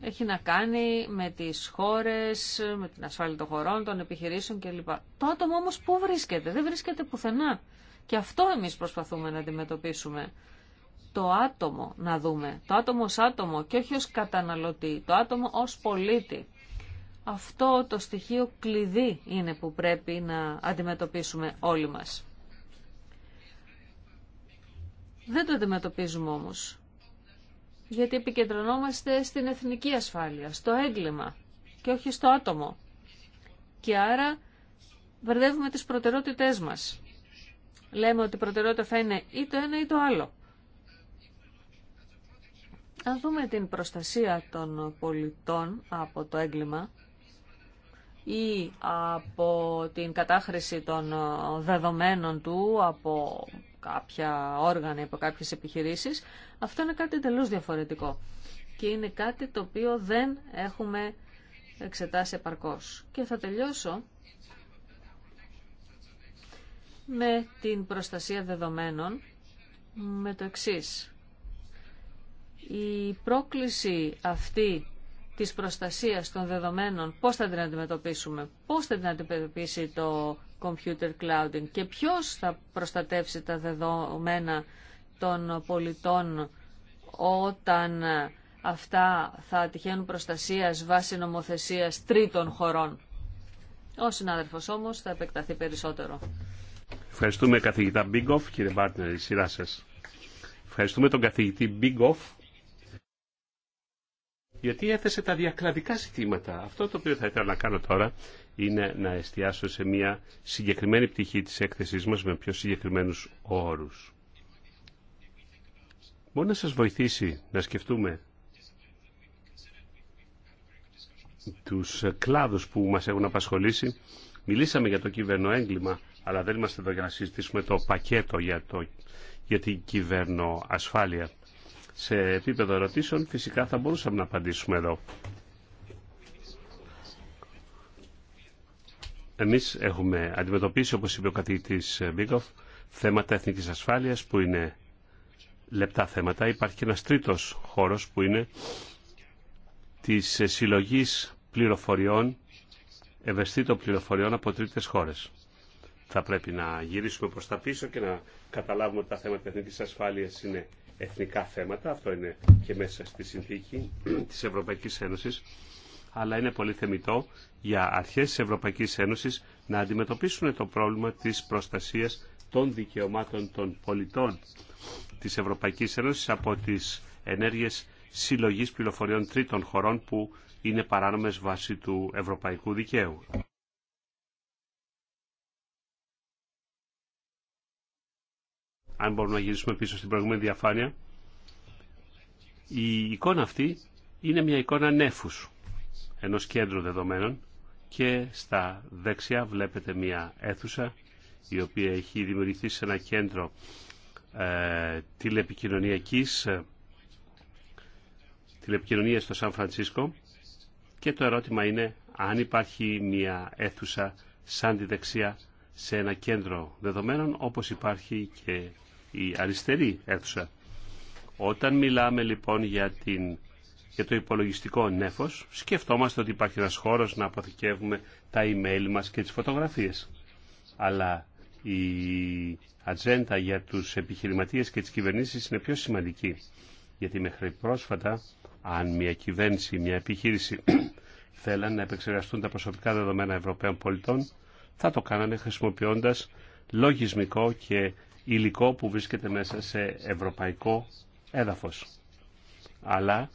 Έχει να κάνει με τις χώρες, με την ασφάλεια των χωρών, των επιχειρήσεων κλπ. Το άτομο όμως πού βρίσκεται, δεν βρίσκεται πουθενά. Και αυτό εμείς προσπαθούμε να αντιμετωπίσουμε το άτομο να δούμε. Το άτομο ως άτομο και όχι ως καταναλωτή. Το άτομο ως πολίτη. Αυτό το στοιχείο κλειδί είναι που πρέπει να αντιμετωπίσουμε όλοι μας. Δεν το αντιμετωπίζουμε όμως, γιατί επικεντρωνόμαστε στην εθνική ασφάλεια, στο έγκλημα και όχι στο άτομο. Και άρα βερδεύουμε τις προτεραιότητές μας. Λέμε ότι η προτεραιότητα θα είναι ή ένα ή το άλλο. Αν δούμε την προστασία των πολιτών από το έγκλημα ή από την κατάχρηση των δεδομένων του από κάποια όργανα, από κάποιες επιχειρήσεις, αυτό είναι κάτι τελούς διαφορετικό. Και είναι κάτι το οποίο δεν έχουμε εξετάσει επαρκώς. Και θα τελειώσω με την προστασία δεδομένων με το εξής η πρόκληση αυτή της προστασίας των δεδομένων, πώς θα την αντιμετωπίσουμε, πώς θα την αντιμετωπίσει το computer clouding και ποιος θα προστατεύσει τα δεδομένα των πολιτών όταν αυτά θα τυχαίνουν προστασίας βάσει νομοθεσίας τρίτων χωρών. Ο συνάδελφος όμως θα επεκταθεί περισσότερο. Ευχαριστούμε καθηγητά Μπίγκοφ, κύριε Μπάρτνερ, η σειρά σας. Ευχαριστούμε τον καθηγητή Μπίγκοφ γιατί έθεσε τα διακλαδικά ζητήματα. Αυτό το οποίο θα ήθελα να κάνω τώρα είναι να εστιάσω σε μια συγκεκριμένη πτυχή της έκθεσής μας με πιο συγκεκριμένους όρους. Μπορεί να σας βοηθήσει να σκεφτούμε τους κλάδους που μας έχουν απασχολήσει. Μιλήσαμε για το κυβερνοέγκλημα, αλλά δεν είμαστε εδώ για να συζητήσουμε το πακέτο για, το, για την κυβερνοασφάλεια σε επίπεδο ερωτήσεων φυσικά θα μπορούσαμε να απαντήσουμε εδώ. Εμείς έχουμε αντιμετωπίσει, όπως είπε ο καθηγητής Μπίγκοφ, θέματα εθνικής ασφάλειας που είναι λεπτά θέματα. Υπάρχει και ένας τρίτος χώρος που είναι της συλλογής πληροφοριών, ευαισθήτων πληροφοριών από τρίτες χώρες. Θα πρέπει να γυρίσουμε προς τα πίσω και να καταλάβουμε ότι τα θέματα εθνικής ασφάλειας είναι εθνικά θέματα, αυτό είναι και μέσα στη συνθήκη της Ευρωπαϊκής Ένωσης, αλλά είναι πολύ θεμητό για αρχές της Ευρωπαϊκής Ένωσης να αντιμετωπίσουν το πρόβλημα της προστασίας των δικαιωμάτων των πολιτών της Ευρωπαϊκής Ένωσης από τις ενέργειες συλλογής πληροφοριών τρίτων χωρών που είναι παράνομες βάσει του ευρωπαϊκού δικαίου. αν μπορούμε να γυρίσουμε πίσω στην προηγούμενη διαφάνεια, η εικόνα αυτή είναι μια εικόνα νέφους ενός κέντρου δεδομένων και στα δεξιά βλέπετε μια αίθουσα η οποία έχει δημιουργηθεί σε ένα κέντρο ε, τηλεπικοινωνιακής ε, τηλεπικοινωνία στο Σαν Φρανσίσκο και το ερώτημα είναι αν υπάρχει μια αίθουσα σαν τη δεξιά σε ένα κέντρο δεδομένων όπως υπάρχει και η αριστερή αίθουσα. Όταν μιλάμε λοιπόν για, την, για το υπολογιστικό νέφος, σκεφτόμαστε ότι υπάρχει ένας χώρος να αποθηκεύουμε τα email μας και τις φωτογραφίες. Αλλά η ατζέντα για τους επιχειρηματίες και τις κυβερνήσεις είναι πιο σημαντική. Γιατί μέχρι πρόσφατα, αν μια κυβέρνηση, μια επιχείρηση θέλαν να επεξεργαστούν τα προσωπικά δεδομένα Ευρωπαίων πολιτών, θα το κάνανε χρησιμοποιώντας λογισμικό και υλικό που βρίσκεται μέσα σε ευρωπαϊκό έδαφος. Αλλά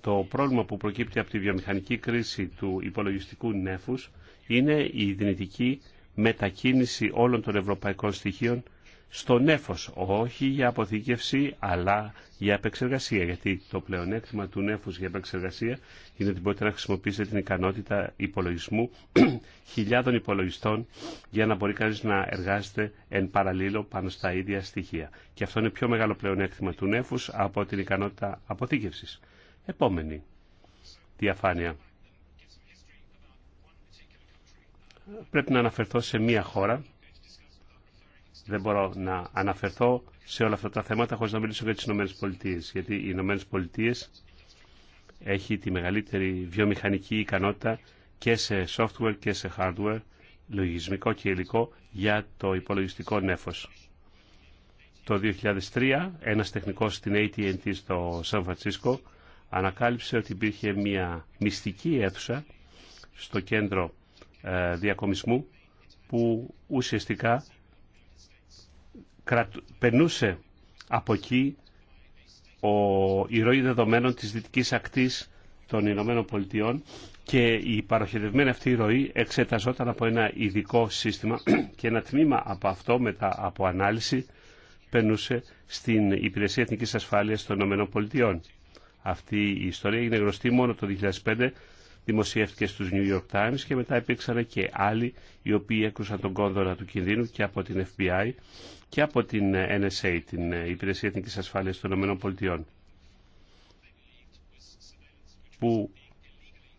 το πρόβλημα που προκύπτει από τη βιομηχανική κρίση του υπολογιστικού νέφους είναι η δυνητική μετακίνηση όλων των ευρωπαϊκών στοιχείων στο νέφος, όχι για αποθήκευση αλλά για επεξεργασία γιατί το πλεονέκτημα του νέφους για επεξεργασία είναι ότι μπορείτε να χρησιμοποιήσετε την ικανότητα υπολογισμού χιλιάδων υπολογιστών για να μπορεί κανείς να εργάζεται εν παραλίλω πάνω στα ίδια στοιχεία και αυτό είναι πιο μεγάλο πλεονέκτημα του νέφους από την ικανότητα αποθήκευσης. Επόμενη διαφάνεια. Πρέπει να αναφερθώ σε μία χώρα δεν μπορώ να αναφερθώ σε όλα αυτά τα θέματα χωρίς να μιλήσω για τις Ηνωμένες Πολιτείες. Γιατί οι Ηνωμένες Πολιτείες έχει τη μεγαλύτερη βιομηχανική ικανότητα και σε software και σε hardware, λογισμικό και υλικό για το υπολογιστικό νέφος. Το 2003 ένας τεχνικός στην AT&T στο Σαν Φρανσίσκο ανακάλυψε ότι υπήρχε μια μυστική αίθουσα στο κέντρο ε, διακομισμού που ουσιαστικά περνούσε από εκεί ο, η ροή δεδομένων της δυτικής ακτής των Ηνωμένων Πολιτειών και η παροχετευμένη αυτή ροή εξεταζόταν από ένα ειδικό σύστημα και ένα τμήμα από αυτό μετά από ανάλυση περνούσε στην Υπηρεσία Εθνικής Ασφάλειας των Ηνωμένων Πολιτειών. Αυτή η ιστορία έγινε γνωστή μόνο το 2005, δημοσιεύτηκε στους New York Times και μετά υπήρξαν και άλλοι οι οποίοι έκρουσαν τον κόνδωνα του κινδύνου και από την FBI και από την ε, NSA, την ε, Υπηρεσία Έθνική ασφάλεια των ΗΠΑ, που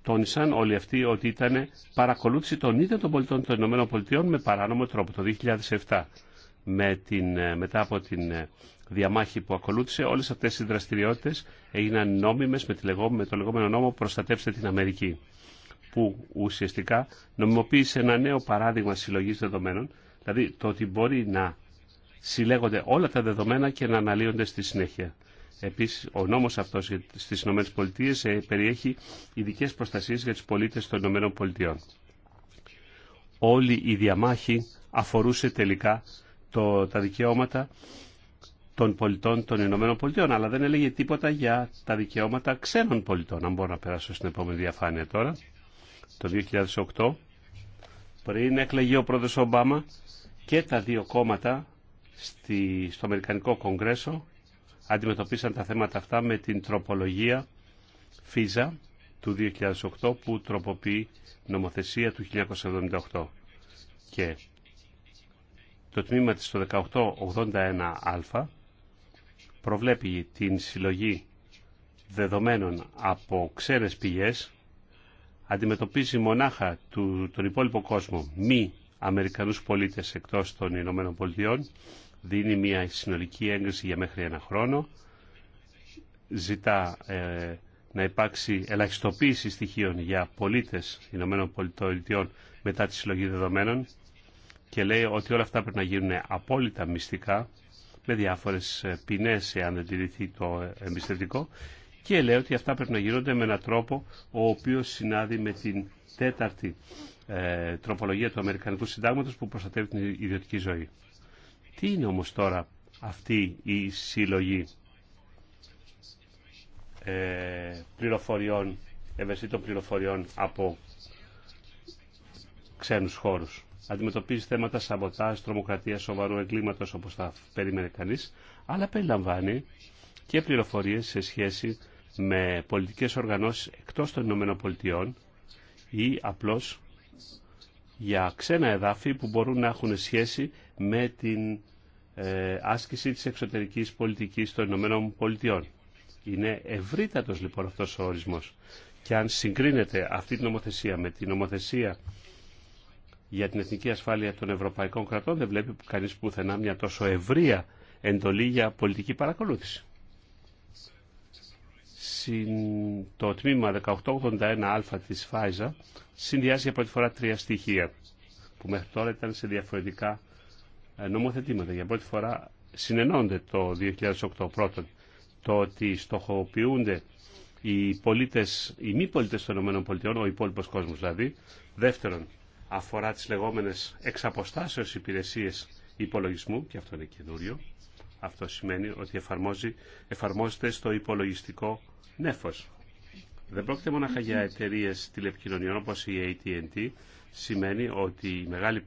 τόνισαν όλοι αυτοί ότι ήταν παρακολούθηση των ίδιων των πολιτών των ΗΠΑ με παράνομο τρόπο το 2007. Με την, ε, μετά από την διαμάχη που ακολούθησε, όλες αυτές οι δραστηριότητες έγιναν νόμιμες με, το λεγόμενο νόμο «Προστατεύστε την Αμερική» που ουσιαστικά νομιμοποίησε ένα νέο παράδειγμα συλλογής δεδομένων, δηλαδή το ότι μπορεί να συλλέγονται όλα τα δεδομένα και να αναλύονται στη συνέχεια. Επίσης, ο νόμος αυτός στις ΗΠΑ ε, περιέχει ειδικές προστασίες για τους πολίτες των ΗΠΑ. Όλη η διαμάχη αφορούσε τελικά το, τα δικαιώματα των πολιτών των Ηνωμένων Πολιτειών, αλλά δεν έλεγε τίποτα για τα δικαιώματα ξένων πολιτών. Αν μπορώ να περάσω στην επόμενη διαφάνεια τώρα, το 2008, πριν εκλεγεί ο πρόεδρος Ομπάμα και τα δύο κόμματα στη, στο Αμερικανικό Κογκρέσο αντιμετωπίσαν τα θέματα αυτά με την τροπολογία ΦΙΖΑ του 2008 που τροποποιεί νομοθεσία του 1978. Και το τμήμα της το 1881α προβλέπει την συλλογή δεδομένων από ξένες πηγές αντιμετωπίζει μονάχα του, τον υπόλοιπο κόσμο μη Αμερικανούς πολίτες εκτός των Ηνωμένων Πολιτειών δίνει μια συνολική έγκριση για μέχρι ένα χρόνο, ζητά ε, να υπάρξει ελαχιστοποίηση στοιχείων για πολίτες Ηνωμένων Πολιτών μετά τη συλλογή δεδομένων και λέει ότι όλα αυτά πρέπει να γίνουν απόλυτα μυστικά με διάφορες ε, ποινές εάν δεν τηρηθεί το εμπιστευτικό και λέει ότι αυτά πρέπει να γίνονται με έναν τρόπο ο οποίος συνάδει με την τέταρτη ε, τροπολογία του Αμερικανικού Συντάγματος που προστατεύει την ιδιωτική ζωή. Τι είναι όμως τώρα αυτή η συλλογή ε, πληροφοριών, ευαισθητών πληροφοριών από ξένους χώρους. Αντιμετωπίζει θέματα σαμποτάζ, τρομοκρατία, σοβαρού εγκλήματος όπως θα περίμενε κανείς, αλλά περιλαμβάνει και πληροφορίες σε σχέση με πολιτικές οργανώσεις εκτός των ΗΠΑ ή απλώς για ξένα εδάφη που μπορούν να έχουν σχέση με την ε, άσκηση της εξωτερικής πολιτικής των Ηνωμένων Πολιτειών. Είναι ευρύτατος λοιπόν αυτός ο ορισμός. Και αν συγκρίνεται αυτή την νομοθεσία με την νομοθεσία για την εθνική ασφάλεια των ευρωπαϊκών κρατών δεν βλέπει κανείς πουθενά μια τόσο ευρεία εντολή για πολιτική παρακολούθηση το τμήμα 1881α της Φάιζα συνδυάζει για πρώτη φορά τρία στοιχεία που μέχρι τώρα ήταν σε διαφορετικά ε, νομοθετήματα. Για πρώτη φορά συνενώνται το 2008 πρώτον το ότι στοχοποιούνται οι, πολίτες, οι μη πολίτες των ΗΠΑ, ο υπόλοιπο κόσμος δηλαδή. Δεύτερον, αφορά τις λεγόμενες εξαποστάσεως υπηρεσίες υπολογισμού, και αυτό είναι καινούριο. Αυτό σημαίνει ότι εφαρμόζει, εφαρμόζεται στο υπολογιστικό νέφος. Δεν πρόκειται μονάχα για εταιρείε τηλεπικοινωνιών όπως η AT&T. Σημαίνει ότι μεγάλη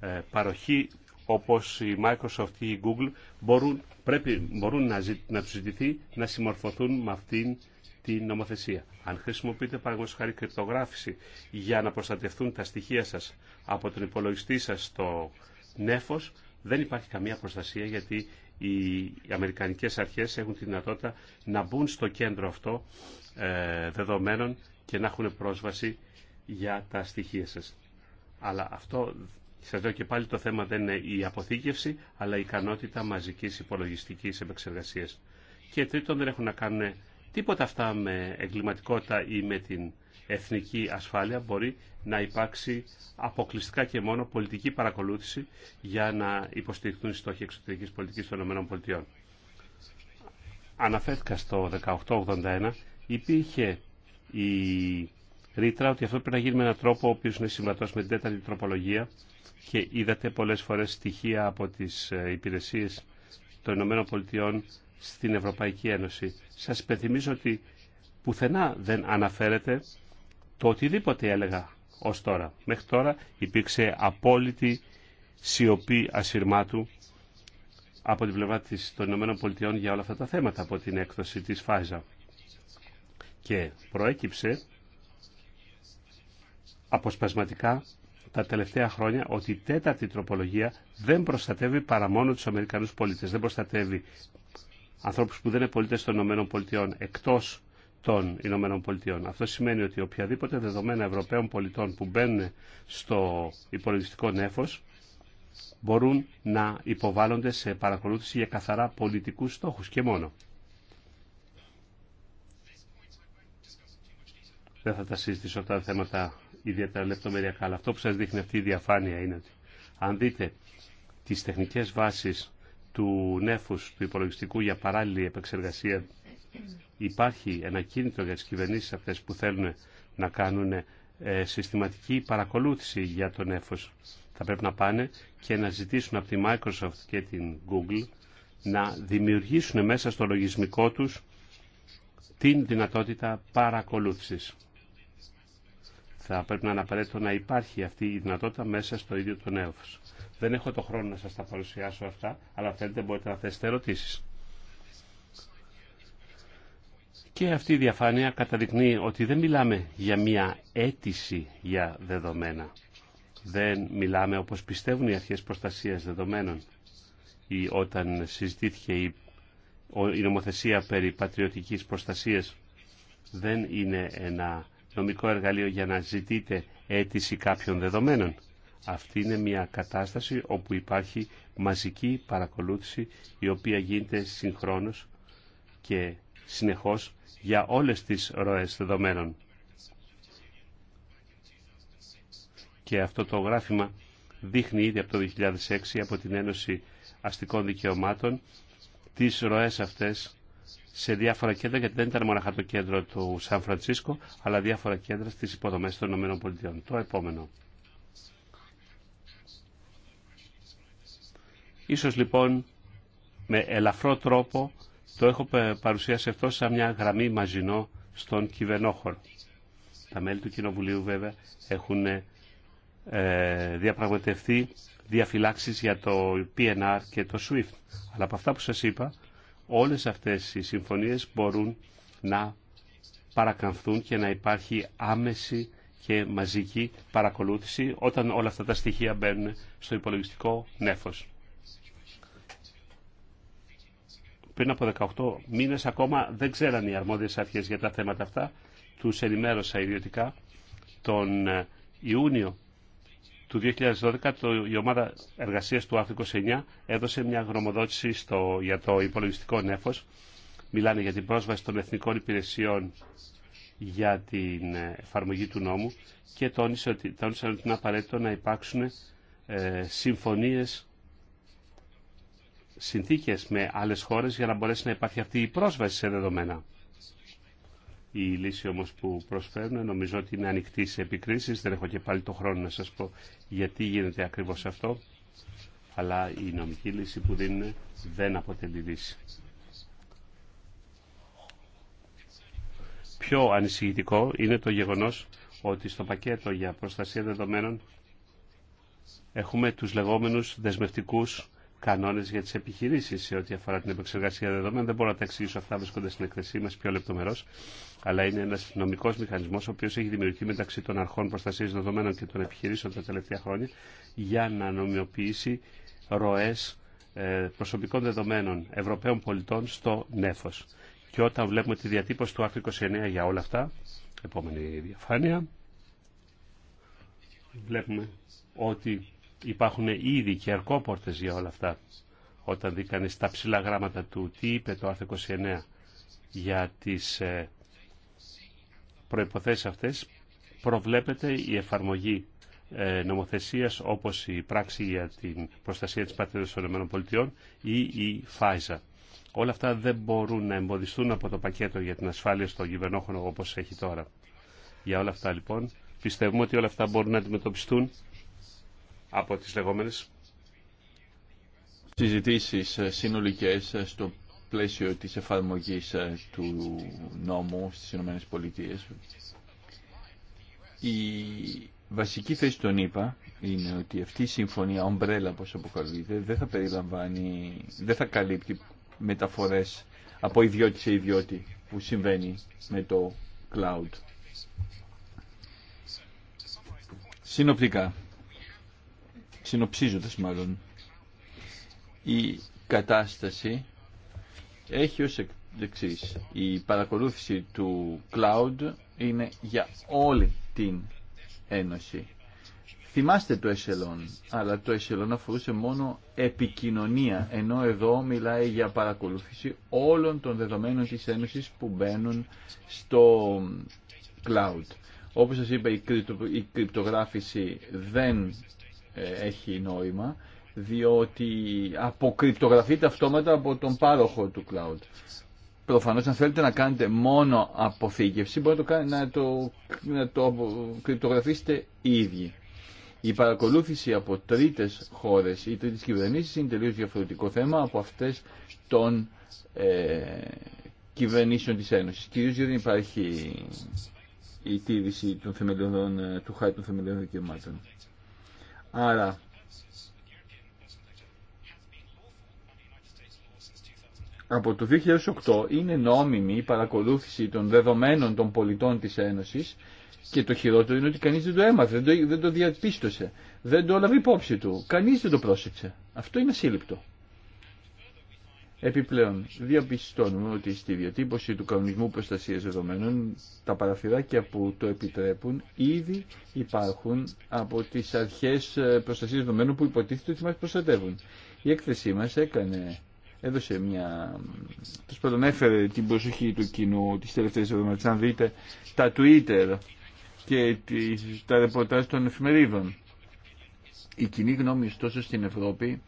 ε, παροχή όπως η Microsoft ή η Google μπορούν, πρέπει, μπορούν να, ζη, να τους ζητηθεί να συμμορφωθούν με αυτήν την νομοθεσία. Αν χρησιμοποιείτε παραγωγή χάρη κρυπτογράφηση για να προστατευτούν τα στοιχεία σας από τον υπολογιστή σας στο νέφος, δεν υπάρχει καμία προστασία γιατί οι Αμερικανικές αρχές έχουν τη δυνατότητα να μπουν στο κέντρο αυτό ε, δεδομένων και να έχουν πρόσβαση για τα στοιχεία σας. Αλλά αυτό, σας λέω και πάλι, το θέμα δεν είναι η αποθήκευση, αλλά η ικανότητα μαζικής υπολογιστικής επεξεργασίας. Και τρίτον, δεν έχουν να κάνουν τίποτα αυτά με εγκληματικότητα ή με την εθνική ασφάλεια μπορεί να υπάρξει αποκλειστικά και μόνο πολιτική παρακολούθηση για να υποστηριχθούν οι στόχοι εξωτερικής πολιτικής των ΗΠΑ. Αναφέρθηκα στο 1881, υπήρχε η ρήτρα ότι αυτό πρέπει να γίνει με έναν τρόπο ο οποίος είναι συμβατός με την τέταρτη τροπολογία και είδατε πολλές φορές στοιχεία από τις ε, υπηρεσίες των Ηνωμένων Πολιτειών στην Ευρωπαϊκή Ένωση. Σας υπενθυμίζω ότι πουθενά δεν αναφέρεται το οτιδήποτε έλεγα ως τώρα. Μέχρι τώρα υπήρξε απόλυτη σιωπή ασυρμάτου από την πλευρά της, των Πολιτειών για όλα αυτά τα θέματα από την έκδοση της ΦΑΙΖΑ Και προέκυψε αποσπασματικά τα τελευταία χρόνια ότι η τέταρτη τροπολογία δεν προστατεύει παρά μόνο τους Αμερικανούς πολίτες. Δεν προστατεύει ανθρώπους που δεν είναι πολίτες των ΗΠΑ εκτός των Ηνωμένων Πολιτειών. Αυτό σημαίνει ότι οποιαδήποτε δεδομένα Ευρωπαίων πολιτών που μπαίνουν στο υπολογιστικό νέφος μπορούν να υποβάλλονται σε παρακολούθηση για καθαρά πολιτικούς στόχους και μόνο. Δεν θα τα συζητήσω τα θέματα ιδιαίτερα λεπτομεριακά, αλλά αυτό που σας δείχνει αυτή η διαφάνεια είναι ότι αν δείτε τις τεχνικές βάσεις του νέφους του υπολογιστικού για παράλληλη επεξεργασία υπάρχει ένα κίνητο για τις κυβερνήσεις αυτές που θέλουν να κάνουν ε, συστηματική παρακολούθηση για τον έφος. Θα πρέπει να πάνε και να ζητήσουν από τη Microsoft και την Google να δημιουργήσουν μέσα στο λογισμικό τους την δυνατότητα παρακολούθησης. Θα πρέπει να αναπαραίτητο να υπάρχει αυτή η δυνατότητα μέσα στο ίδιο τον έφος. Δεν έχω το χρόνο να σας τα παρουσιάσω αυτά, αλλά θέλετε μπορείτε να θέσετε ερωτήσεις. Και αυτή η διαφάνεια καταδεικνύει ότι δεν μιλάμε για μια αίτηση για δεδομένα. Δεν μιλάμε όπως πιστεύουν οι αρχές προστασίας δεδομένων ή όταν συζητήθηκε η, η νομοθεσία περί πατριωτικής προστασίας δεν είναι ένα νομικό εργαλείο για να ζητείτε αίτηση κάποιων δεδομένων. Αυτή είναι μια κατάσταση όπου υπάρχει μαζική παρακολούθηση η οποία γίνεται συγχρόνως και συνεχώς για όλες τις ροές δεδομένων. Και αυτό το γράφημα δείχνει ήδη από το 2006 από την Ένωση Αστικών Δικαιωμάτων τις ροές αυτές σε διάφορα κέντρα, γιατί δεν ήταν μόνο το κέντρο του Σαν Φρανσίσκο, αλλά διάφορα κέντρα στις υποδομές των ΗΠΑ. Το επόμενο. Ίσως λοιπόν με ελαφρό τρόπο το έχω παρουσιάσει αυτό σαν μια γραμμή μαζινό στον κυβερνόχωρο. Τα μέλη του Κοινοβουλίου βέβαια έχουν ε, διαπραγματευτεί διαφυλάξεις για το PNR και το SWIFT. Αλλά από αυτά που σας είπα, όλες αυτές οι συμφωνίες μπορούν να παρακαμφθούν και να υπάρχει άμεση και μαζική παρακολούθηση όταν όλα αυτά τα στοιχεία μπαίνουν στο υπολογιστικό νέφος. πριν από 18 μήνε ακόμα δεν ξέραν οι αρμόδιες αρχέ για τα θέματα αυτά. του ενημέρωσα ιδιωτικά τον ε, Ιούνιο του 2012 το, η ομάδα εργασίας του ΑΦ 29 έδωσε μια γνωμοδότηση στο, για το υπολογιστικό νέφος. Μιλάνε για την πρόσβαση των εθνικών υπηρεσιών για την ε, εφαρμογή του νόμου και τόνισαν ότι, τόνισε ότι είναι απαραίτητο να υπάρξουν ε, συμφωνίες συνθήκες με άλλες χώρες για να μπορέσει να υπάρχει αυτή η πρόσβαση σε δεδομένα. Η λύση όμως που προσφέρουν νομίζω ότι είναι ανοιχτή σε επικρίσεις. Δεν έχω και πάλι το χρόνο να σας πω γιατί γίνεται ακριβώς αυτό. Αλλά η νομική λύση που δίνουν δεν αποτελεί λύση. Πιο ανησυχητικό είναι το γεγονός ότι στο πακέτο για προστασία δεδομένων έχουμε τους λεγόμενους δεσμευτικούς Κανόνε για τι επιχειρήσει σε ό,τι αφορά την επεξεργασία δεδομένων. Δεν μπορώ να τα εξηγήσω αυτά, βρίσκονται στην εκθεσή μα πιο λεπτομερώς, αλλά είναι ένα νομικό μηχανισμό ο οποίο έχει δημιουργηθεί μεταξύ των αρχών προστασία δεδομένων και των επιχειρήσεων τα τελευταία χρόνια για να νομιοποιήσει ροέ ε, προσωπικών δεδομένων Ευρωπαίων πολιτών στο νέφο. Και όταν βλέπουμε τη διατύπωση του άρθρου 29 για όλα αυτά, επόμενη διαφάνεια, βλέπουμε ότι υπάρχουν ήδη και αρκόπορτες για όλα αυτά. Όταν δει κανείς τα ψηλά γράμματα του, τι είπε το άρθρο 29 για τις ε, προϋποθέσεις αυτές, προβλέπεται η εφαρμογή ε, νομοθεσίας όπως η πράξη για την προστασία της πατρίδας των ΗΠΑ ή η ΦΑΙΖΑ. Όλα αυτά δεν μπορούν να εμποδιστούν από το πακέτο για την ασφάλεια στον κυβερνόχρονο όπως έχει τώρα. Για όλα αυτά λοιπόν πιστεύουμε ότι όλα αυτά μπορούν να αντιμετωπιστούν από τις λεγόμενες συζητήσεις ε, συνολικές ε, στο πλαίσιο της εφαρμογής ε, του νόμου στις Ηνωμένες Πολιτείες. Η βασική θέση των ΗΠΑ είναι ότι αυτή η συμφωνία, ομπρέλα όπως αποκαλείται, δεν θα περιλαμβάνει, δεν θα καλύπτει μεταφορές από ιδιώτη σε ιδιώτη που συμβαίνει με το cloud. Συνοπτικά, συνοψίζοντας μάλλον, η κατάσταση έχει ως εξής. Η παρακολούθηση του cloud είναι για όλη την Ένωση. Θυμάστε το Εσελον, αλλά το εσελόν αφορούσε μόνο επικοινωνία, ενώ εδώ μιλάει για παρακολούθηση όλων των δεδομένων της Ένωσης που μπαίνουν στο cloud. Όπως σας είπα, η κρυπτογράφηση δεν ε, έχει νόημα, διότι αποκρυπτογραφείται αυτόματα από τον πάροχο του cloud. Προφανώς αν θέλετε να κάνετε μόνο αποθήκευση μπορείτε να το, να το κρυπτογραφήσετε οι ίδιοι. Η παρακολούθηση από τρίτες χώρες ή τρίτες κυβερνήσεις είναι τελείως διαφορετικό θέμα από αυτές των ε, κυβερνήσεων της Ένωσης. Κυρίως γιατί δεν υπάρχει η τήρηση των ε, του χάρη των θεμελιών δικαιωμάτων. Άρα, από το 2008 είναι νόμιμη η παρακολούθηση των δεδομένων των πολιτών της Ένωσης και το χειρότερο είναι ότι κανείς δεν το έμαθε, δεν το, διαπίστωσε, δεν το έλαβε υπόψη του, κανείς δεν το πρόσεξε. Αυτό είναι σύλληπτο. Επιπλέον, διαπιστώνουμε ότι στη διατύπωση του κανονισμού προστασίας δεδομένων τα παραθυράκια που το επιτρέπουν ήδη υπάρχουν από τις αρχές ε, προστασίας δεδομένων που υποτίθεται ότι μας προστατεύουν. Η έκθεσή μα έκανε, έδωσε μια... Τους πάντων έφερε την προσοχή του κοινού τις τελευταίες εβδομάδες. Αν δείτε τα Twitter και τα ρεπορτάζ των εφημερίδων. Η κοινή γνώμη ωστόσο στην Ευρώπη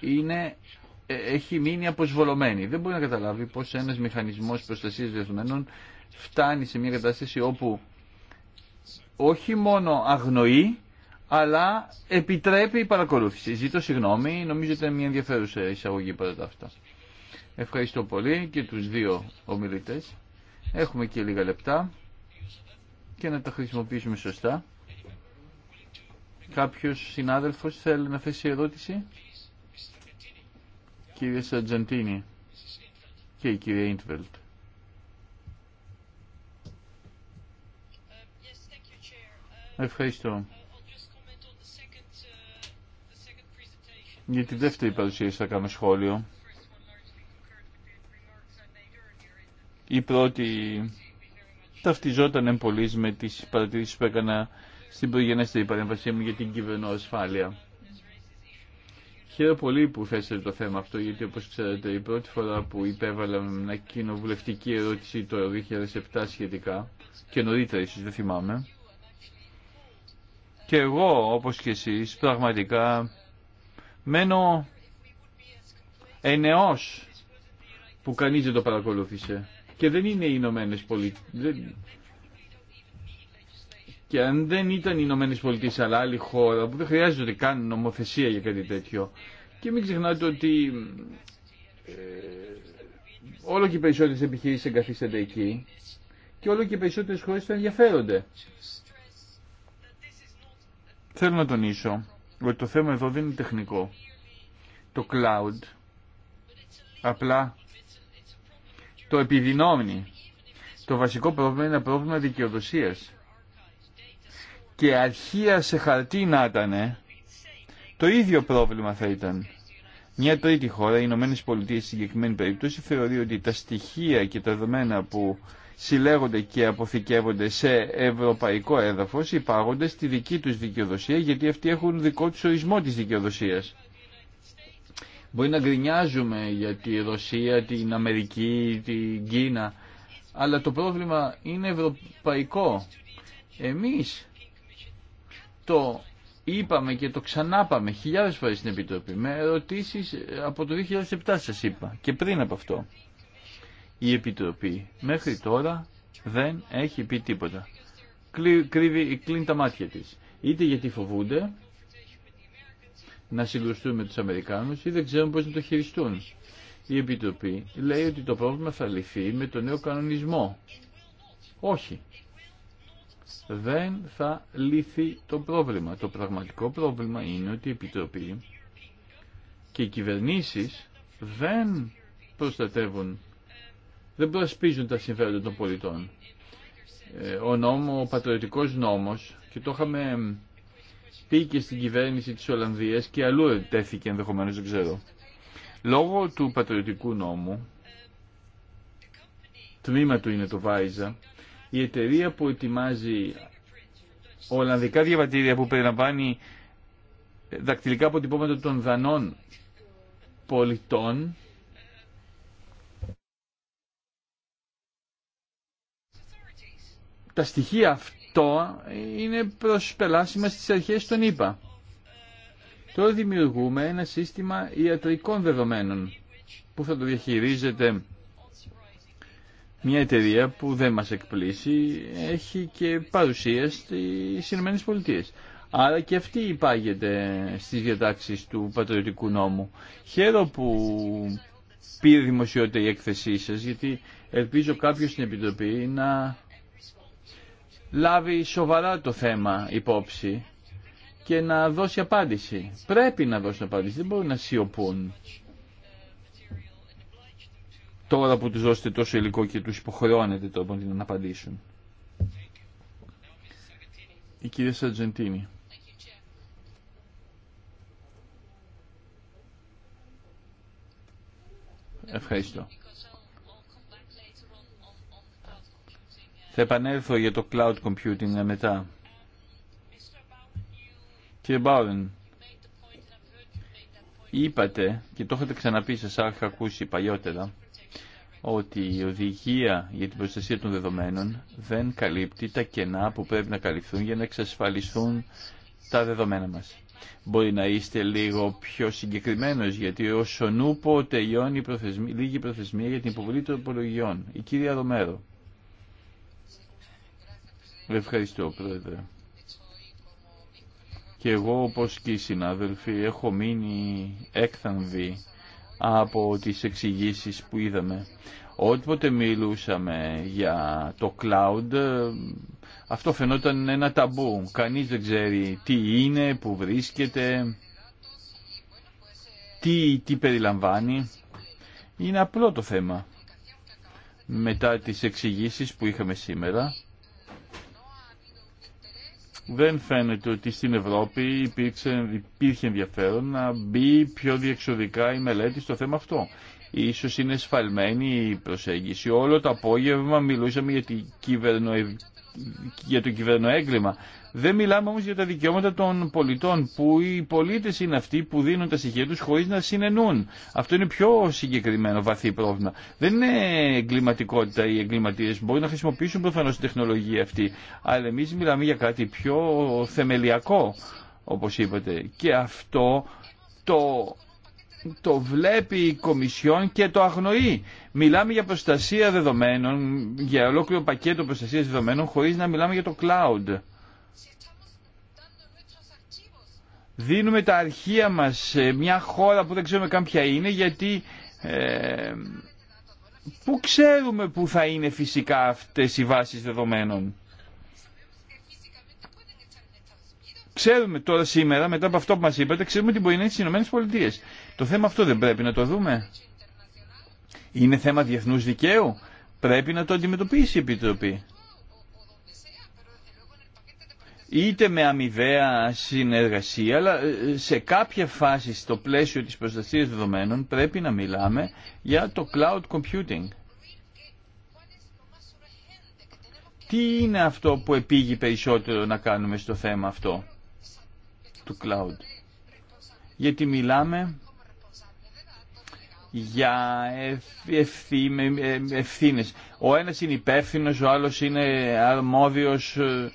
είναι ε, έχει μείνει αποσβολωμένη. Δεν μπορεί να καταλάβει πως ένας μηχανισμός προστασίας δεδομένων φτάνει σε μια κατάσταση όπου όχι μόνο αγνοεί, αλλά επιτρέπει η παρακολούθηση. Ζήτω συγγνώμη, νομίζω ότι μια ενδιαφέρουσα εισαγωγή παρά αυτά. Ευχαριστώ πολύ και τους δύο ομιλητές. Έχουμε και λίγα λεπτά και να τα χρησιμοποιήσουμε σωστά. Κάποιος συνάδελφος θέλει να θέσει ερώτηση. Κύριε Σαρτζαντίνη και η κυρία Ιντβελτ. Ευχαριστώ. Για τη δεύτερη παρουσίαση θα κάνω σχόλιο. Η πρώτη ταυτιζόταν εμπολής με τις παρατηρήσεις που έκανα στην προγενέστερη παρέμβασή μου για την κυβερνοασφάλεια. Χαίρομαι πολύ που θέσατε το θέμα αυτό, γιατί όπως ξέρετε η πρώτη φορά που υπέβαλα μια κοινοβουλευτική ερώτηση το 2007 σχετικά, και νωρίτερα ίσως δεν θυμάμαι, και εγώ όπως και εσείς πραγματικά μένω ενεός που κανείς δεν το παρακολούθησε. Και δεν είναι οι Ηνωμένε Πολιτείε και αν δεν ήταν οι Ηνωμένε Πολιτείε αλλά άλλη χώρα που δεν χρειάζεται καν νομοθεσία για κάτι τέτοιο. Και μην ξεχνάτε ότι ε, όλο και οι περισσότερε επιχειρήσει εγκαθίστανται εκεί και όλο και οι περισσότερε χώρε θα ενδιαφέρονται. Θέλω να τονίσω ότι το θέμα εδώ δεν είναι τεχνικό. Το cloud απλά το επιδεινώνει. Το βασικό πρόβλημα είναι ένα πρόβλημα δικαιοδοσίας και αρχεία σε χαρτί να ήταν, το ίδιο πρόβλημα θα ήταν. Μια τρίτη χώρα, οι Ηνωμένε Πολιτείε, στη συγκεκριμένη περίπτωση, θεωρεί ότι τα στοιχεία και τα δεδομένα που συλλέγονται και αποθηκεύονται σε ευρωπαϊκό έδαφος υπάγονται στη δική του δικαιοδοσία γιατί αυτοί έχουν δικό του ορισμό της δικαιοδοσίας. Μπορεί να γκρινιάζουμε για τη Ρωσία, την Αμερική, την Κίνα αλλά το πρόβλημα είναι ευρωπαϊκό. Εμείς το είπαμε και το ξανάπαμε χιλιάδες φορές στην Επιτροπή. Με ερωτήσεις από το 2007 σας είπα και πριν από αυτό. Η Επιτροπή μέχρι τώρα δεν έχει πει τίποτα. κλείνει τα μάτια της. Είτε γιατί φοβούνται να συγκρουστούν με τους Αμερικάνους ή δεν ξέρουν πώς να το χειριστούν. Η Επιτροπή λέει ότι το πρόβλημα θα λυθεί με το νέο κανονισμό. Όχι δεν θα λύθει το πρόβλημα. Το πραγματικό πρόβλημα είναι ότι η Επιτροπή και οι κυβερνήσεις δεν προστατεύουν, δεν προσπίζουν τα συμφέροντα των πολιτών. Ε, ο, νόμος, ο πατριωτικός νόμος, και το είχαμε πει και στην κυβέρνηση της Ολλανδίας και αλλού τέθηκε ενδεχομένως, δεν ξέρω. Λόγω του πατριωτικού νόμου, τμήμα του είναι το Βάιζα, η εταιρεία που ετοιμάζει Ολλανδικά διαβατήρια που περιλαμβάνει δακτυλικά αποτυπώματα των δανών πολιτών τα στοιχεία αυτό είναι προσπελάσιμα στις αρχές των ΗΠΑ. Τώρα δημιουργούμε ένα σύστημα ιατρικών δεδομένων που θα το διαχειρίζεται μια εταιρεία που δεν μας εκπλήσει έχει και παρουσία στις Ηνωμένες Πολιτείες. Άρα και αυτή υπάγεται στις διατάξεις του πατριωτικού νόμου. Χαίρο που πήρε δημοσιότητα η έκθεσή σας, γιατί ελπίζω κάποιος στην Επιτροπή να λάβει σοβαρά το θέμα υπόψη και να δώσει απάντηση. Πρέπει να δώσει απάντηση, δεν μπορούν να σιωπούν τώρα που τους δώσετε τόσο υλικό και τους υποχρεώνετε τώρα να απαντήσουν. Η κυρία Σαρτζεντίνη. Ευχαριστώ. Θα επανέλθω για το cloud computing ε, μετά. Κύριε Μπάουρεν, είπατε και το έχετε ξαναπεί σας, είχα ακούσει παλιότερα, ότι η οδηγία για την προστασία των δεδομένων δεν καλύπτει τα κενά που πρέπει να καλυφθούν για να εξασφαλιστούν τα δεδομένα μας. Μπορεί να είστε λίγο πιο συγκεκριμένος γιατί ο Σονούπο τελειώνει η λίγη προθεσμία για την υποβολή των υπολογιών. Η κυρία Ρομέρο. Ευχαριστώ πρόεδρε. Και εγώ όπως και οι συνάδελφοι έχω μείνει έκθαμβη από τις εξηγήσει που είδαμε. Όποτε μιλούσαμε για το cloud, αυτό φαινόταν ένα ταμπού. Κανείς δεν ξέρει τι είναι, που βρίσκεται, τι, τι περιλαμβάνει. Είναι απλό το θέμα. Μετά τις εξηγήσει που είχαμε σήμερα, δεν φαίνεται ότι στην Ευρώπη υπήρχε ενδιαφέρον να μπει πιο διεξοδικά η μελέτη στο θέμα αυτό. Ίσως είναι σφαλμένη η προσέγγιση. Όλο το απόγευμα μιλούσαμε για, κυβερνο, για το κυβερνοέγκλημα. Δεν μιλάμε όμως για τα δικαιώματα των πολιτών που οι πολίτες είναι αυτοί που δίνουν τα στοιχεία τους χωρίς να συνενούν. Αυτό είναι πιο συγκεκριμένο βαθύ πρόβλημα. Δεν είναι εγκληματικότητα οι εγκληματίες μπορεί να χρησιμοποιήσουν προφανώς την τεχνολογία αυτή. Αλλά εμείς μιλάμε για κάτι πιο θεμελιακό όπως είπατε. Και αυτό το το βλέπει η Κομισιόν και το αγνοεί. Μιλάμε για προστασία δεδομένων, για ολόκληρο πακέτο προστασίας δεδομένων, χωρί να μιλάμε για το cloud. δίνουμε τα αρχεία μας σε μια χώρα που δεν ξέρουμε καν ποια είναι γιατί ε, που ξέρουμε που θα είναι φυσικά αυτές οι βάσεις δεδομένων. Ξέρουμε τώρα σήμερα, μετά από αυτό που μας είπατε, ξέρουμε τι μπορεί να είναι στις Ηνωμένες Το θέμα αυτό δεν πρέπει να το δούμε. Είναι θέμα διεθνούς δικαίου. Πρέπει να το αντιμετωπίσει η Επιτροπή είτε με αμοιβαία συνεργασία, αλλά ε, σε κάποια φάση στο πλαίσιο της προστασίας δεδομένων πρέπει να μιλάμε για το cloud computing. Τι είναι αυτό που επήγει περισσότερο να κάνουμε στο θέμα αυτό του cloud. Γιατί μιλάμε για ε, ευθύνες. Ο ένας είναι υπεύθυνος, ο άλλος είναι αρμόδιος ε,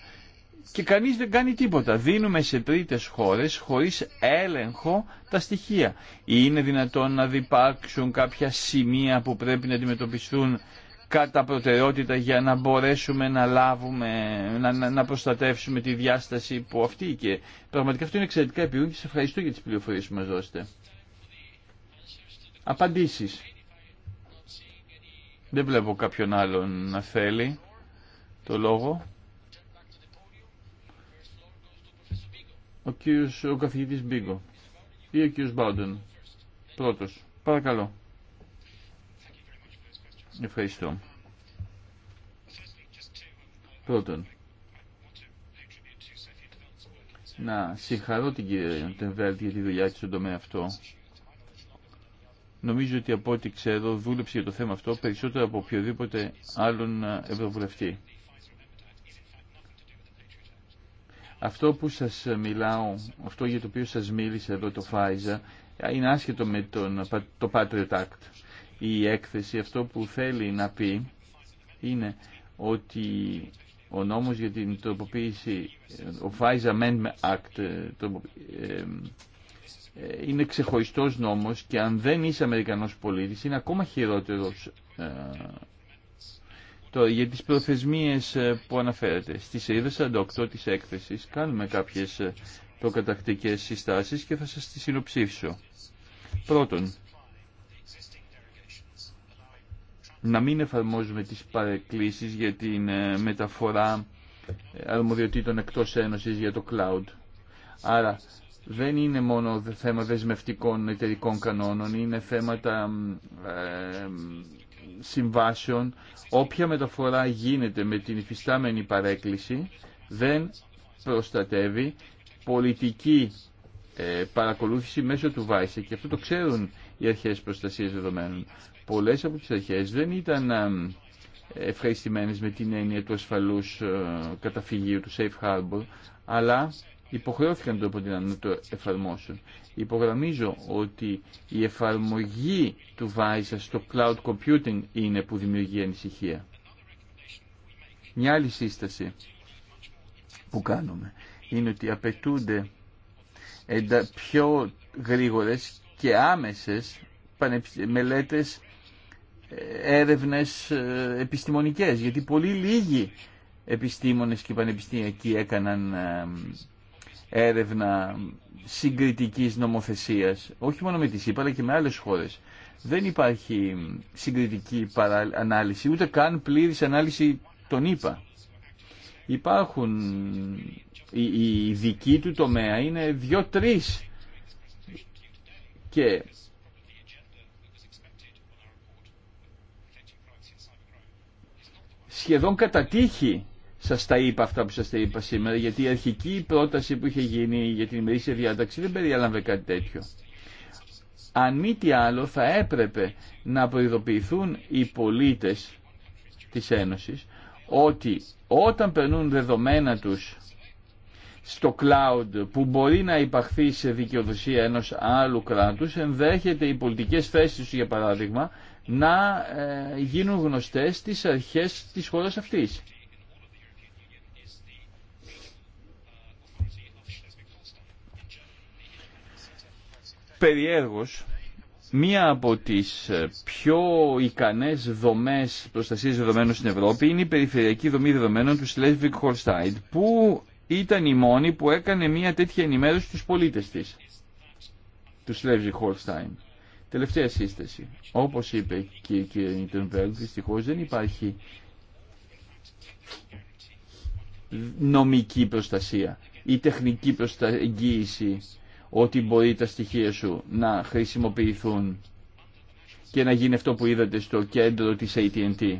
και κανείς δεν κάνει τίποτα. Δίνουμε σε τρίτες χώρες χωρίς έλεγχο τα στοιχεία. Είναι δυνατόν να διπάρξουν κάποια σημεία που πρέπει να αντιμετωπιστούν κατά προτεραιότητα για να μπορέσουμε να λάβουμε, να, προστατεύσουμε τη διάσταση που αυτή και πραγματικά αυτό είναι εξαιρετικά επιούν και σε ευχαριστώ για τις πληροφορίες που μας δώσετε. Απαντήσεις. Δεν βλέπω κάποιον άλλον να θέλει το λόγο. Ο κύριος, ο καθηγητής Μπίγκο ή ο κύριος Μπάουντεν. Πρώτος. Παρακαλώ. Ευχαριστώ. Πρώτον, να συγχαρώ την κυρία Τεβέλτ για τη δουλειά της στον τομέα αυτό. Νομίζω ότι από ό,τι ξέρω δούλεψε για το θέμα αυτό περισσότερο από οποιοδήποτε άλλον ε, ευρωβουλευτή. Αυτό που σας μιλάω, αυτό για το οποίο σας μίλησε εδώ το Φάιζα, είναι άσχετο με τον, το Patriot Act. Η έκθεση αυτό που θέλει να πει είναι ότι ο νόμος για την τροποποίηση, ο Φάιζα Amendment Act, ε, το, ε, ε, είναι ξεχωριστός νόμος και αν δεν είσαι Αμερικανός πολίτης είναι ακόμα χειρότερος Τώρα, για τις προθεσμίες ε, που αναφέρατε, στη σελίδα 48 της έκθεσης κάνουμε κάποιες ε, προκατακτικές συστάσεις και θα σας τις συνοψίσω. Πρώτον, να μην εφαρμόζουμε τις παρεκκλήσεις για την ε, μεταφορά αρμοδιοτήτων εκτός ένωσης για το cloud. Άρα δεν είναι μόνο θέμα δεσμευτικών εταιρικών κανόνων, είναι θέματα συμβάσεων, όποια μεταφορά γίνεται με την υφιστάμενη παρέκκληση δεν προστατεύει πολιτική ε, παρακολούθηση μέσω του Βάισε και αυτό το ξέρουν οι αρχές προστασίας δεδομένων. Πολλές από τις αρχές δεν ήταν ε, ευχαριστημένες με την έννοια του ασφαλούς ε, καταφυγίου, του safe harbor, αλλά υποχρεώθηκαν το την να το εφαρμόσουν. Υπογραμμίζω ότι η εφαρμογή του VISA στο cloud computing είναι που δημιουργεί ανησυχία. Μια άλλη σύσταση που κάνουμε είναι ότι απαιτούνται πιο γρήγορες και άμεσες μελέτες ε, έρευνες ε, επιστημονικές γιατί πολύ λίγοι επιστήμονες και πανεπιστημιακοί έκαναν ε, έρευνα συγκριτικής νομοθεσίας, όχι μόνο με τη ΣΥΠΑ αλλά και με άλλες χώρες. Δεν υπάρχει συγκριτική ανάλυση, ούτε καν πλήρης ανάλυση των ΗΠΑ. Υπάρχουν, η, η δική του τομέα είναι δύο-τρεις και σχεδόν κατά Σα τα είπα αυτά που σα τα είπα σήμερα, γιατί η αρχική πρόταση που είχε γίνει για την ημερήσια διάταξη δεν περιέλαβε κάτι τέτοιο. Αν μη τι άλλο θα έπρεπε να προειδοποιηθούν οι πολίτες της Ένωσης ότι όταν περνούν δεδομένα τους στο cloud που μπορεί να υπαχθεί σε δικαιοδοσία ενός άλλου κράτους ενδέχεται οι πολιτικές θέσεις του, για παράδειγμα να ε, γίνουν γνωστές στις αρχές της χώρας αυτής. περιέργως μία από τις ε, πιο ικανές δομές προστασίας δεδομένων στην Ευρώπη είναι η περιφερειακή δομή δεδομένων του Σλέσβικ Χολστάιντ που ήταν η μόνη που έκανε μία τέτοια ενημέρωση στους πολίτες της του Σλέσβικ Χολστάιντ. Τελευταία σύσταση. Όπως είπε και η κυρία Νίτενβέλ, δυστυχώς δεν υπάρχει νομική προστασία ή τεχνική προσταγγίηση ότι μπορεί τα στοιχεία σου να χρησιμοποιηθούν και να γίνει αυτό που είδατε στο κέντρο της AT&T.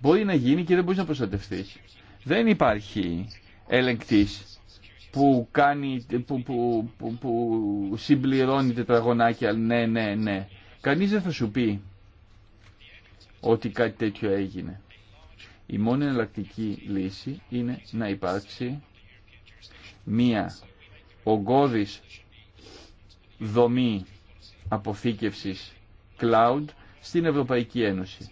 Μπορεί να γίνει και δεν μπορείς να προστατευτείς. Δεν υπάρχει έλεγκτης που, κάνει, που, που, που, που συμπληρώνει τετραγωνάκια ναι, ναι, ναι. Κανείς δεν θα σου πει ότι κάτι τέτοιο έγινε. Η μόνη εναλλακτική λύση είναι να υπάρξει μία ογκώδης δομή αποθήκευσης cloud στην Ευρωπαϊκή Ένωση.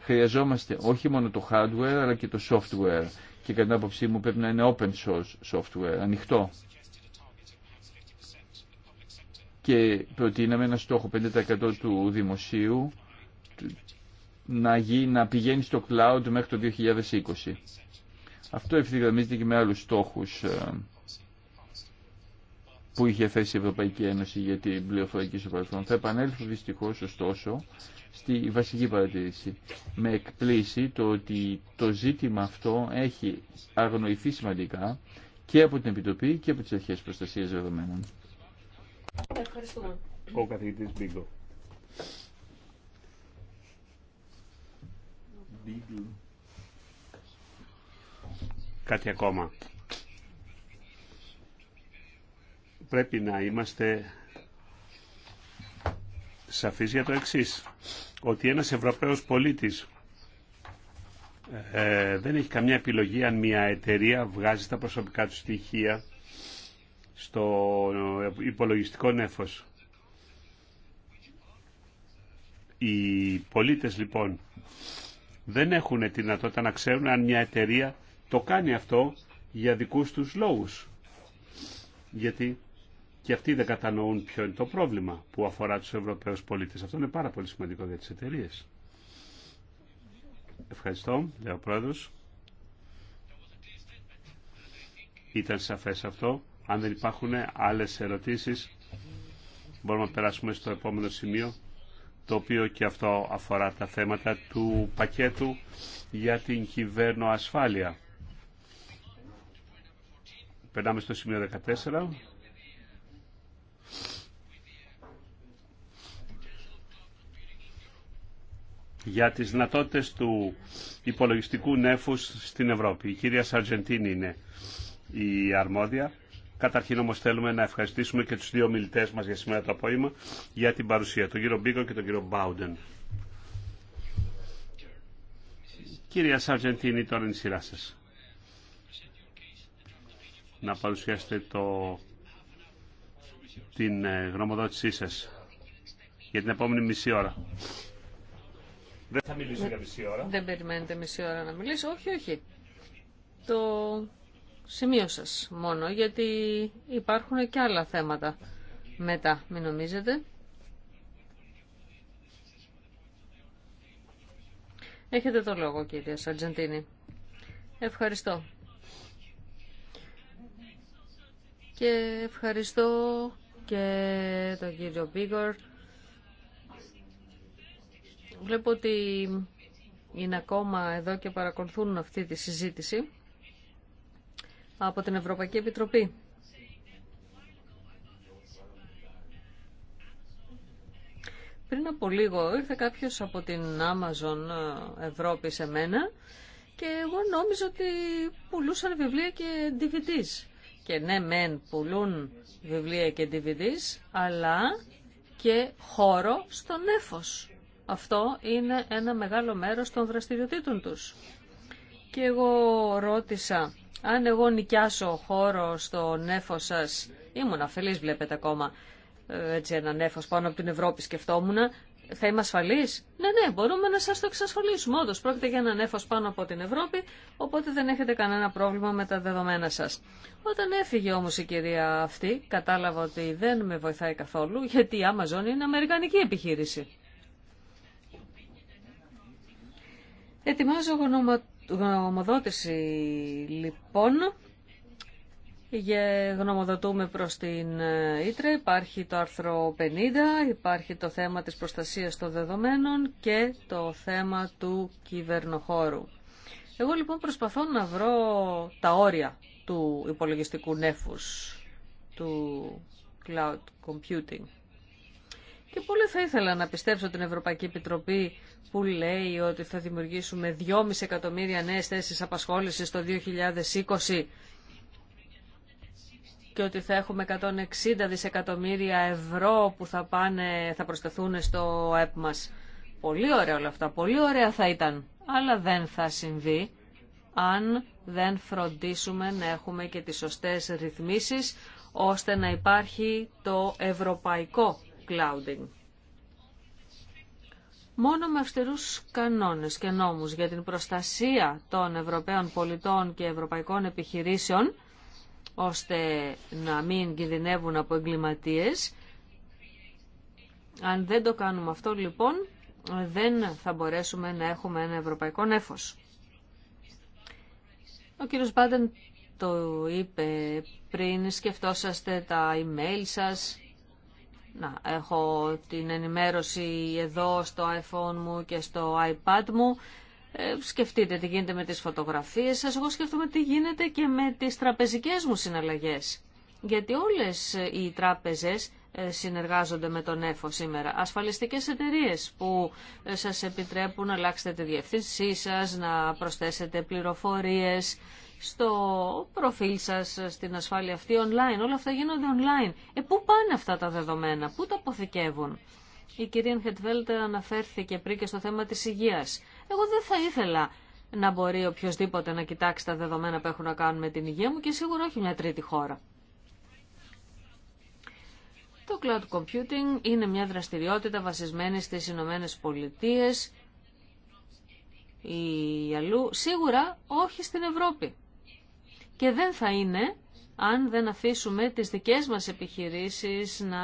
Χρειαζόμαστε όχι μόνο το hardware αλλά και το software και κατά την άποψή μου πρέπει να είναι open source software, ανοιχτό. Και προτείναμε ένα στόχο 5% του δημοσίου να, γι, να πηγαίνει στο cloud μέχρι το 2020. Αυτό ευθυγραμμίζεται και με άλλους στόχους ε, που είχε θέσει η Ευρωπαϊκή Ένωση για την πληροφορική στο παρελθόν. Θα επανέλθω δυστυχώ, ωστόσο, στη βασική παρατήρηση. Με εκπλήσει το ότι το ζήτημα αυτό έχει αγνοηθεί σημαντικά και από την Επιτροπή και από τις αρχές προστασίας δεδομένων. Ευχαριστούμε. Ο καθηγητής Μπίγκο. Κάτι ακόμα. πρέπει να είμαστε σαφείς για το εξής, ότι ένας Ευρωπαίος πολίτης ε, δεν έχει καμία επιλογή αν μια εταιρεία βγάζει τα προσωπικά του στοιχεία στο υπολογιστικό νέφος. Οι πολίτες λοιπόν δεν έχουν τη δυνατότητα να ξέρουν αν μια εταιρεία το κάνει αυτό για δικούς τους λόγους. Γιατί και αυτοί δεν κατανοούν ποιο είναι το πρόβλημα που αφορά τους Ευρωπαίους πολίτες. Αυτό είναι πάρα πολύ σημαντικό για τις εταιρείε. Ευχαριστώ, Λέω ο Πρόεδρος. Ήταν σαφές αυτό. Αν δεν υπάρχουν άλλες ερωτήσεις, μπορούμε να περάσουμε στο επόμενο σημείο, το οποίο και αυτό αφορά τα θέματα του πακέτου για την κυβέρνο ασφάλεια. Περνάμε στο σημείο 14 για τις δυνατότητες του υπολογιστικού νέφους στην Ευρώπη. Η κυρία Σαρτζεντίνη είναι η αρμόδια. Καταρχήν όμως θέλουμε να ευχαριστήσουμε και τους δύο μιλητές μας για σήμερα το απόγευμα για την παρουσία, τον κύριο Μπίκο και τον κύριο Μπάουντεν. Κυρία Σαρτζεντίνη, τώρα είναι η σειρά σας. Να παρουσιάσετε το την ε, γνωμοδότησή σας για την επόμενη μισή ώρα. Δεν θα μιλήσω για μισή ώρα. Δεν περιμένετε μισή ώρα να μιλήσω. Όχι, όχι. Το σημείο σας μόνο, γιατί υπάρχουν και άλλα θέματα μετά, μην νομίζετε. Έχετε το λόγο, κύριε Σαρτζεντίνη. Ευχαριστώ. Και ευχαριστώ και τον κύριο Μπίγκορ. Βλέπω ότι είναι ακόμα εδώ και παρακολουθούν αυτή τη συζήτηση από την Ευρωπαϊκή Επιτροπή. Πριν από λίγο ήρθε κάποιος από την Amazon ε, Ευρώπη σε μένα και εγώ νόμιζα ότι πουλούσαν βιβλία και DVDs και ναι μεν πουλούν βιβλία και DVDs, αλλά και χώρο στο νέφος. Αυτό είναι ένα μεγάλο μέρος των δραστηριοτήτων τους. Και εγώ ρώτησα, αν εγώ νοικιάσω χώρο στο νέφος σας, ήμουν αφελής βλέπετε ακόμα, ε, έτσι ένα νέφος πάνω από την Ευρώπη σκεφτόμουν, θα είμαι ασφαλή. Ναι, ναι, μπορούμε να σα το εξασφαλίσουμε. Όντω, πρόκειται για ένα έφο πάνω από την Ευρώπη, οπότε δεν έχετε κανένα πρόβλημα με τα δεδομένα σα. Όταν έφυγε όμω η κυρία αυτή, κατάλαβα ότι δεν με βοηθάει καθόλου, γιατί η Amazon είναι αμερικανική επιχείρηση. Ετοιμάζω γνωμοδότηση λοιπόν Γνωμοδοτούμε προς την ε, Ήτρε. υπάρχει το άρθρο 50, υπάρχει το θέμα της προστασίας των δεδομένων και το θέμα του κυβερνοχώρου. Εγώ λοιπόν προσπαθώ να βρω τα όρια του υπολογιστικού νέφους, του cloud computing. Και πολύ θα ήθελα να πιστέψω την Ευρωπαϊκή Επιτροπή που λέει ότι θα δημιουργήσουμε 2,5 εκατομμύρια νέες θέσεις απασχόλησης το 2020 και ότι θα έχουμε 160 δισεκατομμύρια ευρώ που θα, πάνε, θα προσταθούν στο ΕΠ μας. Πολύ ωραία όλα αυτά, πολύ ωραία θα ήταν, αλλά δεν θα συμβεί αν δεν φροντίσουμε να έχουμε και τις σωστές ρυθμίσεις ώστε να υπάρχει το ευρωπαϊκό clouding. Μόνο με αυστηρούς κανόνες και νόμους για την προστασία των Ευρωπαίων πολιτών και ευρωπαϊκών επιχειρήσεων ώστε να μην κινδυνεύουν από εγκληματίες. Αν δεν το κάνουμε αυτό λοιπόν, δεν θα μπορέσουμε να έχουμε ένα ευρωπαϊκό νέφος. Ο κύριος Μπάντεν το είπε πριν, σκεφτόσαστε τα email σας. Να, έχω την ενημέρωση εδώ στο iPhone μου και στο iPad μου. Ε, σκεφτείτε τι γίνεται με τις φωτογραφίες σας, εγώ σκέφτομαι τι γίνεται και με τις τραπεζικές μου συναλλαγές. Γιατί όλες ε, οι τράπεζες ε, συνεργάζονται με τον ΕΦΟ σήμερα. Ασφαλιστικές εταιρείες που σας επιτρέπουν να αλλάξετε τη διευθύνσή σας, να προσθέσετε πληροφορίες στο προφίλ σας, στην ασφάλεια αυτή online. Όλα αυτά γίνονται online. Ε, πού πάνε αυτά τα δεδομένα, πού τα αποθηκεύουν. Η κυρία Χετβέλτα αναφέρθηκε πριν και στο θέμα της υγείας. Εγώ δεν θα ήθελα να μπορεί οποιοδήποτε να κοιτάξει τα δεδομένα που έχουν να κάνουν με την υγεία μου και σίγουρα όχι μια τρίτη χώρα. Το cloud computing είναι μια δραστηριότητα βασισμένη στις Ηνωμένε Πολιτείε ή αλλού, σίγουρα όχι στην Ευρώπη. Και δεν θα είναι αν δεν αφήσουμε τις δικές μας επιχειρήσεις να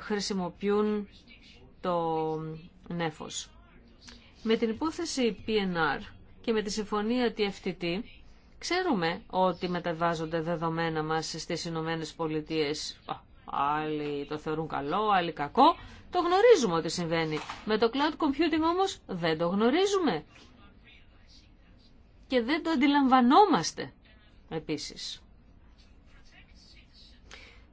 χρησιμοποιούν το νέφος. Με την υπόθεση PNR και με τη συμφωνία TFTT, ξέρουμε ότι μεταβάζονται δεδομένα μας στις Ηνωμένε Πολιτείες. Άλλοι το θεωρούν καλό, άλλοι κακό. Το γνωρίζουμε ότι συμβαίνει. Με το cloud computing όμως δεν το γνωρίζουμε. Και δεν το αντιλαμβανόμαστε επίσης.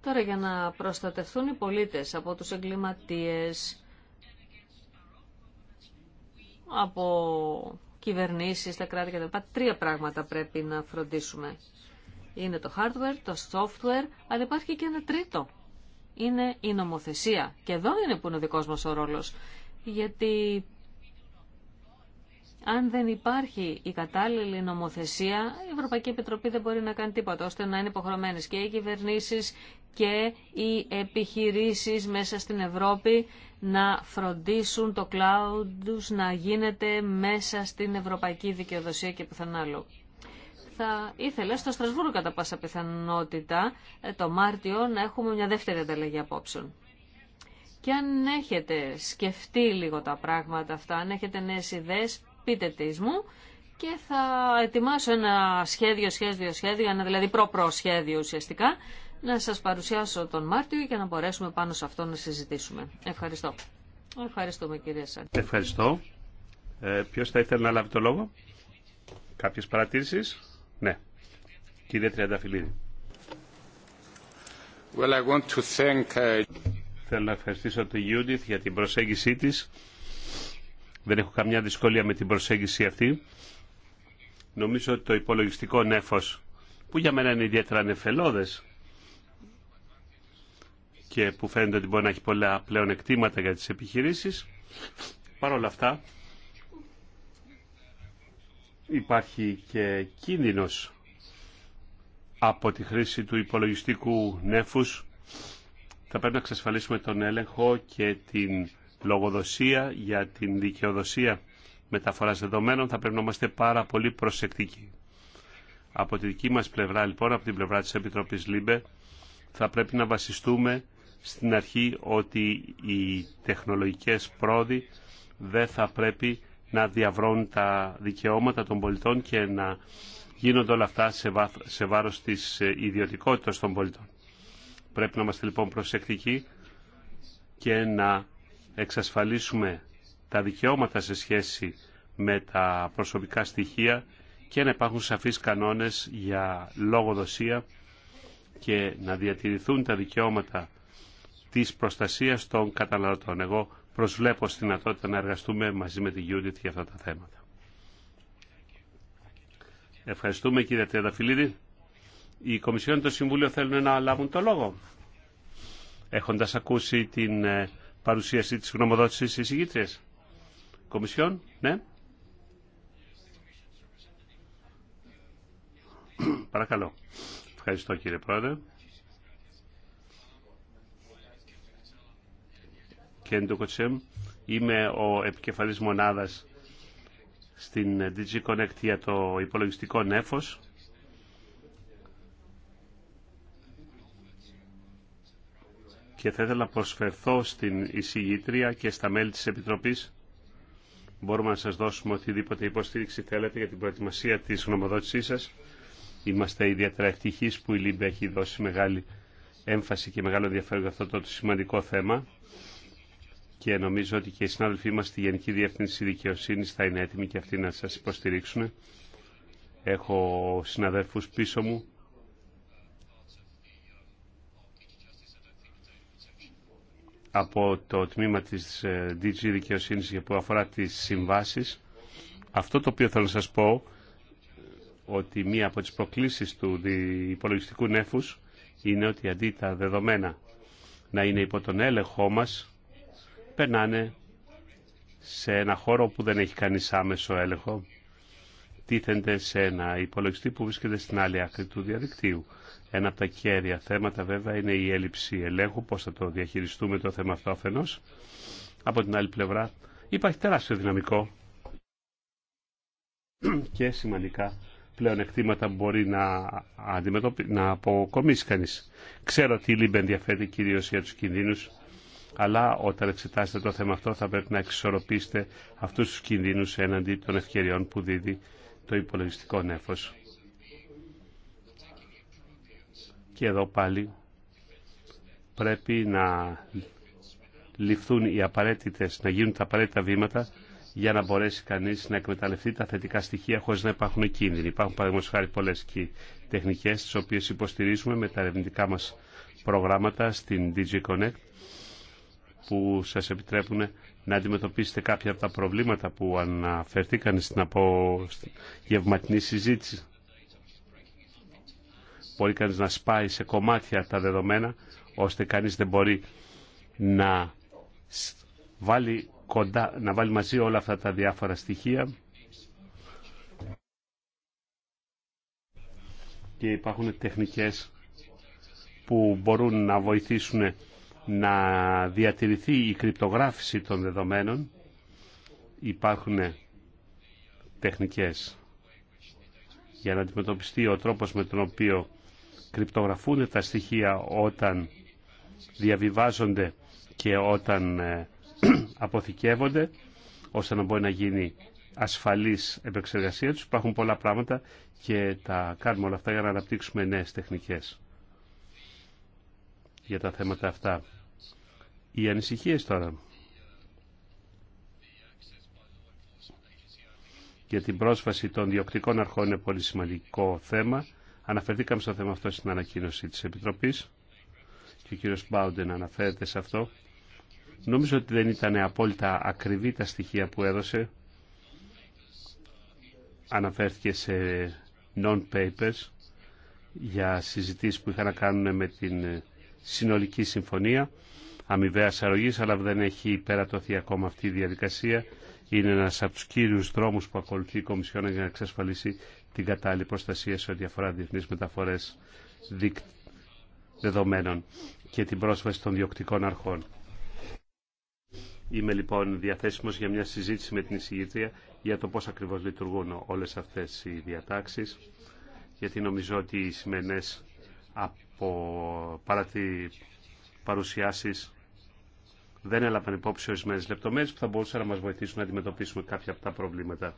Τώρα για να προστατευτούν οι πολίτες από τους εγκληματίες, από κυβερνήσεις, τα κράτη κτλ. Τρία πράγματα πρέπει να φροντίσουμε. Είναι το hardware, το software, αλλά υπάρχει και ένα τρίτο. Είναι η νομοθεσία. Και εδώ είναι που είναι ο δικός μας ο ρόλος. Γιατί αν δεν υπάρχει η κατάλληλη νομοθεσία, η Ευρωπαϊκή Επιτροπή δεν μπορεί να κάνει τίποτα, ώστε να είναι υποχρεωμένες και οι κυβερνήσεις και οι επιχειρήσεις μέσα στην Ευρώπη να φροντίσουν το cloud να γίνεται μέσα στην ευρωπαϊκή δικαιοδοσία και πιθανά άλλο. Θα ήθελα στο Στρασβούργο κατά πάσα πιθανότητα ε, το Μάρτιο να έχουμε μια δεύτερη ανταλλαγή απόψεων. Και αν έχετε σκεφτεί λίγο τα πράγματα αυτά, αν έχετε νέες ιδέες, πείτε τις μου και θα ετοιμάσω ένα σχέδιο, σχέδιο, σχέδιο, ένα δηλαδή προ-προ σχέδιο ουσιαστικά, να σας παρουσιάσω τον Μάρτιο για να μπορέσουμε πάνω σε αυτό να συζητήσουμε. Ευχαριστώ. Ευχαριστούμε κυρία Σαν. Ευχαριστώ. Ε, ποιος θα ήθελε να λάβει το λόγο. Κάποιες παρατήρησεις. Ναι. Κύριε Τριανταφυλλίδη. Well, I want to thank... Uh, Θέλω να ευχαριστήσω τη Γιούντιθ για την προσέγγιση της. Δεν έχω καμιά δυσκολία με την προσέγγιση αυτή. Νομίζω ότι το υπολογιστικό νέφος, που για μένα είναι ιδιαίτερα νεφελώδες, και που φαίνεται ότι μπορεί να έχει πολλά πλέον εκτήματα για τις επιχειρήσεις. Παρ' όλα αυτά υπάρχει και κίνδυνος από τη χρήση του υπολογιστικού νέφους. Θα πρέπει να εξασφαλίσουμε τον έλεγχο και την λογοδοσία για την δικαιοδοσία μεταφοράς δεδομένων. Θα πρέπει να είμαστε πάρα πολύ προσεκτικοί. Από τη δική μας πλευρά λοιπόν, από την πλευρά της Επιτροπής ΛΥΜΠΕ, θα πρέπει να βασιστούμε στην αρχή ότι οι τεχνολογικές πρόοδοι δεν θα πρέπει να διαβρώνουν τα δικαιώματα των πολιτών και να γίνονται όλα αυτά σε, βάθ, σε βάρος της ε, ιδιωτικότητας των πολιτών. Πρέπει να είμαστε λοιπόν προσεκτικοί και να εξασφαλίσουμε τα δικαιώματα σε σχέση με τα προσωπικά στοιχεία και να υπάρχουν σαφείς κανόνες για λόγοδοσία και να διατηρηθούν τα δικαιώματα της προστασίας των καταναλωτών. Εγώ προσβλέπω στη δυνατότητα να εργαστούμε μαζί με τη Γιούντιτ για αυτά τα θέματα. Ευχαριστούμε κύριε Τριανταφυλλίδη. Η Κομισιόν και το Συμβούλιο θέλουν να λάβουν το λόγο. Έχοντας ακούσει την ε, παρουσίαση της γνωμοδότησης της εισηγήτριας. Κομισιόν, ναι. Παρακαλώ. Ευχαριστώ κύριε Πρόεδρε. Είμαι ο επικεφαλής μονάδας στην DigiConnect για το υπολογιστικό νέφος. Και θα ήθελα να προσφερθώ στην εισηγήτρια και στα μέλη της Επιτροπής. Μπορούμε να σας δώσουμε οτιδήποτε υποστήριξη θέλετε για την προετοιμασία της γνωμοδότησής σας. Είμαστε ιδιαίτερα ευτυχείς που η ΛΥΜΠΕ έχει δώσει μεγάλη έμφαση και μεγάλο ενδιαφέρον για αυτό το σημαντικό θέμα και νομίζω ότι και οι συνάδελφοί μας στη Γενική Διεύθυνση Δικαιοσύνη θα είναι έτοιμοι και αυτοί να σας υποστηρίξουν. Έχω συναδέλφους πίσω μου από το τμήμα της DG ε, Δικαιοσύνης που αφορά τις συμβάσεις. Αυτό το οποίο θέλω να σας πω ότι μία από τις προκλήσεις του υπολογιστικού νέφους είναι ότι αντί τα δεδομένα να είναι υπό τον έλεγχό μας περνάνε σε ένα χώρο που δεν έχει κανείς άμεσο έλεγχο, τίθενται σε ένα υπολογιστή που βρίσκεται στην άλλη άκρη του διαδικτύου. Ένα από τα κέρια θέματα βέβαια είναι η έλλειψη ελέγχου, πώς θα το διαχειριστούμε το θέμα αυτό αφενός. Από την άλλη πλευρά υπάρχει τεράστιο δυναμικό και σημαντικά πλέον εκτήματα που μπορεί να, αντιμετωπι... να αποκομίσει κανείς. Ξέρω ότι η Λίμπε ενδιαφέρει κυρίως για τους κινδύνους αλλά όταν εξετάσετε το θέμα αυτό θα πρέπει να εξισορροπήσετε αυτούς τους κινδύνους έναντι των ευκαιριών που δίδει το υπολογιστικό νέφος. Και εδώ πάλι πρέπει να ληφθούν οι απαραίτητες, να γίνουν τα απαραίτητα βήματα για να μπορέσει κανείς να εκμεταλλευτεί τα θετικά στοιχεία χωρίς να υπάρχουν κίνδυνοι. Υπάρχουν παραδείγματος χάρη πολλές τεχνικές τις οποίες υποστηρίζουμε με τα ερευνητικά μας προγράμματα στην DigiConnect που σας επιτρέπουν να αντιμετωπίσετε κάποια από τα προβλήματα που αναφερθήκαν στην απογευματινή συζήτηση. Μπορεί κανείς να σπάει σε κομμάτια τα δεδομένα, ώστε κανείς δεν μπορεί να βάλει, κοντά, να βάλει μαζί όλα αυτά τα διάφορα στοιχεία. Και υπάρχουν τεχνικές που μπορούν να βοηθήσουν να διατηρηθεί η κρυπτογράφηση των δεδομένων. Υπάρχουν τεχνικές για να αντιμετωπιστεί ο τρόπος με τον οποίο κρυπτογραφούν τα στοιχεία όταν διαβιβάζονται και όταν ε, αποθηκεύονται, ώστε να μπορεί να γίνει ασφαλής επεξεργασία τους. Υπάρχουν πολλά πράγματα και τα κάνουμε όλα αυτά για να αναπτύξουμε νέες τεχνικές για τα θέματα αυτά. Οι ανησυχίες τώρα για την πρόσβαση των διοκτικών αρχών είναι πολύ σημαντικό θέμα. Αναφερθήκαμε στο θέμα αυτό στην ανακοίνωση της Επιτροπής και ο κύριος Μπάουντεν αναφέρεται σε αυτό. Νομίζω ότι δεν ήταν απόλυτα ακριβή τα στοιχεία που έδωσε. Αναφέρθηκε σε non-papers για συζητήσεις που είχαν να κάνουν με την συνολική συμφωνία αμοιβαία αρρωγή, αλλά δεν έχει υπερατωθεί ακόμα αυτή η διαδικασία. Είναι ένα από του κύριου δρόμου που ακολουθεί η Κομισιόνα για να εξασφαλίσει την κατάλληλη προστασία σε ό,τι αφορά διεθνεί μεταφορέ δεδομένων και την πρόσβαση των διοκτικών αρχών. Είμαι λοιπόν διαθέσιμος για μια συζήτηση με την εισηγήτρια για το πώς ακριβώς λειτουργούν όλες αυτές οι διατάξεις, γιατί νομίζω ότι οι σημερινές παρά παρατη... παρουσιάσεις δεν έλαβαν υπόψη ορισμένε λεπτομέρειε που θα μπορούσαν να μας βοηθήσουν να αντιμετωπίσουμε κάποια από τα προβλήματα.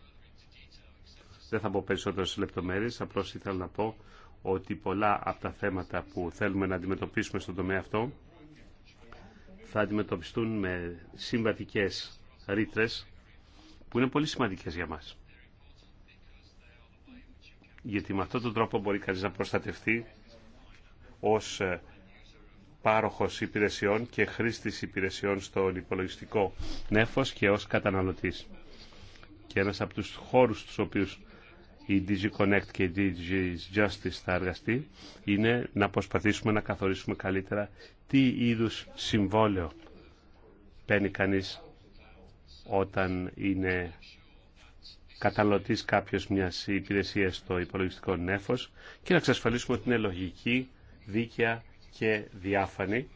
Δεν θα πω περισσότερε λεπτομέρειε, απλώ ήθελα να πω ότι πολλά από τα θέματα που θέλουμε να αντιμετωπίσουμε στον τομέα αυτό θα αντιμετωπιστούν με συμβατικέ ρήτρε που είναι πολύ σημαντικέ για μα. Γιατί με αυτόν τον τρόπο μπορεί κανεί να προστατευτεί ως ε, πάροχος υπηρεσιών και χρήστης υπηρεσιών στον υπολογιστικό νέφος και ως καταναλωτής. Και ένας από τους χώρους στους οποίους η DigiConnect και η DigiJustice θα εργαστεί είναι να προσπαθήσουμε να καθορίσουμε καλύτερα τι είδους συμβόλαιο παίρνει κανείς όταν είναι καταναλωτής κάποιος μιας υπηρεσίας στο υπολογιστικό νέφος και να εξασφαλίσουμε ότι είναι λογική δίκαια και διάφανη.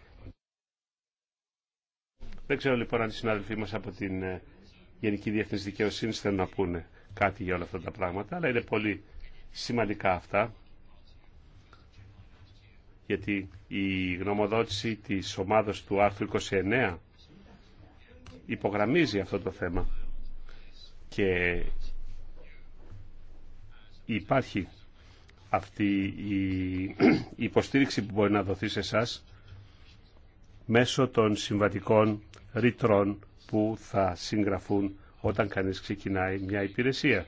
Δεν ξέρω λοιπόν αν οι συνάδελφοί μας από την ε, Γενική Διεθνής Δικαιοσύνη θέλουν να πούνε κάτι για όλα αυτά τα πράγματα, αλλά είναι πολύ σημαντικά αυτά, γιατί η γνωμοδότηση της ομάδας του άρθρου 29 υπογραμμίζει αυτό το θέμα και υπάρχει αυτή η υποστήριξη που μπορεί να δοθεί σε εσά μέσω των συμβατικών ρητρών που θα συγγραφούν όταν κανείς ξεκινάει μια υπηρεσία.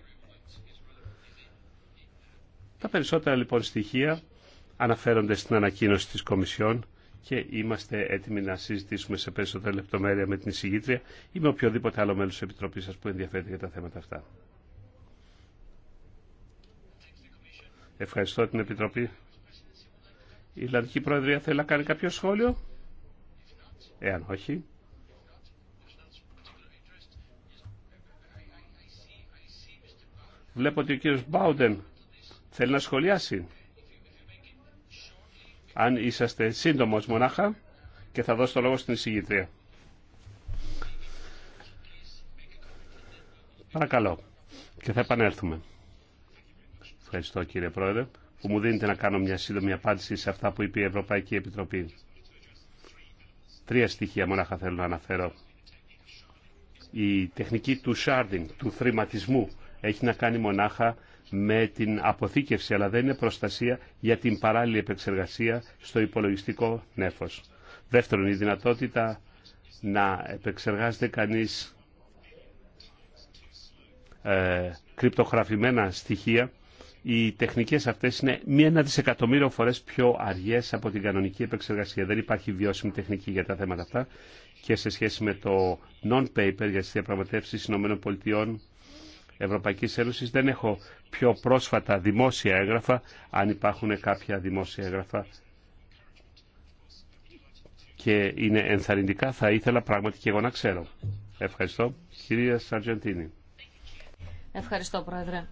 Τα περισσότερα λοιπόν στοιχεία αναφέρονται στην ανακοίνωση της Κομισιόν και είμαστε έτοιμοι να συζητήσουμε σε περισσότερα λεπτομέρεια με την εισηγήτρια ή με οποιοδήποτε άλλο μέλος της Επιτροπής σας που ενδιαφέρεται για τα θέματα αυτά. Ευχαριστώ την Επιτροπή. Η Ιρλανδική Προεδρία θέλει να κάνει κάποιο σχόλιο. Εάν όχι. Βλέπω ότι ο κύριος Μπάουντεν θέλει να σχολιάσει. Αν είσαστε σύντομος μονάχα και θα δώσω το λόγο στην εισηγήτρια. Παρακαλώ. Και θα επανέλθουμε. Ευχαριστώ κύριε Πρόεδρε που μου δίνετε να κάνω μια σύντομη απάντηση σε αυτά που είπε η Ευρωπαϊκή Επιτροπή. Τρία στοιχεία μονάχα θέλω να αναφέρω. Η τεχνική του sharding, του θρηματισμού, έχει να κάνει μονάχα με την αποθήκευση, αλλά δεν είναι προστασία για την παράλληλη επεξεργασία στο υπολογιστικό νέφος. Δεύτερον, η δυνατότητα να επεξεργάζεται κανείς ε, κρυπτογραφημένα στοιχεία οι τεχνικές αυτές είναι μία ένα δισεκατομμύριο φορές πιο αργές από την κανονική επεξεργασία. Δεν υπάρχει βιώσιμη τεχνική για τα θέματα αυτά και σε σχέση με το non-paper για τι διαπραγματεύσεις Πολιτειών Ευρωπαϊκής Ένωση. δεν έχω πιο πρόσφατα δημόσια έγγραφα, αν υπάρχουν κάποια δημόσια έγγραφα και είναι ενθαρρυντικά, θα ήθελα πράγματι και εγώ να ξέρω. Ευχαριστώ. Κυρία Σαρτζεντίνη. Ευχαριστώ, Πρόεδρε.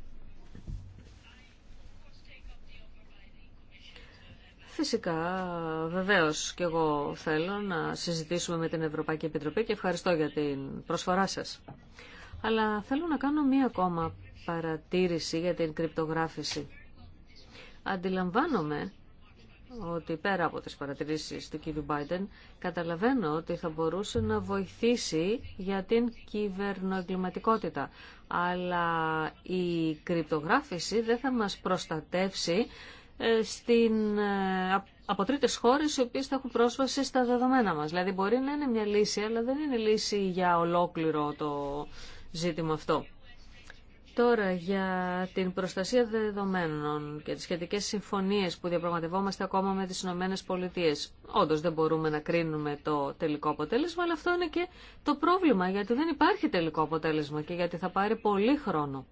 Φυσικά, βεβαίως και εγώ θέλω να συζητήσουμε με την Ευρωπαϊκή Επιτροπή και ευχαριστώ για την προσφορά σας. Αλλά θέλω να κάνω μία ακόμα παρατήρηση για την κρυπτογράφηση. Αντιλαμβάνομαι ότι πέρα από τις παρατηρήσεις του κ. Biden, καταλαβαίνω ότι θα μπορούσε να βοηθήσει για την κυβερνοεγκληματικότητα. Αλλά η κρυπτογράφηση δεν θα μας προστατεύσει ε, στην, ε, από τρίτες χώρες οι οποίες θα έχουν πρόσβαση στα δεδομένα μας. Δηλαδή μπορεί να είναι μια λύση, αλλά δεν είναι λύση για ολόκληρο το ζήτημα αυτό. Τώρα για την προστασία δεδομένων και τις σχετικές συμφωνίες που διαπραγματευόμαστε ακόμα με τις Ηνωμένες Πολιτείες. Όντως δεν μπορούμε να κρίνουμε το τελικό αποτέλεσμα, αλλά αυτό είναι και το πρόβλημα, γιατί δεν υπάρχει τελικό αποτέλεσμα και γιατί θα πάρει πολύ χρόνο.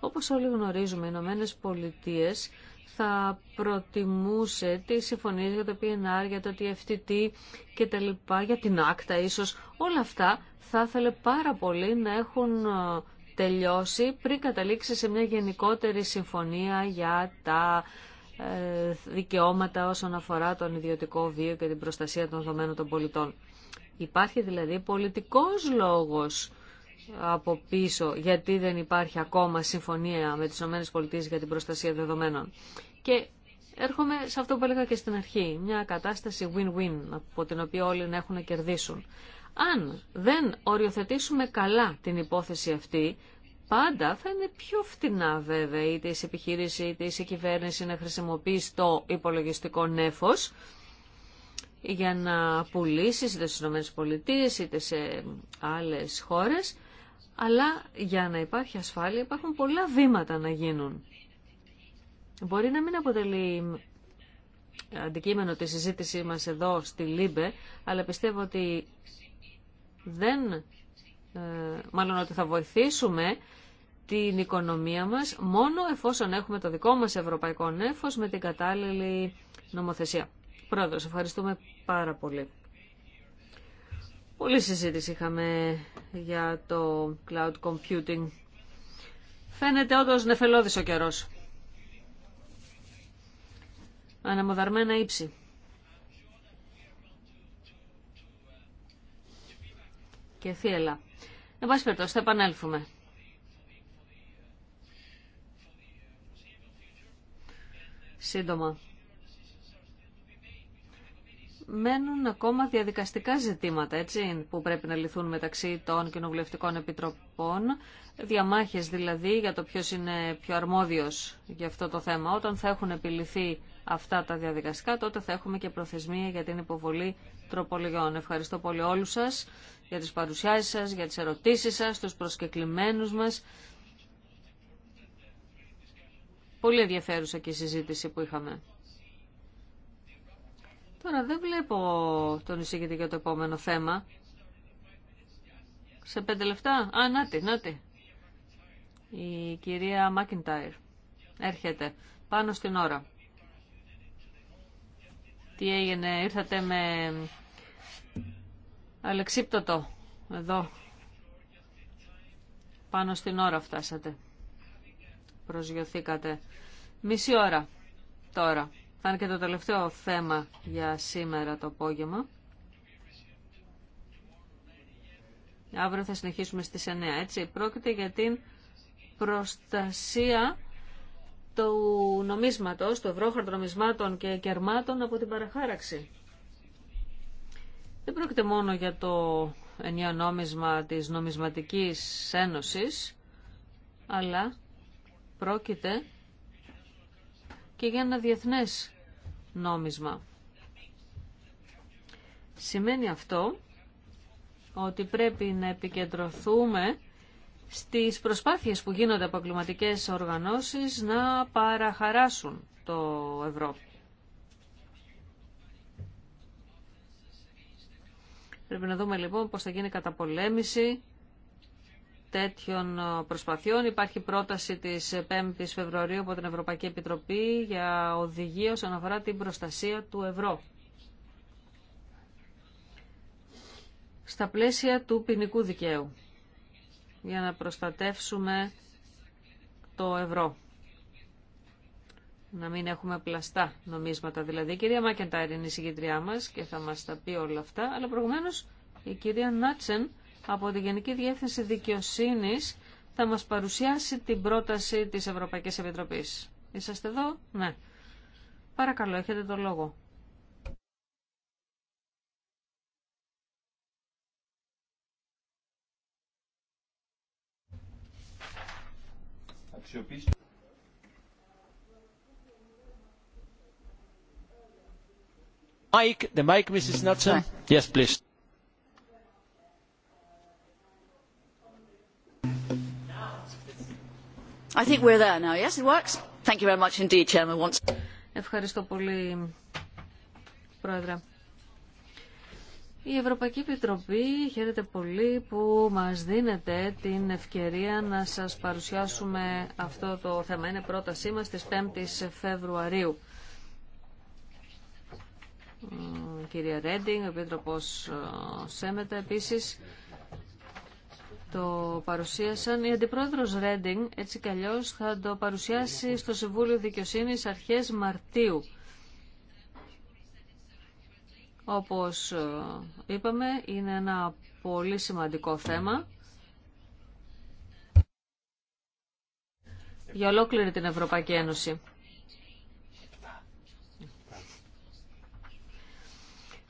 Όπως όλοι γνωρίζουμε, οι Ηνωμένες Πολιτείες θα προτιμούσε τι συμφωνίε για το PNR, για το TFTT και τα λοιπά, για την άκτα ίσως. Όλα αυτά θα ήθελε πάρα πολύ να έχουν ε, τελειώσει πριν καταλήξει σε μια γενικότερη συμφωνία για τα ε, δικαιώματα όσον αφορά τον ιδιωτικό βίο και την προστασία των δομένων των πολιτών. Υπάρχει δηλαδή πολιτικός λόγος από πίσω γιατί δεν υπάρχει ακόμα συμφωνία με τις ΗΠΑ για την προστασία δεδομένων. Και έρχομαι σε αυτό που έλεγα και στην αρχή, μια κατάσταση win-win από την οποία όλοι να έχουν να κερδίσουν. Αν δεν οριοθετήσουμε καλά την υπόθεση αυτή, πάντα θα είναι πιο φτηνά βέβαια είτε η επιχείρηση είτε η κυβέρνηση να χρησιμοποιεί το υπολογιστικό νέφος για να πουλήσει είτε στις ΗΠΑ είτε σε άλλες χώρες αλλά για να υπάρχει ασφάλεια υπάρχουν πολλά βήματα να γίνουν. Μπορεί να μην αποτελεί αντικείμενο τη συζήτησή μας εδώ στη Λίμπε, αλλά πιστεύω ότι δεν, ε, μάλλον ότι θα βοηθήσουμε την οικονομία μας μόνο εφόσον έχουμε το δικό μας ευρωπαϊκό νέφος με την κατάλληλη νομοθεσία. Πρόεδρος, ευχαριστούμε πάρα πολύ. Πολύ συζήτηση είχαμε για το cloud computing. Φαίνεται όντως νεφελώδης ο καιρός. Αναμοδαρμένα ύψη. Και θύελα. Εν πάση περιπτώσει, θα επανέλθουμε. Σύντομα μένουν ακόμα διαδικαστικά ζητήματα έτσι, που πρέπει να λυθούν μεταξύ των κοινοβουλευτικών επιτροπών, διαμάχε δηλαδή για το ποιο είναι πιο αρμόδιο για αυτό το θέμα. Όταν θα έχουν επιληθεί αυτά τα διαδικαστικά, τότε θα έχουμε και προθεσμία για την υποβολή τροπολογιών. Ευχαριστώ πολύ όλου σα για τι παρουσιάσει σα, για τι ερωτήσει σα, του προσκεκλημένους μα. Πολύ ενδιαφέρουσα και η συζήτηση που είχαμε. Τώρα δεν βλέπω τον εισηγητή για το επόμενο θέμα. Σε πέντε λεφτά. Α, να νάτι. Η κυρία Μάκιντάιρ. Έρχεται. Πάνω στην ώρα. Τι έγινε, ήρθατε με αλεξίπτωτο εδώ. Πάνω στην ώρα φτάσατε. Προσγειωθήκατε. Μισή ώρα τώρα. Θα είναι και το τελευταίο θέμα για σήμερα το απόγευμα. Αύριο θα συνεχίσουμε στις 9, έτσι. Πρόκειται για την προστασία του νομίσματος, του ευρώχαρτου νομισμάτων και κερμάτων από την παραχάραξη. Δεν πρόκειται μόνο για το ενιαίο νόμισμα της νομισματικής ένωσης, αλλά πρόκειται και για ένα διεθνές νόμισμα. Σημαίνει αυτό ότι πρέπει να επικεντρωθούμε στις προσπάθειες που γίνονται από κλιματικές οργανώσεις να παραχαράσουν το ευρώ. Πρέπει να δούμε λοιπόν πώς θα γίνει καταπολέμηση τέτοιων ε, προσπαθειών. Υπάρχει πρόταση της 5ης Φεβρουαρίου από την Ευρωπαϊκή Επιτροπή για οδηγία όσον αφορά την προστασία του ευρώ. Στα πλαίσια του ποινικού δικαίου για να προστατεύσουμε το ευρώ. Να μην έχουμε πλαστά νομίσματα. Δηλαδή η κυρία Μάκεντάιρ είναι η συγκεντριά μας και θα μας τα πει όλα αυτά, αλλά προηγουμένως η κυρία Νάτσεν από τη Γενική Διεύθυνση Δικαιοσύνης θα μας παρουσιάσει την πρόταση της Ευρωπαϊκής Επιτροπής. Είσαστε εδώ? Ναι. Παρακαλώ, έχετε το λόγο. Mike, the mic, Mrs. Nutson. Yes, please. Ευχαριστώ πολύ, Πρόεδρε. Η Ευρωπαϊκή Επιτροπή χαίρεται πολύ που μας δίνεται την ευκαιρία να σας παρουσιάσουμε αυτό το θέμα. Είναι πρότασή μας της 5ης Φεβρουαρίου. Κυρία Ρέντινγκ, ο Επίτροπος ε, Σέμετα επίσης το παρουσίασαν. Η Αντιπρόεδρος Ρέντινγκ έτσι κι αλλιώς, θα το παρουσιάσει στο Συμβούλιο Δικαιοσύνης αρχές Μαρτίου. Όπως ε, είπαμε, είναι ένα πολύ σημαντικό θέμα. για ολόκληρη την Ευρωπαϊκή Ένωση.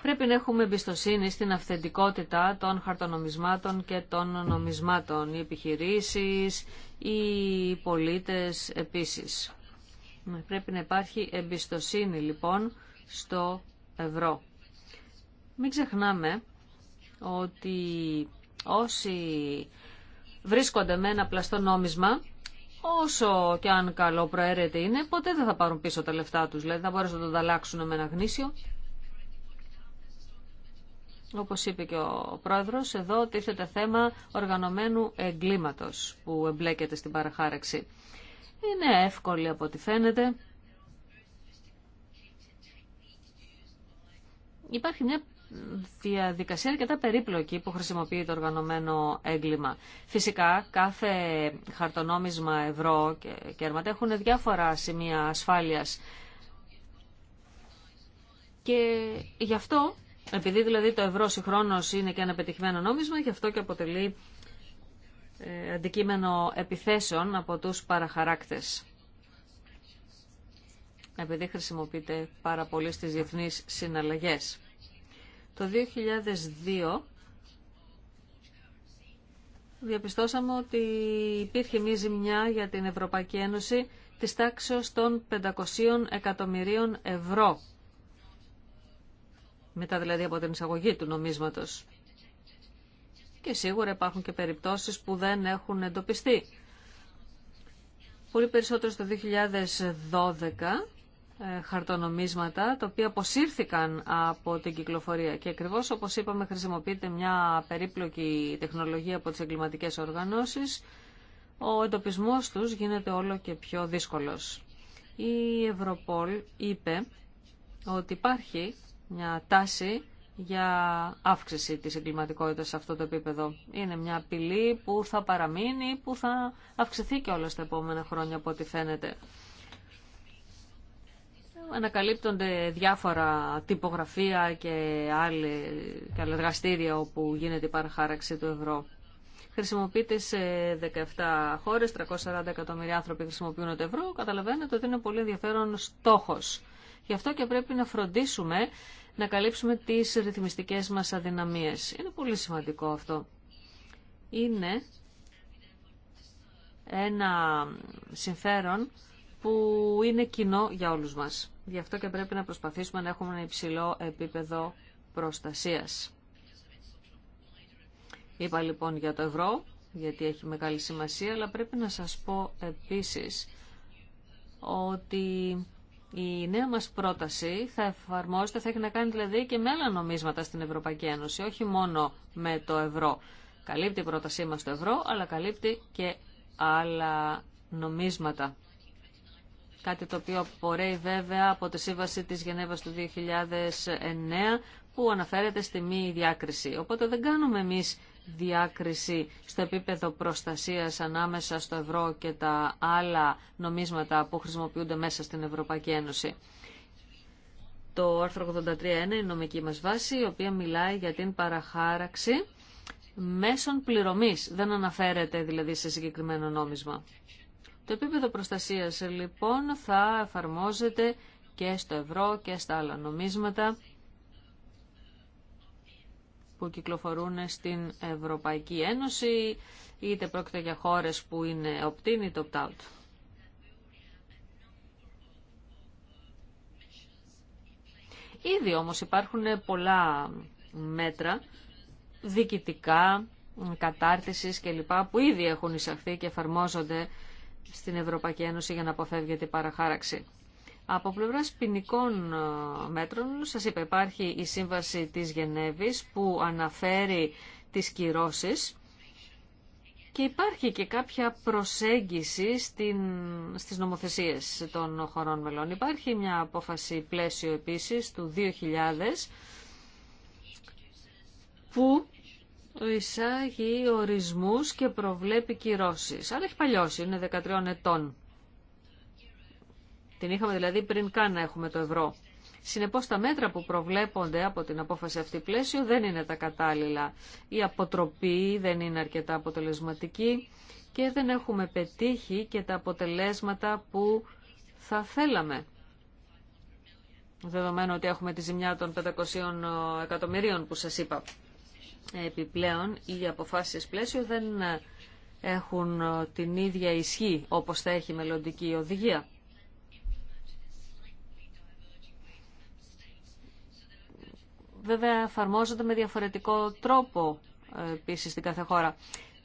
Πρέπει να έχουμε εμπιστοσύνη στην αυθεντικότητα των χαρτονομισμάτων και των νομισμάτων, οι επιχειρήσεις, οι πολίτες επίσης. Πρέπει να υπάρχει εμπιστοσύνη λοιπόν στο ευρώ. Μην ξεχνάμε ότι όσοι βρίσκονται με ένα πλαστό νόμισμα, όσο και αν καλό προαίρεται είναι, ποτέ δεν θα πάρουν πίσω τα λεφτά τους. Δηλαδή θα μπορέσουν να το ανταλλάξουν με ένα γνήσιο όπως είπε και ο πρόεδρος, εδώ τίθεται θέμα οργανωμένου εγκλήματος που εμπλέκεται στην παραχάραξη. Είναι εύκολη από ό,τι φαίνεται. Υπάρχει μια διαδικασία αρκετά περίπλοκη που χρησιμοποιεί το οργανωμένο έγκλημα. Φυσικά κάθε χαρτονόμισμα ευρώ και κέρματα έχουν διάφορα σημεία ασφάλειας και γι' αυτό επειδή δηλαδή το ευρώ συγχρόνω είναι και ένα πετυχημένο νόμισμα, γι' αυτό και αποτελεί ε, αντικείμενο επιθέσεων από τους παραχαράκτες. Επειδή χρησιμοποιείται πάρα πολύ στις διεθνείς συναλλαγές. Το 2002 διαπιστώσαμε ότι υπήρχε μια ζημιά για την Ευρωπαϊκή Ένωση της τάξης των 500 εκατομμυρίων ευρώ μετά δηλαδή από την εισαγωγή του νομίσματος. Και σίγουρα υπάρχουν και περιπτώσεις που δεν έχουν εντοπιστεί. Πολύ περισσότερο στο 2012 ε, χαρτονομίσματα τα οποία αποσύρθηκαν από την κυκλοφορία και ακριβώς όπως είπαμε χρησιμοποιείται μια περίπλοκη τεχνολογία από τις εγκληματικέ οργανώσεις ο εντοπισμός τους γίνεται όλο και πιο δύσκολος. Η Ευρωπόλ είπε ότι υπάρχει μια τάση για αύξηση της εγκληματικότητας σε αυτό το επίπεδο. Είναι μια απειλή που θα παραμείνει, που θα αυξηθεί και όλα στα επόμενα χρόνια από ό,τι φαίνεται. Ανακαλύπτονται διάφορα τυπογραφία και, άλλη, και άλλα εργαστήρια όπου γίνεται η παραχάραξη του ευρώ. Χρησιμοποιείται σε 17 χώρες, 340 εκατομμύρια άνθρωποι χρησιμοποιούν το ευρώ. Καταλαβαίνετε ότι είναι πολύ ενδιαφέρον στόχος Γι' αυτό και πρέπει να φροντίσουμε να καλύψουμε τις ρυθμιστικές μας αδυναμίες. Είναι πολύ σημαντικό αυτό. Είναι ένα συμφέρον που είναι κοινό για όλους μας. Γι' αυτό και πρέπει να προσπαθήσουμε να έχουμε ένα υψηλό επίπεδο προστασίας. Είπα λοιπόν για το ευρώ, γιατί έχει μεγάλη σημασία, αλλά πρέπει να σας πω επίσης ότι η νέα μας πρόταση θα εφαρμόζεται, θα έχει να κάνει δηλαδή και με άλλα νομίσματα στην Ευρωπαϊκή Ένωση, όχι μόνο με το ευρώ. Καλύπτει η πρότασή μας το ευρώ, αλλά καλύπτει και άλλα νομίσματα. Κάτι το οποίο πορεί βέβαια από τη σύμβαση της Γενέβας του 2009 που αναφέρεται στη μη διάκριση. Οπότε δεν κάνουμε εμείς διάκριση στο επίπεδο προστασίας ανάμεσα στο ευρώ και τα άλλα νομίσματα που χρησιμοποιούνται μέσα στην Ευρωπαϊκή Ένωση. Το άρθρο 83.1 είναι η νομική μας βάση, η οποία μιλάει για την παραχάραξη μέσων πληρωμής. Δεν αναφέρεται δηλαδή σε συγκεκριμένο νόμισμα. Το επίπεδο προστασίας λοιπόν θα εφαρμόζεται και στο ευρώ και στα άλλα νομίσματα που κυκλοφορούν στην Ευρωπαϊκή Ένωση, είτε πρόκειται για χώρες που είναι opt-in ή opt-out. Ήδη όμως υπάρχουν πολλά μέτρα διοικητικά, κατάρτισης κλπ. που ήδη έχουν εισαχθεί και εφαρμόζονται στην Ευρωπαϊκή Ένωση για να αποφεύγεται η παραχάραξη. Από πλευρά ποινικών ε, μέτρων, σα είπα, υπάρχει η Σύμβαση της Γενέβη που αναφέρει τι κυρώσει και υπάρχει και κάποια προσέγγιση στην, στις νομοθεσίες των χωρών μελών. Υπάρχει μια απόφαση πλαίσιο επίσης του 2000 που εισάγει ορισμούς και προβλέπει κυρώσεις. Αλλά έχει παλιώσει, είναι 13 ετών. Την είχαμε δηλαδή πριν καν να έχουμε το ευρώ. Συνεπώ τα μέτρα που προβλέπονται από την απόφαση αυτή πλαίσιο δεν είναι τα κατάλληλα. Η αποτροπή δεν είναι αρκετά αποτελεσματική και δεν έχουμε πετύχει και τα αποτελέσματα που θα θέλαμε. Δεδομένου ότι έχουμε τη ζημιά των 500 εκατομμυρίων που σας είπα. Επιπλέον, οι αποφάσεις πλαίσιο δεν έχουν την ίδια ισχύ όπως θα έχει μελλοντική οδηγία. Βέβαια εφαρμόζονται με διαφορετικό τρόπο ε, επίσης στην κάθε χώρα.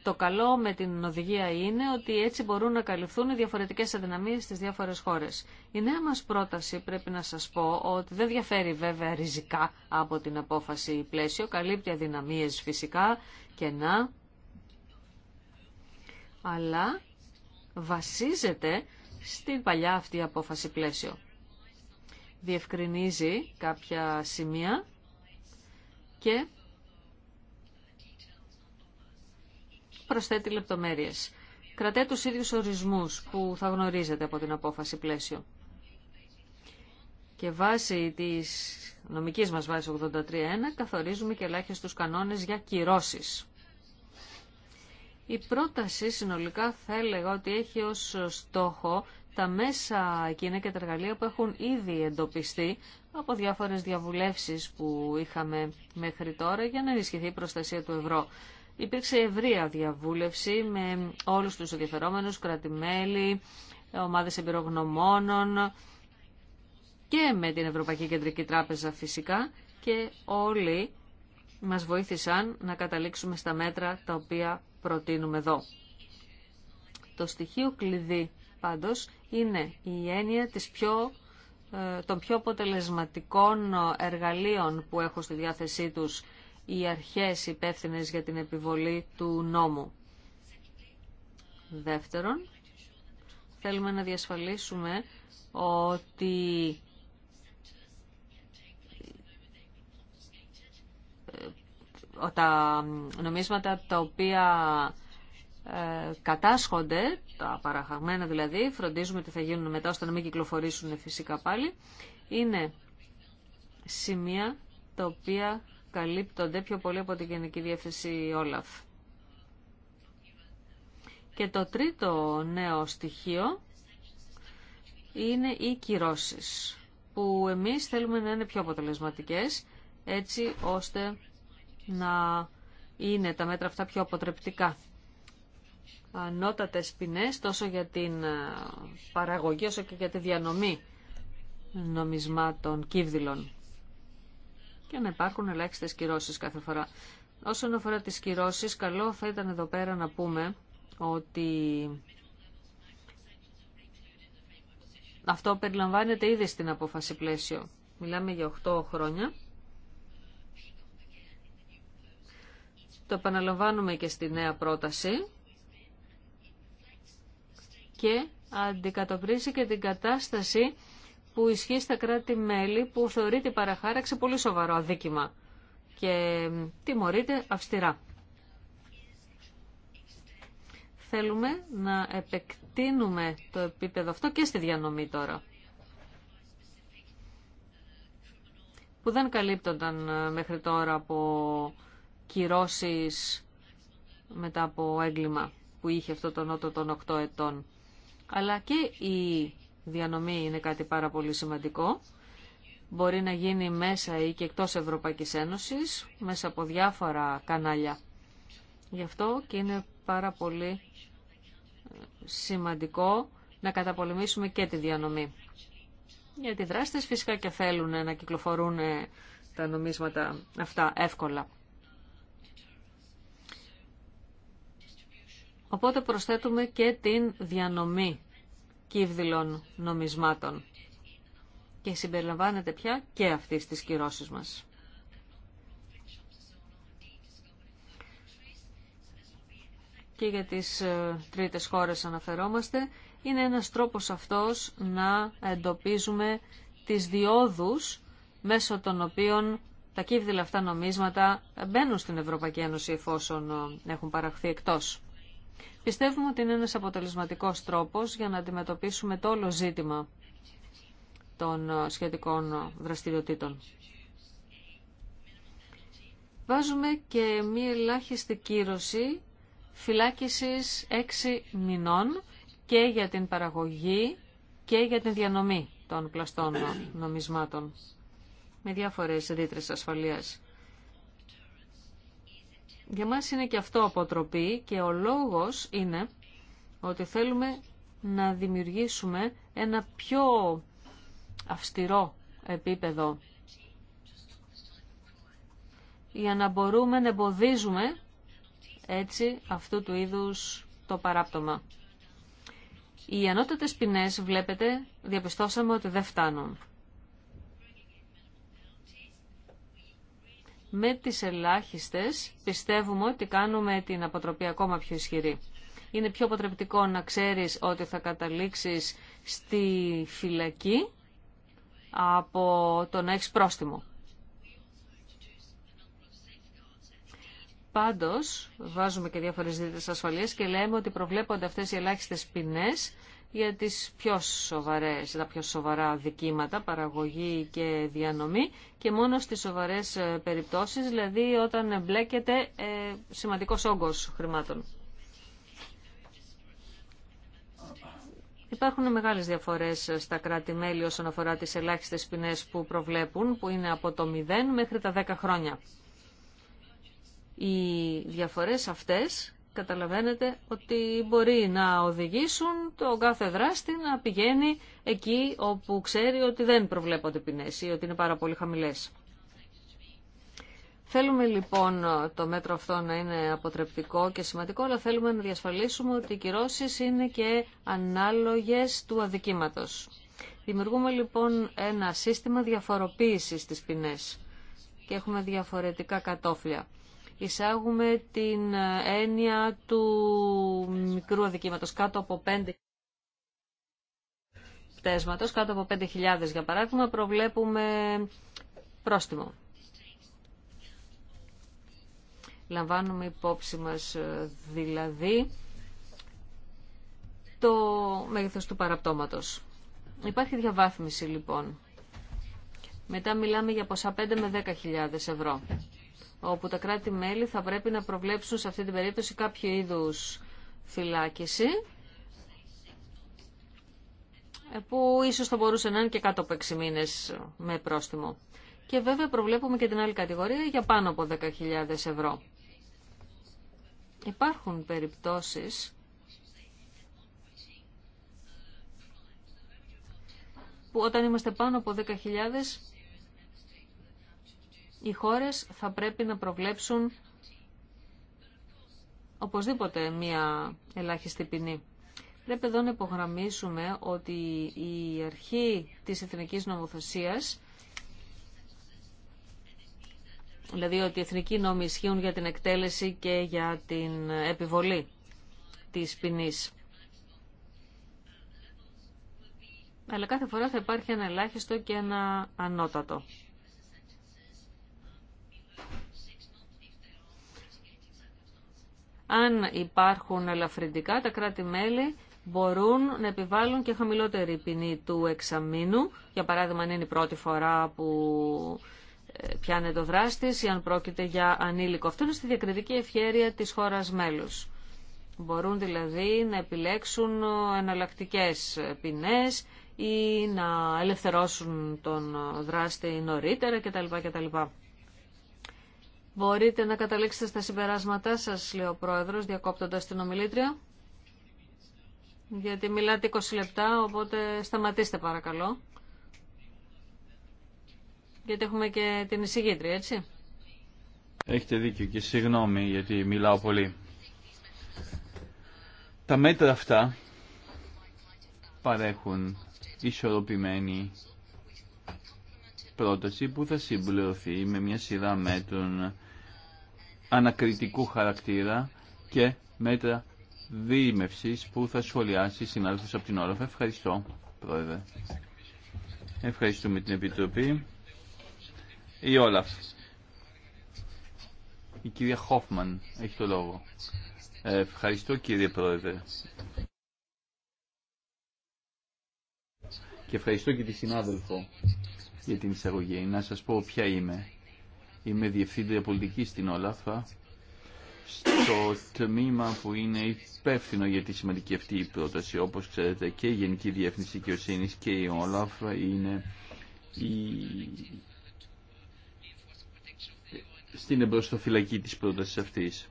Το καλό με την οδηγία είναι ότι έτσι μπορούν να καλυφθούν οι διαφορετικές αδυναμίες στις διάφορες χώρες. Η νέα μας πρόταση πρέπει να σας πω ότι δεν διαφέρει βέβαια ριζικά από την απόφαση πλαίσιο, καλύπτει αδυναμίες φυσικά, και να... αλλά βασίζεται στην παλιά αυτή απόφαση πλαίσιο. Διευκρινίζει κάποια σημεία και προσθέτει λεπτομέρειες. Κρατέ τους ίδιους ορισμούς που θα γνωρίζετε από την απόφαση πλαίσιο. Και βάσει της νομικής μας βάσης 83.1 καθορίζουμε και ελάχιστους κανόνες για κυρώσεις. Η πρόταση συνολικά θα έλεγα ότι έχει ως στόχο τα μέσα εκείνα και τα εργαλεία που έχουν ήδη εντοπιστεί από διάφορες διαβουλεύσεις που είχαμε μέχρι τώρα για να ενισχυθεί η προστασία του ευρώ. Υπήρξε ευρεία διαβούλευση με όλους τους ενδιαφερόμενους, κρατημέλη, ομάδες εμπειρογνωμόνων και με την Ευρωπαϊκή Κεντρική Τράπεζα φυσικά και όλοι μας βοήθησαν να καταλήξουμε στα μέτρα τα οποία προτείνουμε εδώ. Το στοιχείο κλειδί πάντως είναι η έννοια της πιο ε, των πιο αποτελεσματικών εργαλείων που έχουν στη διάθεσή τους οι αρχές υπεύθυνε για την επιβολή του νόμου. Δεύτερον, θέλουμε να διασφαλίσουμε ότι ε, τα νομίσματα τα οποία ε, κατάσχονται, τα παραχαγμένα δηλαδή, φροντίζουμε τι θα γίνουν μετά ώστε να μην κυκλοφορήσουν φυσικά πάλι, είναι σημεία τα οποία καλύπτονται πιο πολύ από την Γενική Διεύθυνση Όλαφ. Και το τρίτο νέο στοιχείο είναι οι κυρώσεις, που εμείς θέλουμε να είναι πιο αποτελεσματικές, έτσι ώστε να είναι τα μέτρα αυτά πιο αποτρεπτικά ανώτατες ποινές τόσο για την ε, παραγωγή όσο και για τη διανομή νομισμάτων κύβδηλων και να υπάρχουν ελάχιστες κυρώσεις κάθε φορά. Όσον αφορά τις κυρώσεις, καλό θα ήταν εδώ πέρα να πούμε ότι αυτό περιλαμβάνεται ήδη στην απόφαση πλαίσιο. Μιλάμε για 8 χρόνια. Το επαναλαμβάνουμε και στη νέα πρόταση και αντικατοπτρίζει και την κατάσταση που ισχύει στα κράτη-μέλη που θεωρεί την παραχάραξη πολύ σοβαρό αδίκημα και τιμωρείται αυστηρά. Θέλουμε να επεκτείνουμε το επίπεδο αυτό και στη διανομή τώρα. που δεν καλύπτονταν ε, μέχρι τώρα από κυρώσεις μετά από έγκλημα που είχε αυτό τον νότο των 8 ετών αλλά και η διανομή είναι κάτι πάρα πολύ σημαντικό. Μπορεί να γίνει μέσα ή και εκτός Ευρωπαϊκής Ένωσης, μέσα από διάφορα κανάλια. Γι' αυτό και είναι πάρα πολύ ε, σημαντικό να καταπολεμήσουμε και τη διανομή. Γιατί οι δράστες φυσικά και θέλουν να κυκλοφορούν ε, τα νομίσματα αυτά εύκολα. Οπότε προσθέτουμε και την διανομή κύβδηλων νομισμάτων και συμπεριλαμβάνεται πια και αυτή στις κυρώσεις μας. Και για τις ε, τρίτες χώρες αναφερόμαστε, είναι ένας τρόπος αυτός να εντοπίζουμε τις διόδους μέσω των οποίων τα κύβδηλα αυτά νομίσματα μπαίνουν στην Ευρωπαϊκή Ένωση εφόσον ε, έχουν παραχθεί εκτός. Πιστεύουμε ότι είναι ένας αποτελεσματικός τρόπος για να αντιμετωπίσουμε το όλο ζήτημα των ε, σχετικών ε, δραστηριοτήτων. Βάζουμε και μία ελάχιστη κύρωση φυλάκισης έξι μηνών και για την παραγωγή και για την διανομή των πλαστών ε, νομισμάτων με διάφορες ρήτρες ασφαλείας. Για μας είναι και αυτό αποτροπή και ο λόγος είναι ότι θέλουμε να δημιουργήσουμε ένα πιο αυστηρό επίπεδο για να μπορούμε να εμποδίζουμε έτσι αυτού του είδους το παράπτωμα. Οι ανώτατες ποινές, βλέπετε, διαπιστώσαμε ότι δεν φτάνουν. με τις ελάχιστες πιστεύουμε ότι κάνουμε την αποτροπή ακόμα πιο ισχυρή. Είναι πιο αποτρεπτικό να ξέρεις ότι θα καταλήξεις στη φυλακή από το να έχεις πρόστιμο. Πάντως, βάζουμε και διάφορες δίτες ασφαλείας και λέμε ότι προβλέπονται αυτές οι ελάχιστες ποινές για τις πιο σοβαρές, τα πιο σοβαρά δικήματα, παραγωγή και διανομή και μόνο στις σοβαρές ε, περιπτώσεις, δηλαδή όταν εμπλέκεται ε, σημαντικός όγκος χρημάτων. Υπάρχουν μεγάλες διαφορές ε, στα κράτη-μέλη όσον αφορά τις ελάχιστες ποινές που προβλέπουν, που είναι από το 0 μέχρι τα 10 χρόνια. Οι διαφορές αυτές καταλαβαίνετε ότι μπορεί να οδηγήσουν το κάθε δράστη να πηγαίνει εκεί όπου ξέρει ότι δεν προβλέπονται ποινές ή ότι είναι πάρα πολύ χαμηλές. Θέλουμε λοιπόν το μέτρο αυτό να είναι αποτρεπτικό και σημαντικό, αλλά θέλουμε να διασφαλίσουμε ότι οι κυρώσεις είναι και ανάλογες του αδικήματος. Δημιουργούμε λοιπόν ένα σύστημα διαφοροποίησης της ποινές και έχουμε διαφορετικά κατόφλια εισάγουμε την ε, έννοια του μικρού αδικήματος κάτω από 5 πτέσματος, κάτω από 5.000 για παράδειγμα, προβλέπουμε πρόστιμο. Λαμβάνουμε υπόψη μας ε, δηλαδή το μέγεθος του παραπτώματος. Υπάρχει διαβάθμιση λοιπόν. Μετά μιλάμε για ποσά 5 με 10.000 ευρώ όπου τα κράτη-μέλη θα πρέπει να προβλέψουν σε αυτή την περίπτωση κάποιο είδους φυλάκιση ε, που ίσως θα μπορούσε να είναι και κάτω από 6 μήνες με πρόστιμο. Και βέβαια προβλέπουμε και την άλλη κατηγορία για πάνω από 10.000 ευρώ. Υπάρχουν περιπτώσεις που όταν είμαστε πάνω από 10.000 οι χώρες θα πρέπει να προβλέψουν οπωσδήποτε μία ελάχιστη ποινή. Πρέπει εδώ να υπογραμμίσουμε ότι η αρχή της εθνικής νομοθεσίας, δηλαδή ότι οι εθνικοί νόμοι ισχύουν για την εκτέλεση και για την επιβολή της ποινής. Αλλά κάθε φορά θα υπάρχει ένα ελάχιστο και ένα ανώτατο. Αν υπάρχουν ελαφρυντικά, τα κράτη-μέλη μπορούν να επιβάλλουν και χαμηλότερη ποινή του εξαμήνου. Για παράδειγμα, αν είναι η πρώτη φορά που ε, πιάνε το δράστης ή αν πρόκειται για ανήλικο. Αυτό είναι στη διακριτική ευχαίρεια της χώρας μέλους. Μπορούν δηλαδή να επιλέξουν εναλλακτικέ ποινές ή να ελευθερώσουν τον δράστη νωρίτερα κτλ. κτλ. Μπορείτε να καταλήξετε στα συμπεράσματά σας, λέει ο Πρόεδρος, διακόπτοντας την ομιλήτρια. Γιατί μιλάτε 20 λεπτά, οπότε σταματήστε παρακαλώ. Γιατί έχουμε και την εισηγήτρια, έτσι. Έχετε δίκιο και συγγνώμη γιατί μιλάω πολύ. Τα μέτρα αυτά παρέχουν ισορροπημένη πρόταση που θα συμπληρωθεί με μια σειρά μέτρων ανακριτικού χαρακτήρα και μέτρα διήμευσης που θα σχολιάσει συνάδελφος από την Όλαφ. Ευχαριστώ, Πρόεδρε. Ευχαριστούμε την Επιτροπή. Η Όλαφ. Η κυρία Χόφμαν έχει το λόγο. Ευχαριστώ κύριε Πρόεδρε. Και ευχαριστώ και τη συνάδελφο για την εισαγωγή. Να σας πω ποια είμαι. Είμαι διευθύντρια πολιτική στην Όλαφα, στο τμήμα που είναι υπεύθυνο για τη σημαντική αυτή η πρόταση. Όπως ξέρετε και η Γενική Διεύθυνση Δικαιοσύνη και η Όλαφ είναι η... στην εμπροστοφυλακή της πρότασης αυτής.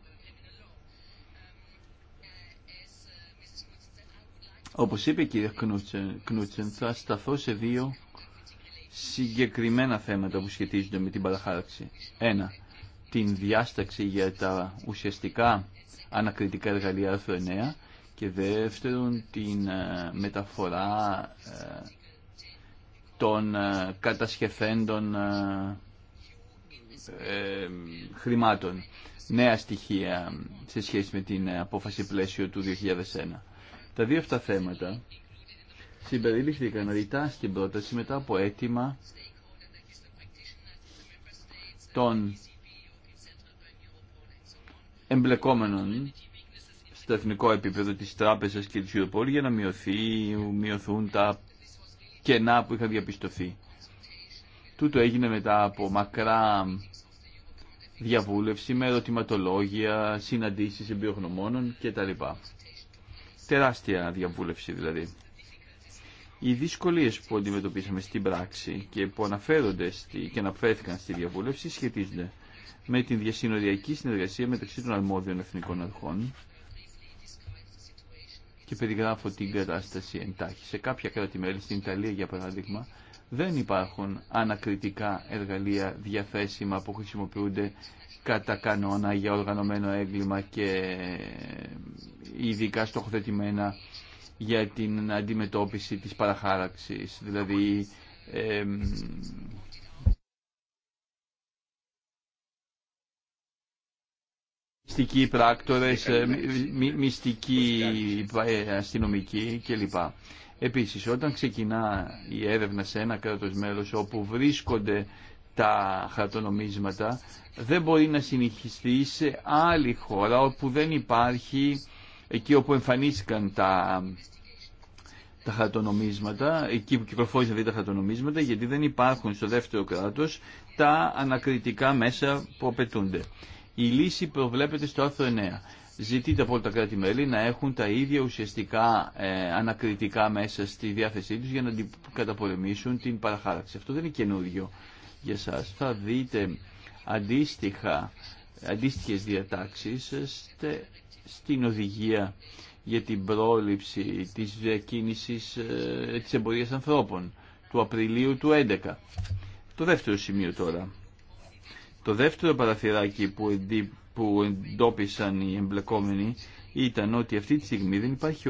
Όπως είπε η κυρία Κνούτσεν, θα σταθώ σε δύο συγκεκριμένα θέματα που σχετίζονται με την παραχάραξη. Ένα, την διάσταξη για τα ουσιαστικά ανακριτικά εργαλεία άρθρο 9 και δεύτερον την ε, μεταφορά ε, των ε, κατασκευέντων χρημάτων. Νέα στοιχεία σε σχέση με την απόφαση πλαίσιο του 2001. Τα δύο αυτά θέματα συμπεριλήφθηκαν ρητά στην πρόταση μετά από αίτημα των εμπλεκόμενων στο εθνικό επίπεδο της Τράπεζας και της Europol για να μειωθεί, μειωθούν τα κενά που είχαν διαπιστωθεί. Τούτο έγινε μετά από μακρά διαβούλευση με ερωτηματολόγια, συναντήσεις εμπειρογνωμόνων κτλ. Τεράστια διαβούλευση δηλαδή. Οι δυσκολίες που αντιμετωπίσαμε στην πράξη και που αναφέρονται στη, και αναφέρθηκαν στη διαβούλευση σχετίζονται με την διασυνοριακή συνεργασία μεταξύ των αρμόδιων εθνικών αρχών και περιγράφω την κατάσταση εντάχει. Σε κάποια κράτη-μέλη, στην Ιταλία για παράδειγμα, δεν υπάρχουν ανακριτικά εργαλεία διαθέσιμα που χρησιμοποιούνται κατά κανόνα για οργανωμένο έγκλημα και ειδικά στοχοθετημένα για την αντιμετώπιση της παραχάραξης, δηλαδή ε, μυστικοί πράκτορες, μυ, μυστικοί ε, αστυνομικοί κλπ. Επίσης, όταν ξεκινά η έρευνα σε ένα κράτος μέλος όπου βρίσκονται τα χαρτονομίσματα, δεν μπορεί να συνεχιστεί σε άλλη χώρα όπου δεν υπάρχει εκεί όπου εμφανίστηκαν τα, τα χαρτονομίσματα, εκεί που κυκλοφόρησαν δηλαδή τα χαρτονομίσματα, γιατί δεν υπάρχουν στο δεύτερο κράτος τα ανακριτικά μέσα που απαιτούνται. Η λύση προβλέπεται στο άρθρο 9. Ζητείται από όλα τα κράτη-μέλη να έχουν τα ίδια ουσιαστικά ε, ανακριτικά μέσα στη διάθεσή τους για να καταπολεμήσουν την παραχάραξη. Αυτό δεν είναι καινούριο για σας. Θα δείτε αντίστοιχα, αντίστοιχες διατάξεις ε, στην οδηγία για την πρόληψη της διακίνησης ε, της εμπορίας ανθρώπων του Απριλίου του 2011. Το δεύτερο σημείο τώρα. Το δεύτερο παραθυράκι που εντόπισαν οι εμπλεκόμενοι ήταν ότι αυτή τη στιγμή δεν υπάρχει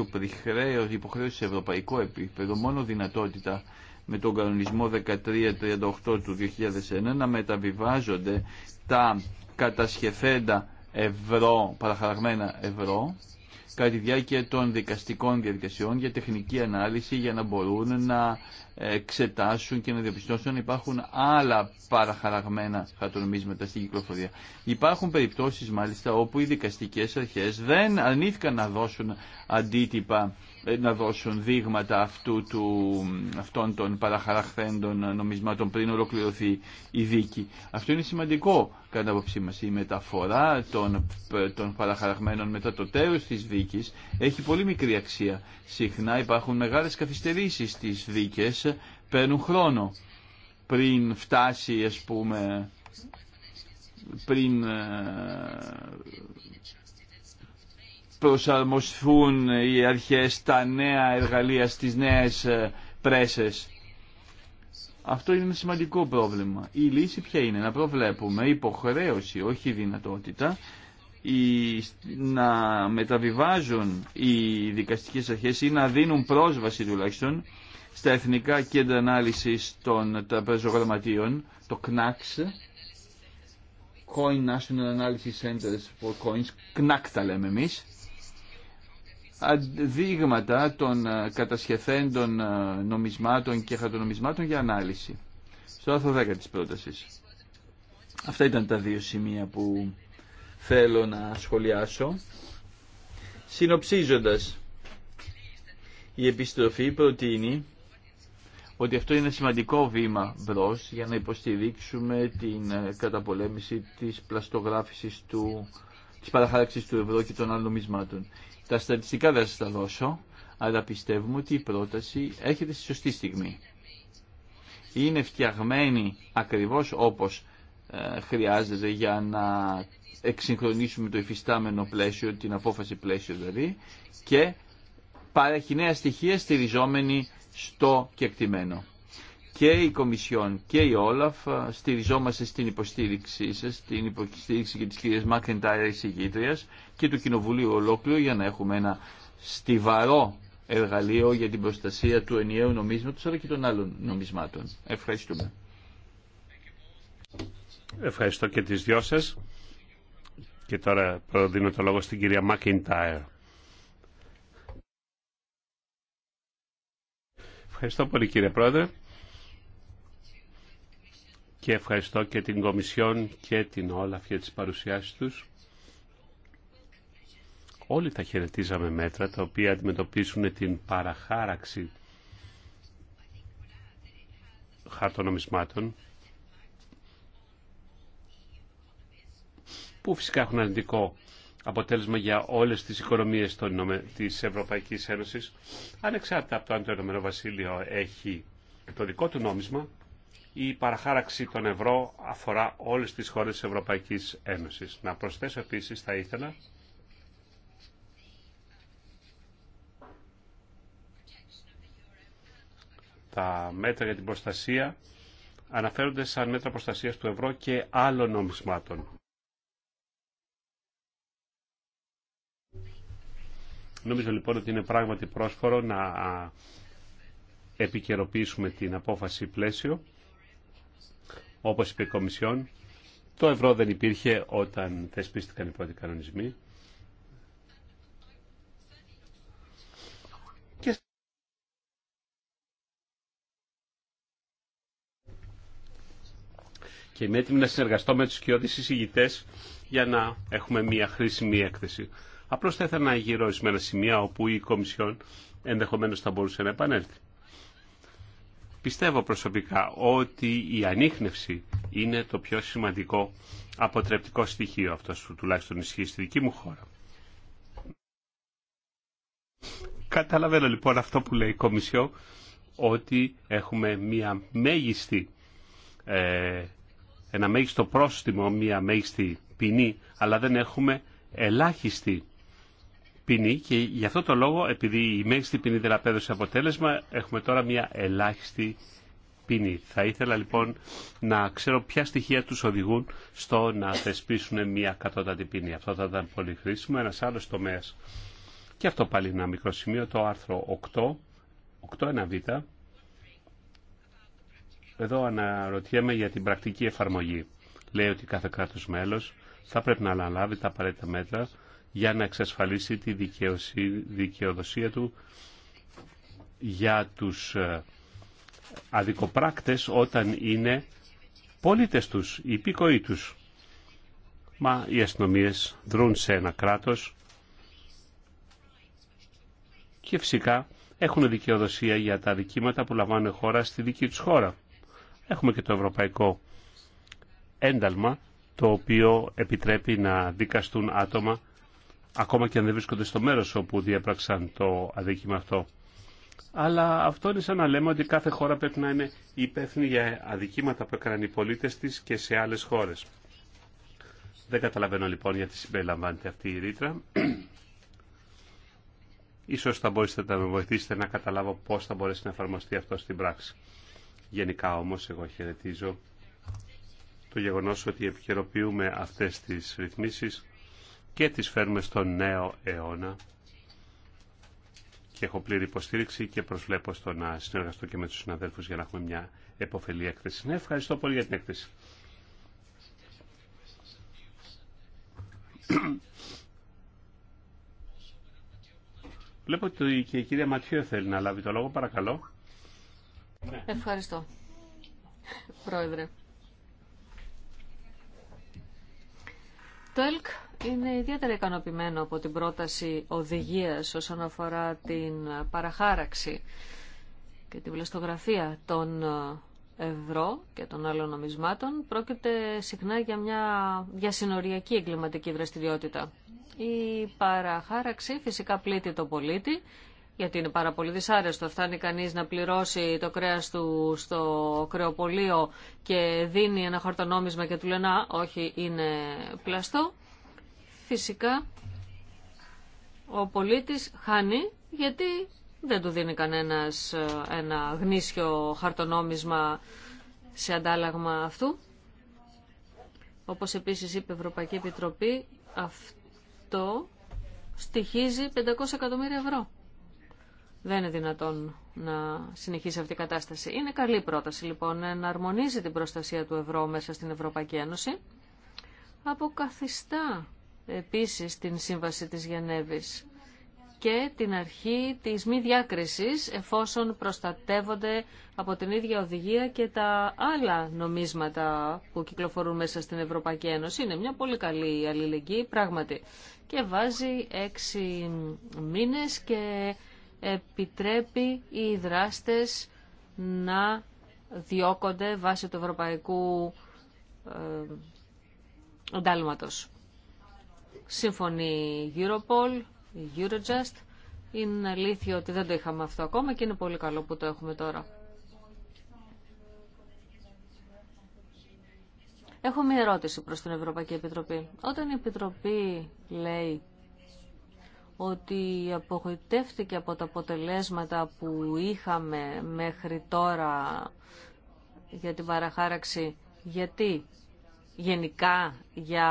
υποχρέωση σε ευρωπαϊκό επίπεδο, μόνο δυνατότητα με τον κανονισμό 1338 του 2001 να μεταβιβάζονται τα κατασχεθέντα ευρώ, παραχαραγμένα ευρώ, κατά τη διάρκεια των δικαστικών διαδικασιών για τεχνική ανάλυση για να μπορούν να εξετάσουν και να διαπιστώσουν αν υπάρχουν άλλα παραχαραγμένα χατονομίσματα στην κυκλοφορία. Υπάρχουν περιπτώσεις μάλιστα όπου οι δικαστικές αρχές δεν αρνήθηκαν να δώσουν αντίτυπα ε, να δώσουν δείγματα αυτού του, αυτών των παραχαραχθέντων νομισμάτων πριν ολοκληρωθεί η δίκη. Αυτό είναι σημαντικό κατά απόψή μας. Η μεταφορά των, των παραχαραγμένων μετά το τέλος της δίκης έχει πολύ μικρή αξία. Συχνά υπάρχουν μεγάλες καθυστερήσεις στις δίκες, παίρνουν χρόνο πριν φτάσει ας πούμε πριν ε, προσαρμοστούν οι αρχές στα νέα εργαλεία, στις νέες ε, πρέσες. Αυτό είναι ένα σημαντικό πρόβλημα. Η λύση ποια είναι, να προβλέπουμε υποχρέωση, όχι δυνατότητα, η, να μεταβιβάζουν οι δικαστικές αρχές ή να δίνουν πρόσβαση τουλάχιστον στα Εθνικά Κέντρα Ανάλυσης των Τραπεζογραμματείων, το CNAX, Coin National Analysis Centers for Coins, CNAC τα λέμε εμείς, δείγματα των ε, κατασχεθέντων ε, νομισμάτων και χαρτονομισμάτων για ανάλυση. Στο άρθρο 10 της πρότασης. Αυτά ήταν τα δύο σημεία που θέλω να σχολιάσω. Συνοψίζοντας, η επιστροφή προτείνει ότι αυτό είναι σημαντικό βήμα μπρος για να υποστηρίξουμε την ε, καταπολέμηση της πλαστογράφησης του, της παραχάραξης του ευρώ και των άλλων νομισμάτων. Τα στατιστικά δεν σα τα δώσω, αλλά πιστεύουμε ότι η πρόταση έρχεται στη σωστή στιγμή. Είναι φτιαγμένη ακριβώς όπως ε, χρειάζεται για να εξυγχρονίσουμε το υφιστάμενο πλαίσιο, την απόφαση πλαίσιο δηλαδή, και παρέχει νέα στοιχεία στηριζόμενη στο κεκτημένο και η Κομισιόν και η Όλαφ ε, στηριζόμαστε στην υποστήριξή σας, στην υποστήριξη και της κυρίας η εισηγήτριας και του Κοινοβουλίου ολόκληρου για να έχουμε ένα στιβαρό εργαλείο για την προστασία του ενιαίου νομίσματος αλλά και των άλλων νομισμάτων. Ευχαριστούμε. Ευχαριστώ και τις δυο σας. Και τώρα προδίνω το λόγο στην κυρία Μάκεντάιρ. Ευχαριστώ πολύ κύριε Πρόεδρε και ευχαριστώ και την Κομισιόν και την Όλαφ για τις παρουσιάσεις τους. Όλοι τα χαιρετίζαμε μέτρα τα οποία αντιμετωπίσουν την παραχάραξη χαρτονομισμάτων που φυσικά έχουν αρνητικό αποτέλεσμα για όλες τις οικονομίες της Ευρωπαϊκής Ένωσης ανεξάρτητα από το αν το Βασίλειο έχει το δικό του νόμισμα η παραχάραξη των ευρώ αφορά όλες τις χώρες της Ευρωπαϊκής Ένωσης. Να προσθέσω επίσης θα ήθελα τα μέτρα για την προστασία αναφέρονται σαν μέτρα προστασίας του ευρώ και άλλων νομισμάτων. Νομίζω λοιπόν ότι είναι πράγματι πρόσφορο να επικαιροποιήσουμε την απόφαση πλαίσιο Όπω είπε η Κομισιόν, το ευρώ δεν υπήρχε όταν θεσπίστηκαν οι πρώτοι κανονισμοί. Και... και είμαι έτοιμη να συνεργαστώ με τους κοιότητες εισηγητές για να έχουμε μια χρήσιμη έκθεση. Απλώς θα ήθελα να με ένα σημείο όπου η Κομισιόν ενδεχομένως θα μπορούσε να επανέλθει. Πιστεύω προσωπικά ότι η ανείχνευση είναι το πιο σημαντικό αποτρεπτικό στοιχείο αυτός που τουλάχιστον ισχύει στη δική μου χώρα. Καταλαβαίνω λοιπόν αυτό που λέει η Κομισιό ότι έχουμε μια μέγιστη, ε, ένα μέγιστο πρόστιμο, μια μέγιστη ποινή, αλλά δεν έχουμε ελάχιστη ποινή και γι' αυτό το λόγο, επειδή η μέγιστη ποινή δεν απέδωσε αποτέλεσμα, έχουμε τώρα μια ελάχιστη ποινή. Θα ήθελα λοιπόν να ξέρω ποια στοιχεία τους οδηγούν στο να θεσπίσουν μια κατώτατη ποινή. Αυτό θα ήταν πολύ χρήσιμο. Ένας άλλος τομέας. Και αυτό πάλι ένα μικρό σημείο, το άρθρο 8, 8.1β. Εδώ αναρωτιέμαι για την πρακτική εφαρμογή. Λέει ότι κάθε κράτος μέλος θα πρέπει να αναλάβει τα απαραίτητα μέτρα για να εξασφαλίσει τη δικαιοδοσία του για τους ε, αδικοπράκτες όταν είναι πολίτες τους, υπηκοοί τους. Μα οι αστυνομίε δρούν σε ένα κράτος και φυσικά έχουν δικαιοδοσία για τα δικήματα που λαμβάνουν χώρα στη δική τους χώρα. Έχουμε και το ευρωπαϊκό ένταλμα το οποίο επιτρέπει να δικαστούν άτομα ακόμα και αν δεν βρίσκονται στο μέρος όπου διέπραξαν το αδίκημα αυτό. Αλλά αυτό είναι σαν να λέμε ότι κάθε χώρα πρέπει να είναι υπεύθυνη για αδικήματα που έκαναν οι πολίτες της και σε άλλες χώρες. Δεν καταλαβαίνω λοιπόν γιατί συμπεριλαμβάνεται αυτή η ρήτρα. Ίσως θα μπορείτε να με βοηθήσετε να καταλάβω πώς θα μπορέσει να εφαρμοστεί αυτό στην πράξη. Γενικά όμως εγώ χαιρετίζω το γεγονός ότι επικαιροποιούμε αυτές τις ρυθμίσεις και τις φέρνουμε στον νέο αιώνα και έχω πλήρη υποστήριξη και προσβλέπω στο να συνεργαστώ και με τους συναδέλφους για να έχουμε μια εποφελή έκθεση. Ναι, ευχαριστώ πολύ για την έκθεση. Βλέπω ότι και η κυρία Ματιό θέλει να λάβει το λόγο. Παρακαλώ. Ευχαριστώ. Πρόεδρε. Το ΕΛΚ είναι ιδιαίτερα ικανοποιημένο από την πρόταση οδηγίας όσον αφορά την παραχάραξη και την πλαστογραφία των ε, ευρώ και των άλλων νομισμάτων πρόκειται συχνά για μια διασυνοριακή εγκληματική δραστηριότητα. Η παραχάραξη φυσικά πλήττει τον πολίτη, γιατί είναι πάρα πολύ δυσάρεστο. Φτάνει κανείς να πληρώσει το κρέας του στο κρεοπολείο και δίνει ένα χαρτονόμισμα και του λένε «Όχι, είναι πλαστό» φυσικά ο πολίτης χάνει γιατί δεν του δίνει κανένας ε, ένα γνήσιο χαρτονόμισμα σε αντάλλαγμα αυτού. Όπως επίσης είπε η Ευρωπαϊκή Επιτροπή, αυτό στοιχίζει 500 εκατομμύρια ευρώ. Δεν είναι δυνατόν να συνεχίσει αυτή η κατάσταση. Είναι καλή πρόταση λοιπόν να αρμονίζει την προστασία του ευρώ μέσα στην Ευρωπαϊκή Ένωση. Αποκαθιστά επίσης την Σύμβαση της Γενέβης και την αρχή της μη διάκρισης εφόσον προστατεύονται από την ίδια οδηγία και τα άλλα νομίσματα που κυκλοφορούν μέσα στην Ευρωπαϊκή Ένωση. Είναι μια πολύ καλή αλληλεγγύη πράγματι και βάζει έξι μήνες και επιτρέπει οι δράστες να διώκονται βάσει του ευρωπαϊκού ε, Σύμφωνη Europol, Eurojust. Είναι αλήθεια ότι δεν το είχαμε αυτό ακόμα και είναι πολύ καλό που το έχουμε τώρα. Έχω μια ερώτηση προς την Ευρωπαϊκή Επιτροπή. Όταν η Επιτροπή λέει ότι απογοητεύτηκε από τα αποτελέσματα που είχαμε μέχρι τώρα για την παραχάραξη, γιατί γενικά για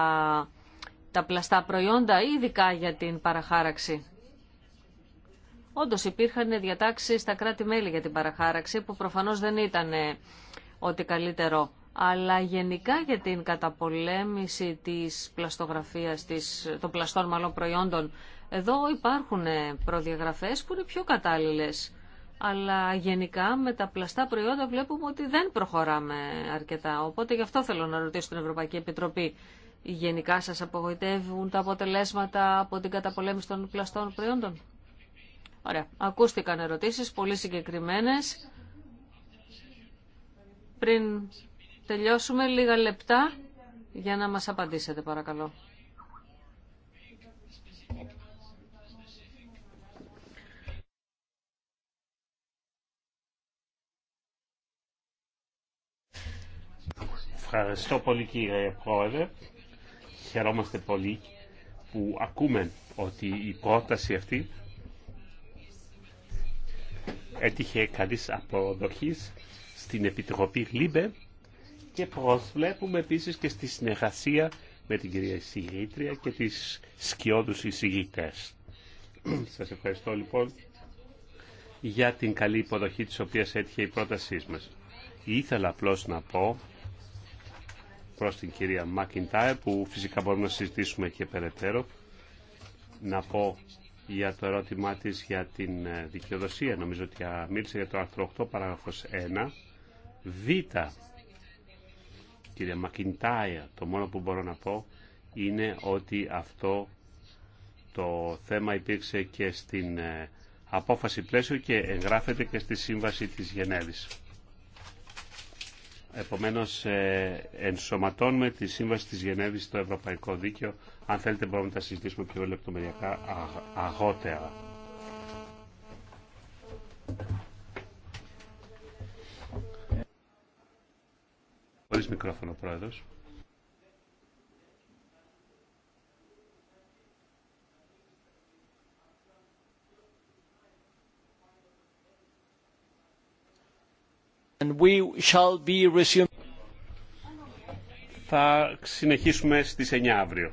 τα πλαστά προϊόντα ή ειδικά για την παραχάραξη. Όντω υπήρχαν διατάξει στα κράτη-μέλη για την παραχάραξη που προφανώ δεν ήταν ε, ότι καλύτερο. Αλλά γενικά για την καταπολέμηση της πλαστογραφίας, των πλαστών μάλλον προϊόντων, εδώ υπάρχουν ε, προδιαγραφές που είναι πιο κατάλληλες. Αλλά γενικά με τα πλαστά προϊόντα βλέπουμε ότι δεν προχωράμε αρκετά. Οπότε γι' αυτό θέλω να ρωτήσω την Ευρωπαϊκή Επιτροπή. Γενικά σας απογοητεύουν τα αποτελέσματα από την καταπολέμηση των πλαστών προϊόντων. Ωραία. Ακούστηκαν ερωτήσεις, πολύ συγκεκριμένες. Πριν τελειώσουμε, λίγα λεπτά για να μας απαντήσετε, παρακαλώ. Ευχαριστώ πολύ κύριε Πρόεδρε χαιρόμαστε πολύ που ακούμε ότι η πρόταση αυτή έτυχε καλής αποδοχής στην Επιτροπή ΛΥΜΠΕ και προσβλέπουμε επίσης και στη συνεργασία με την κυρία εισηγήτρια και τις σκιώδους εισηγητές. Σας ευχαριστώ λοιπόν για την καλή υποδοχή της οποίας έτυχε η πρότασή μας. Ήθελα απλώς να πω προς την κυρία Μακιντάε που φυσικά μπορούμε να συζητήσουμε και περαιτέρω. Να πω για το ερώτημά της για την ε, δικαιοδοσία. Νομίζω ότι μίλησε για το άρθρο 8 παράγραφος 1. Β. Κυρία Μακιντάε, το μόνο που μπορώ να πω είναι ότι αυτό το θέμα υπήρξε και στην ε, απόφαση πλαίσιο και εγγράφεται και στη σύμβαση της Γενέλης. Επομένως ε, ενσωματώνουμε τη Σύμβαση της Γενέβης στο Ευρωπαϊκό Δίκαιο. Αν θέλετε μπορούμε να τα συζητήσουμε πιο λεπτομεριακά αγότερα. μικρόφωνο, Θα συνεχίσουμε στις 9 αύριο.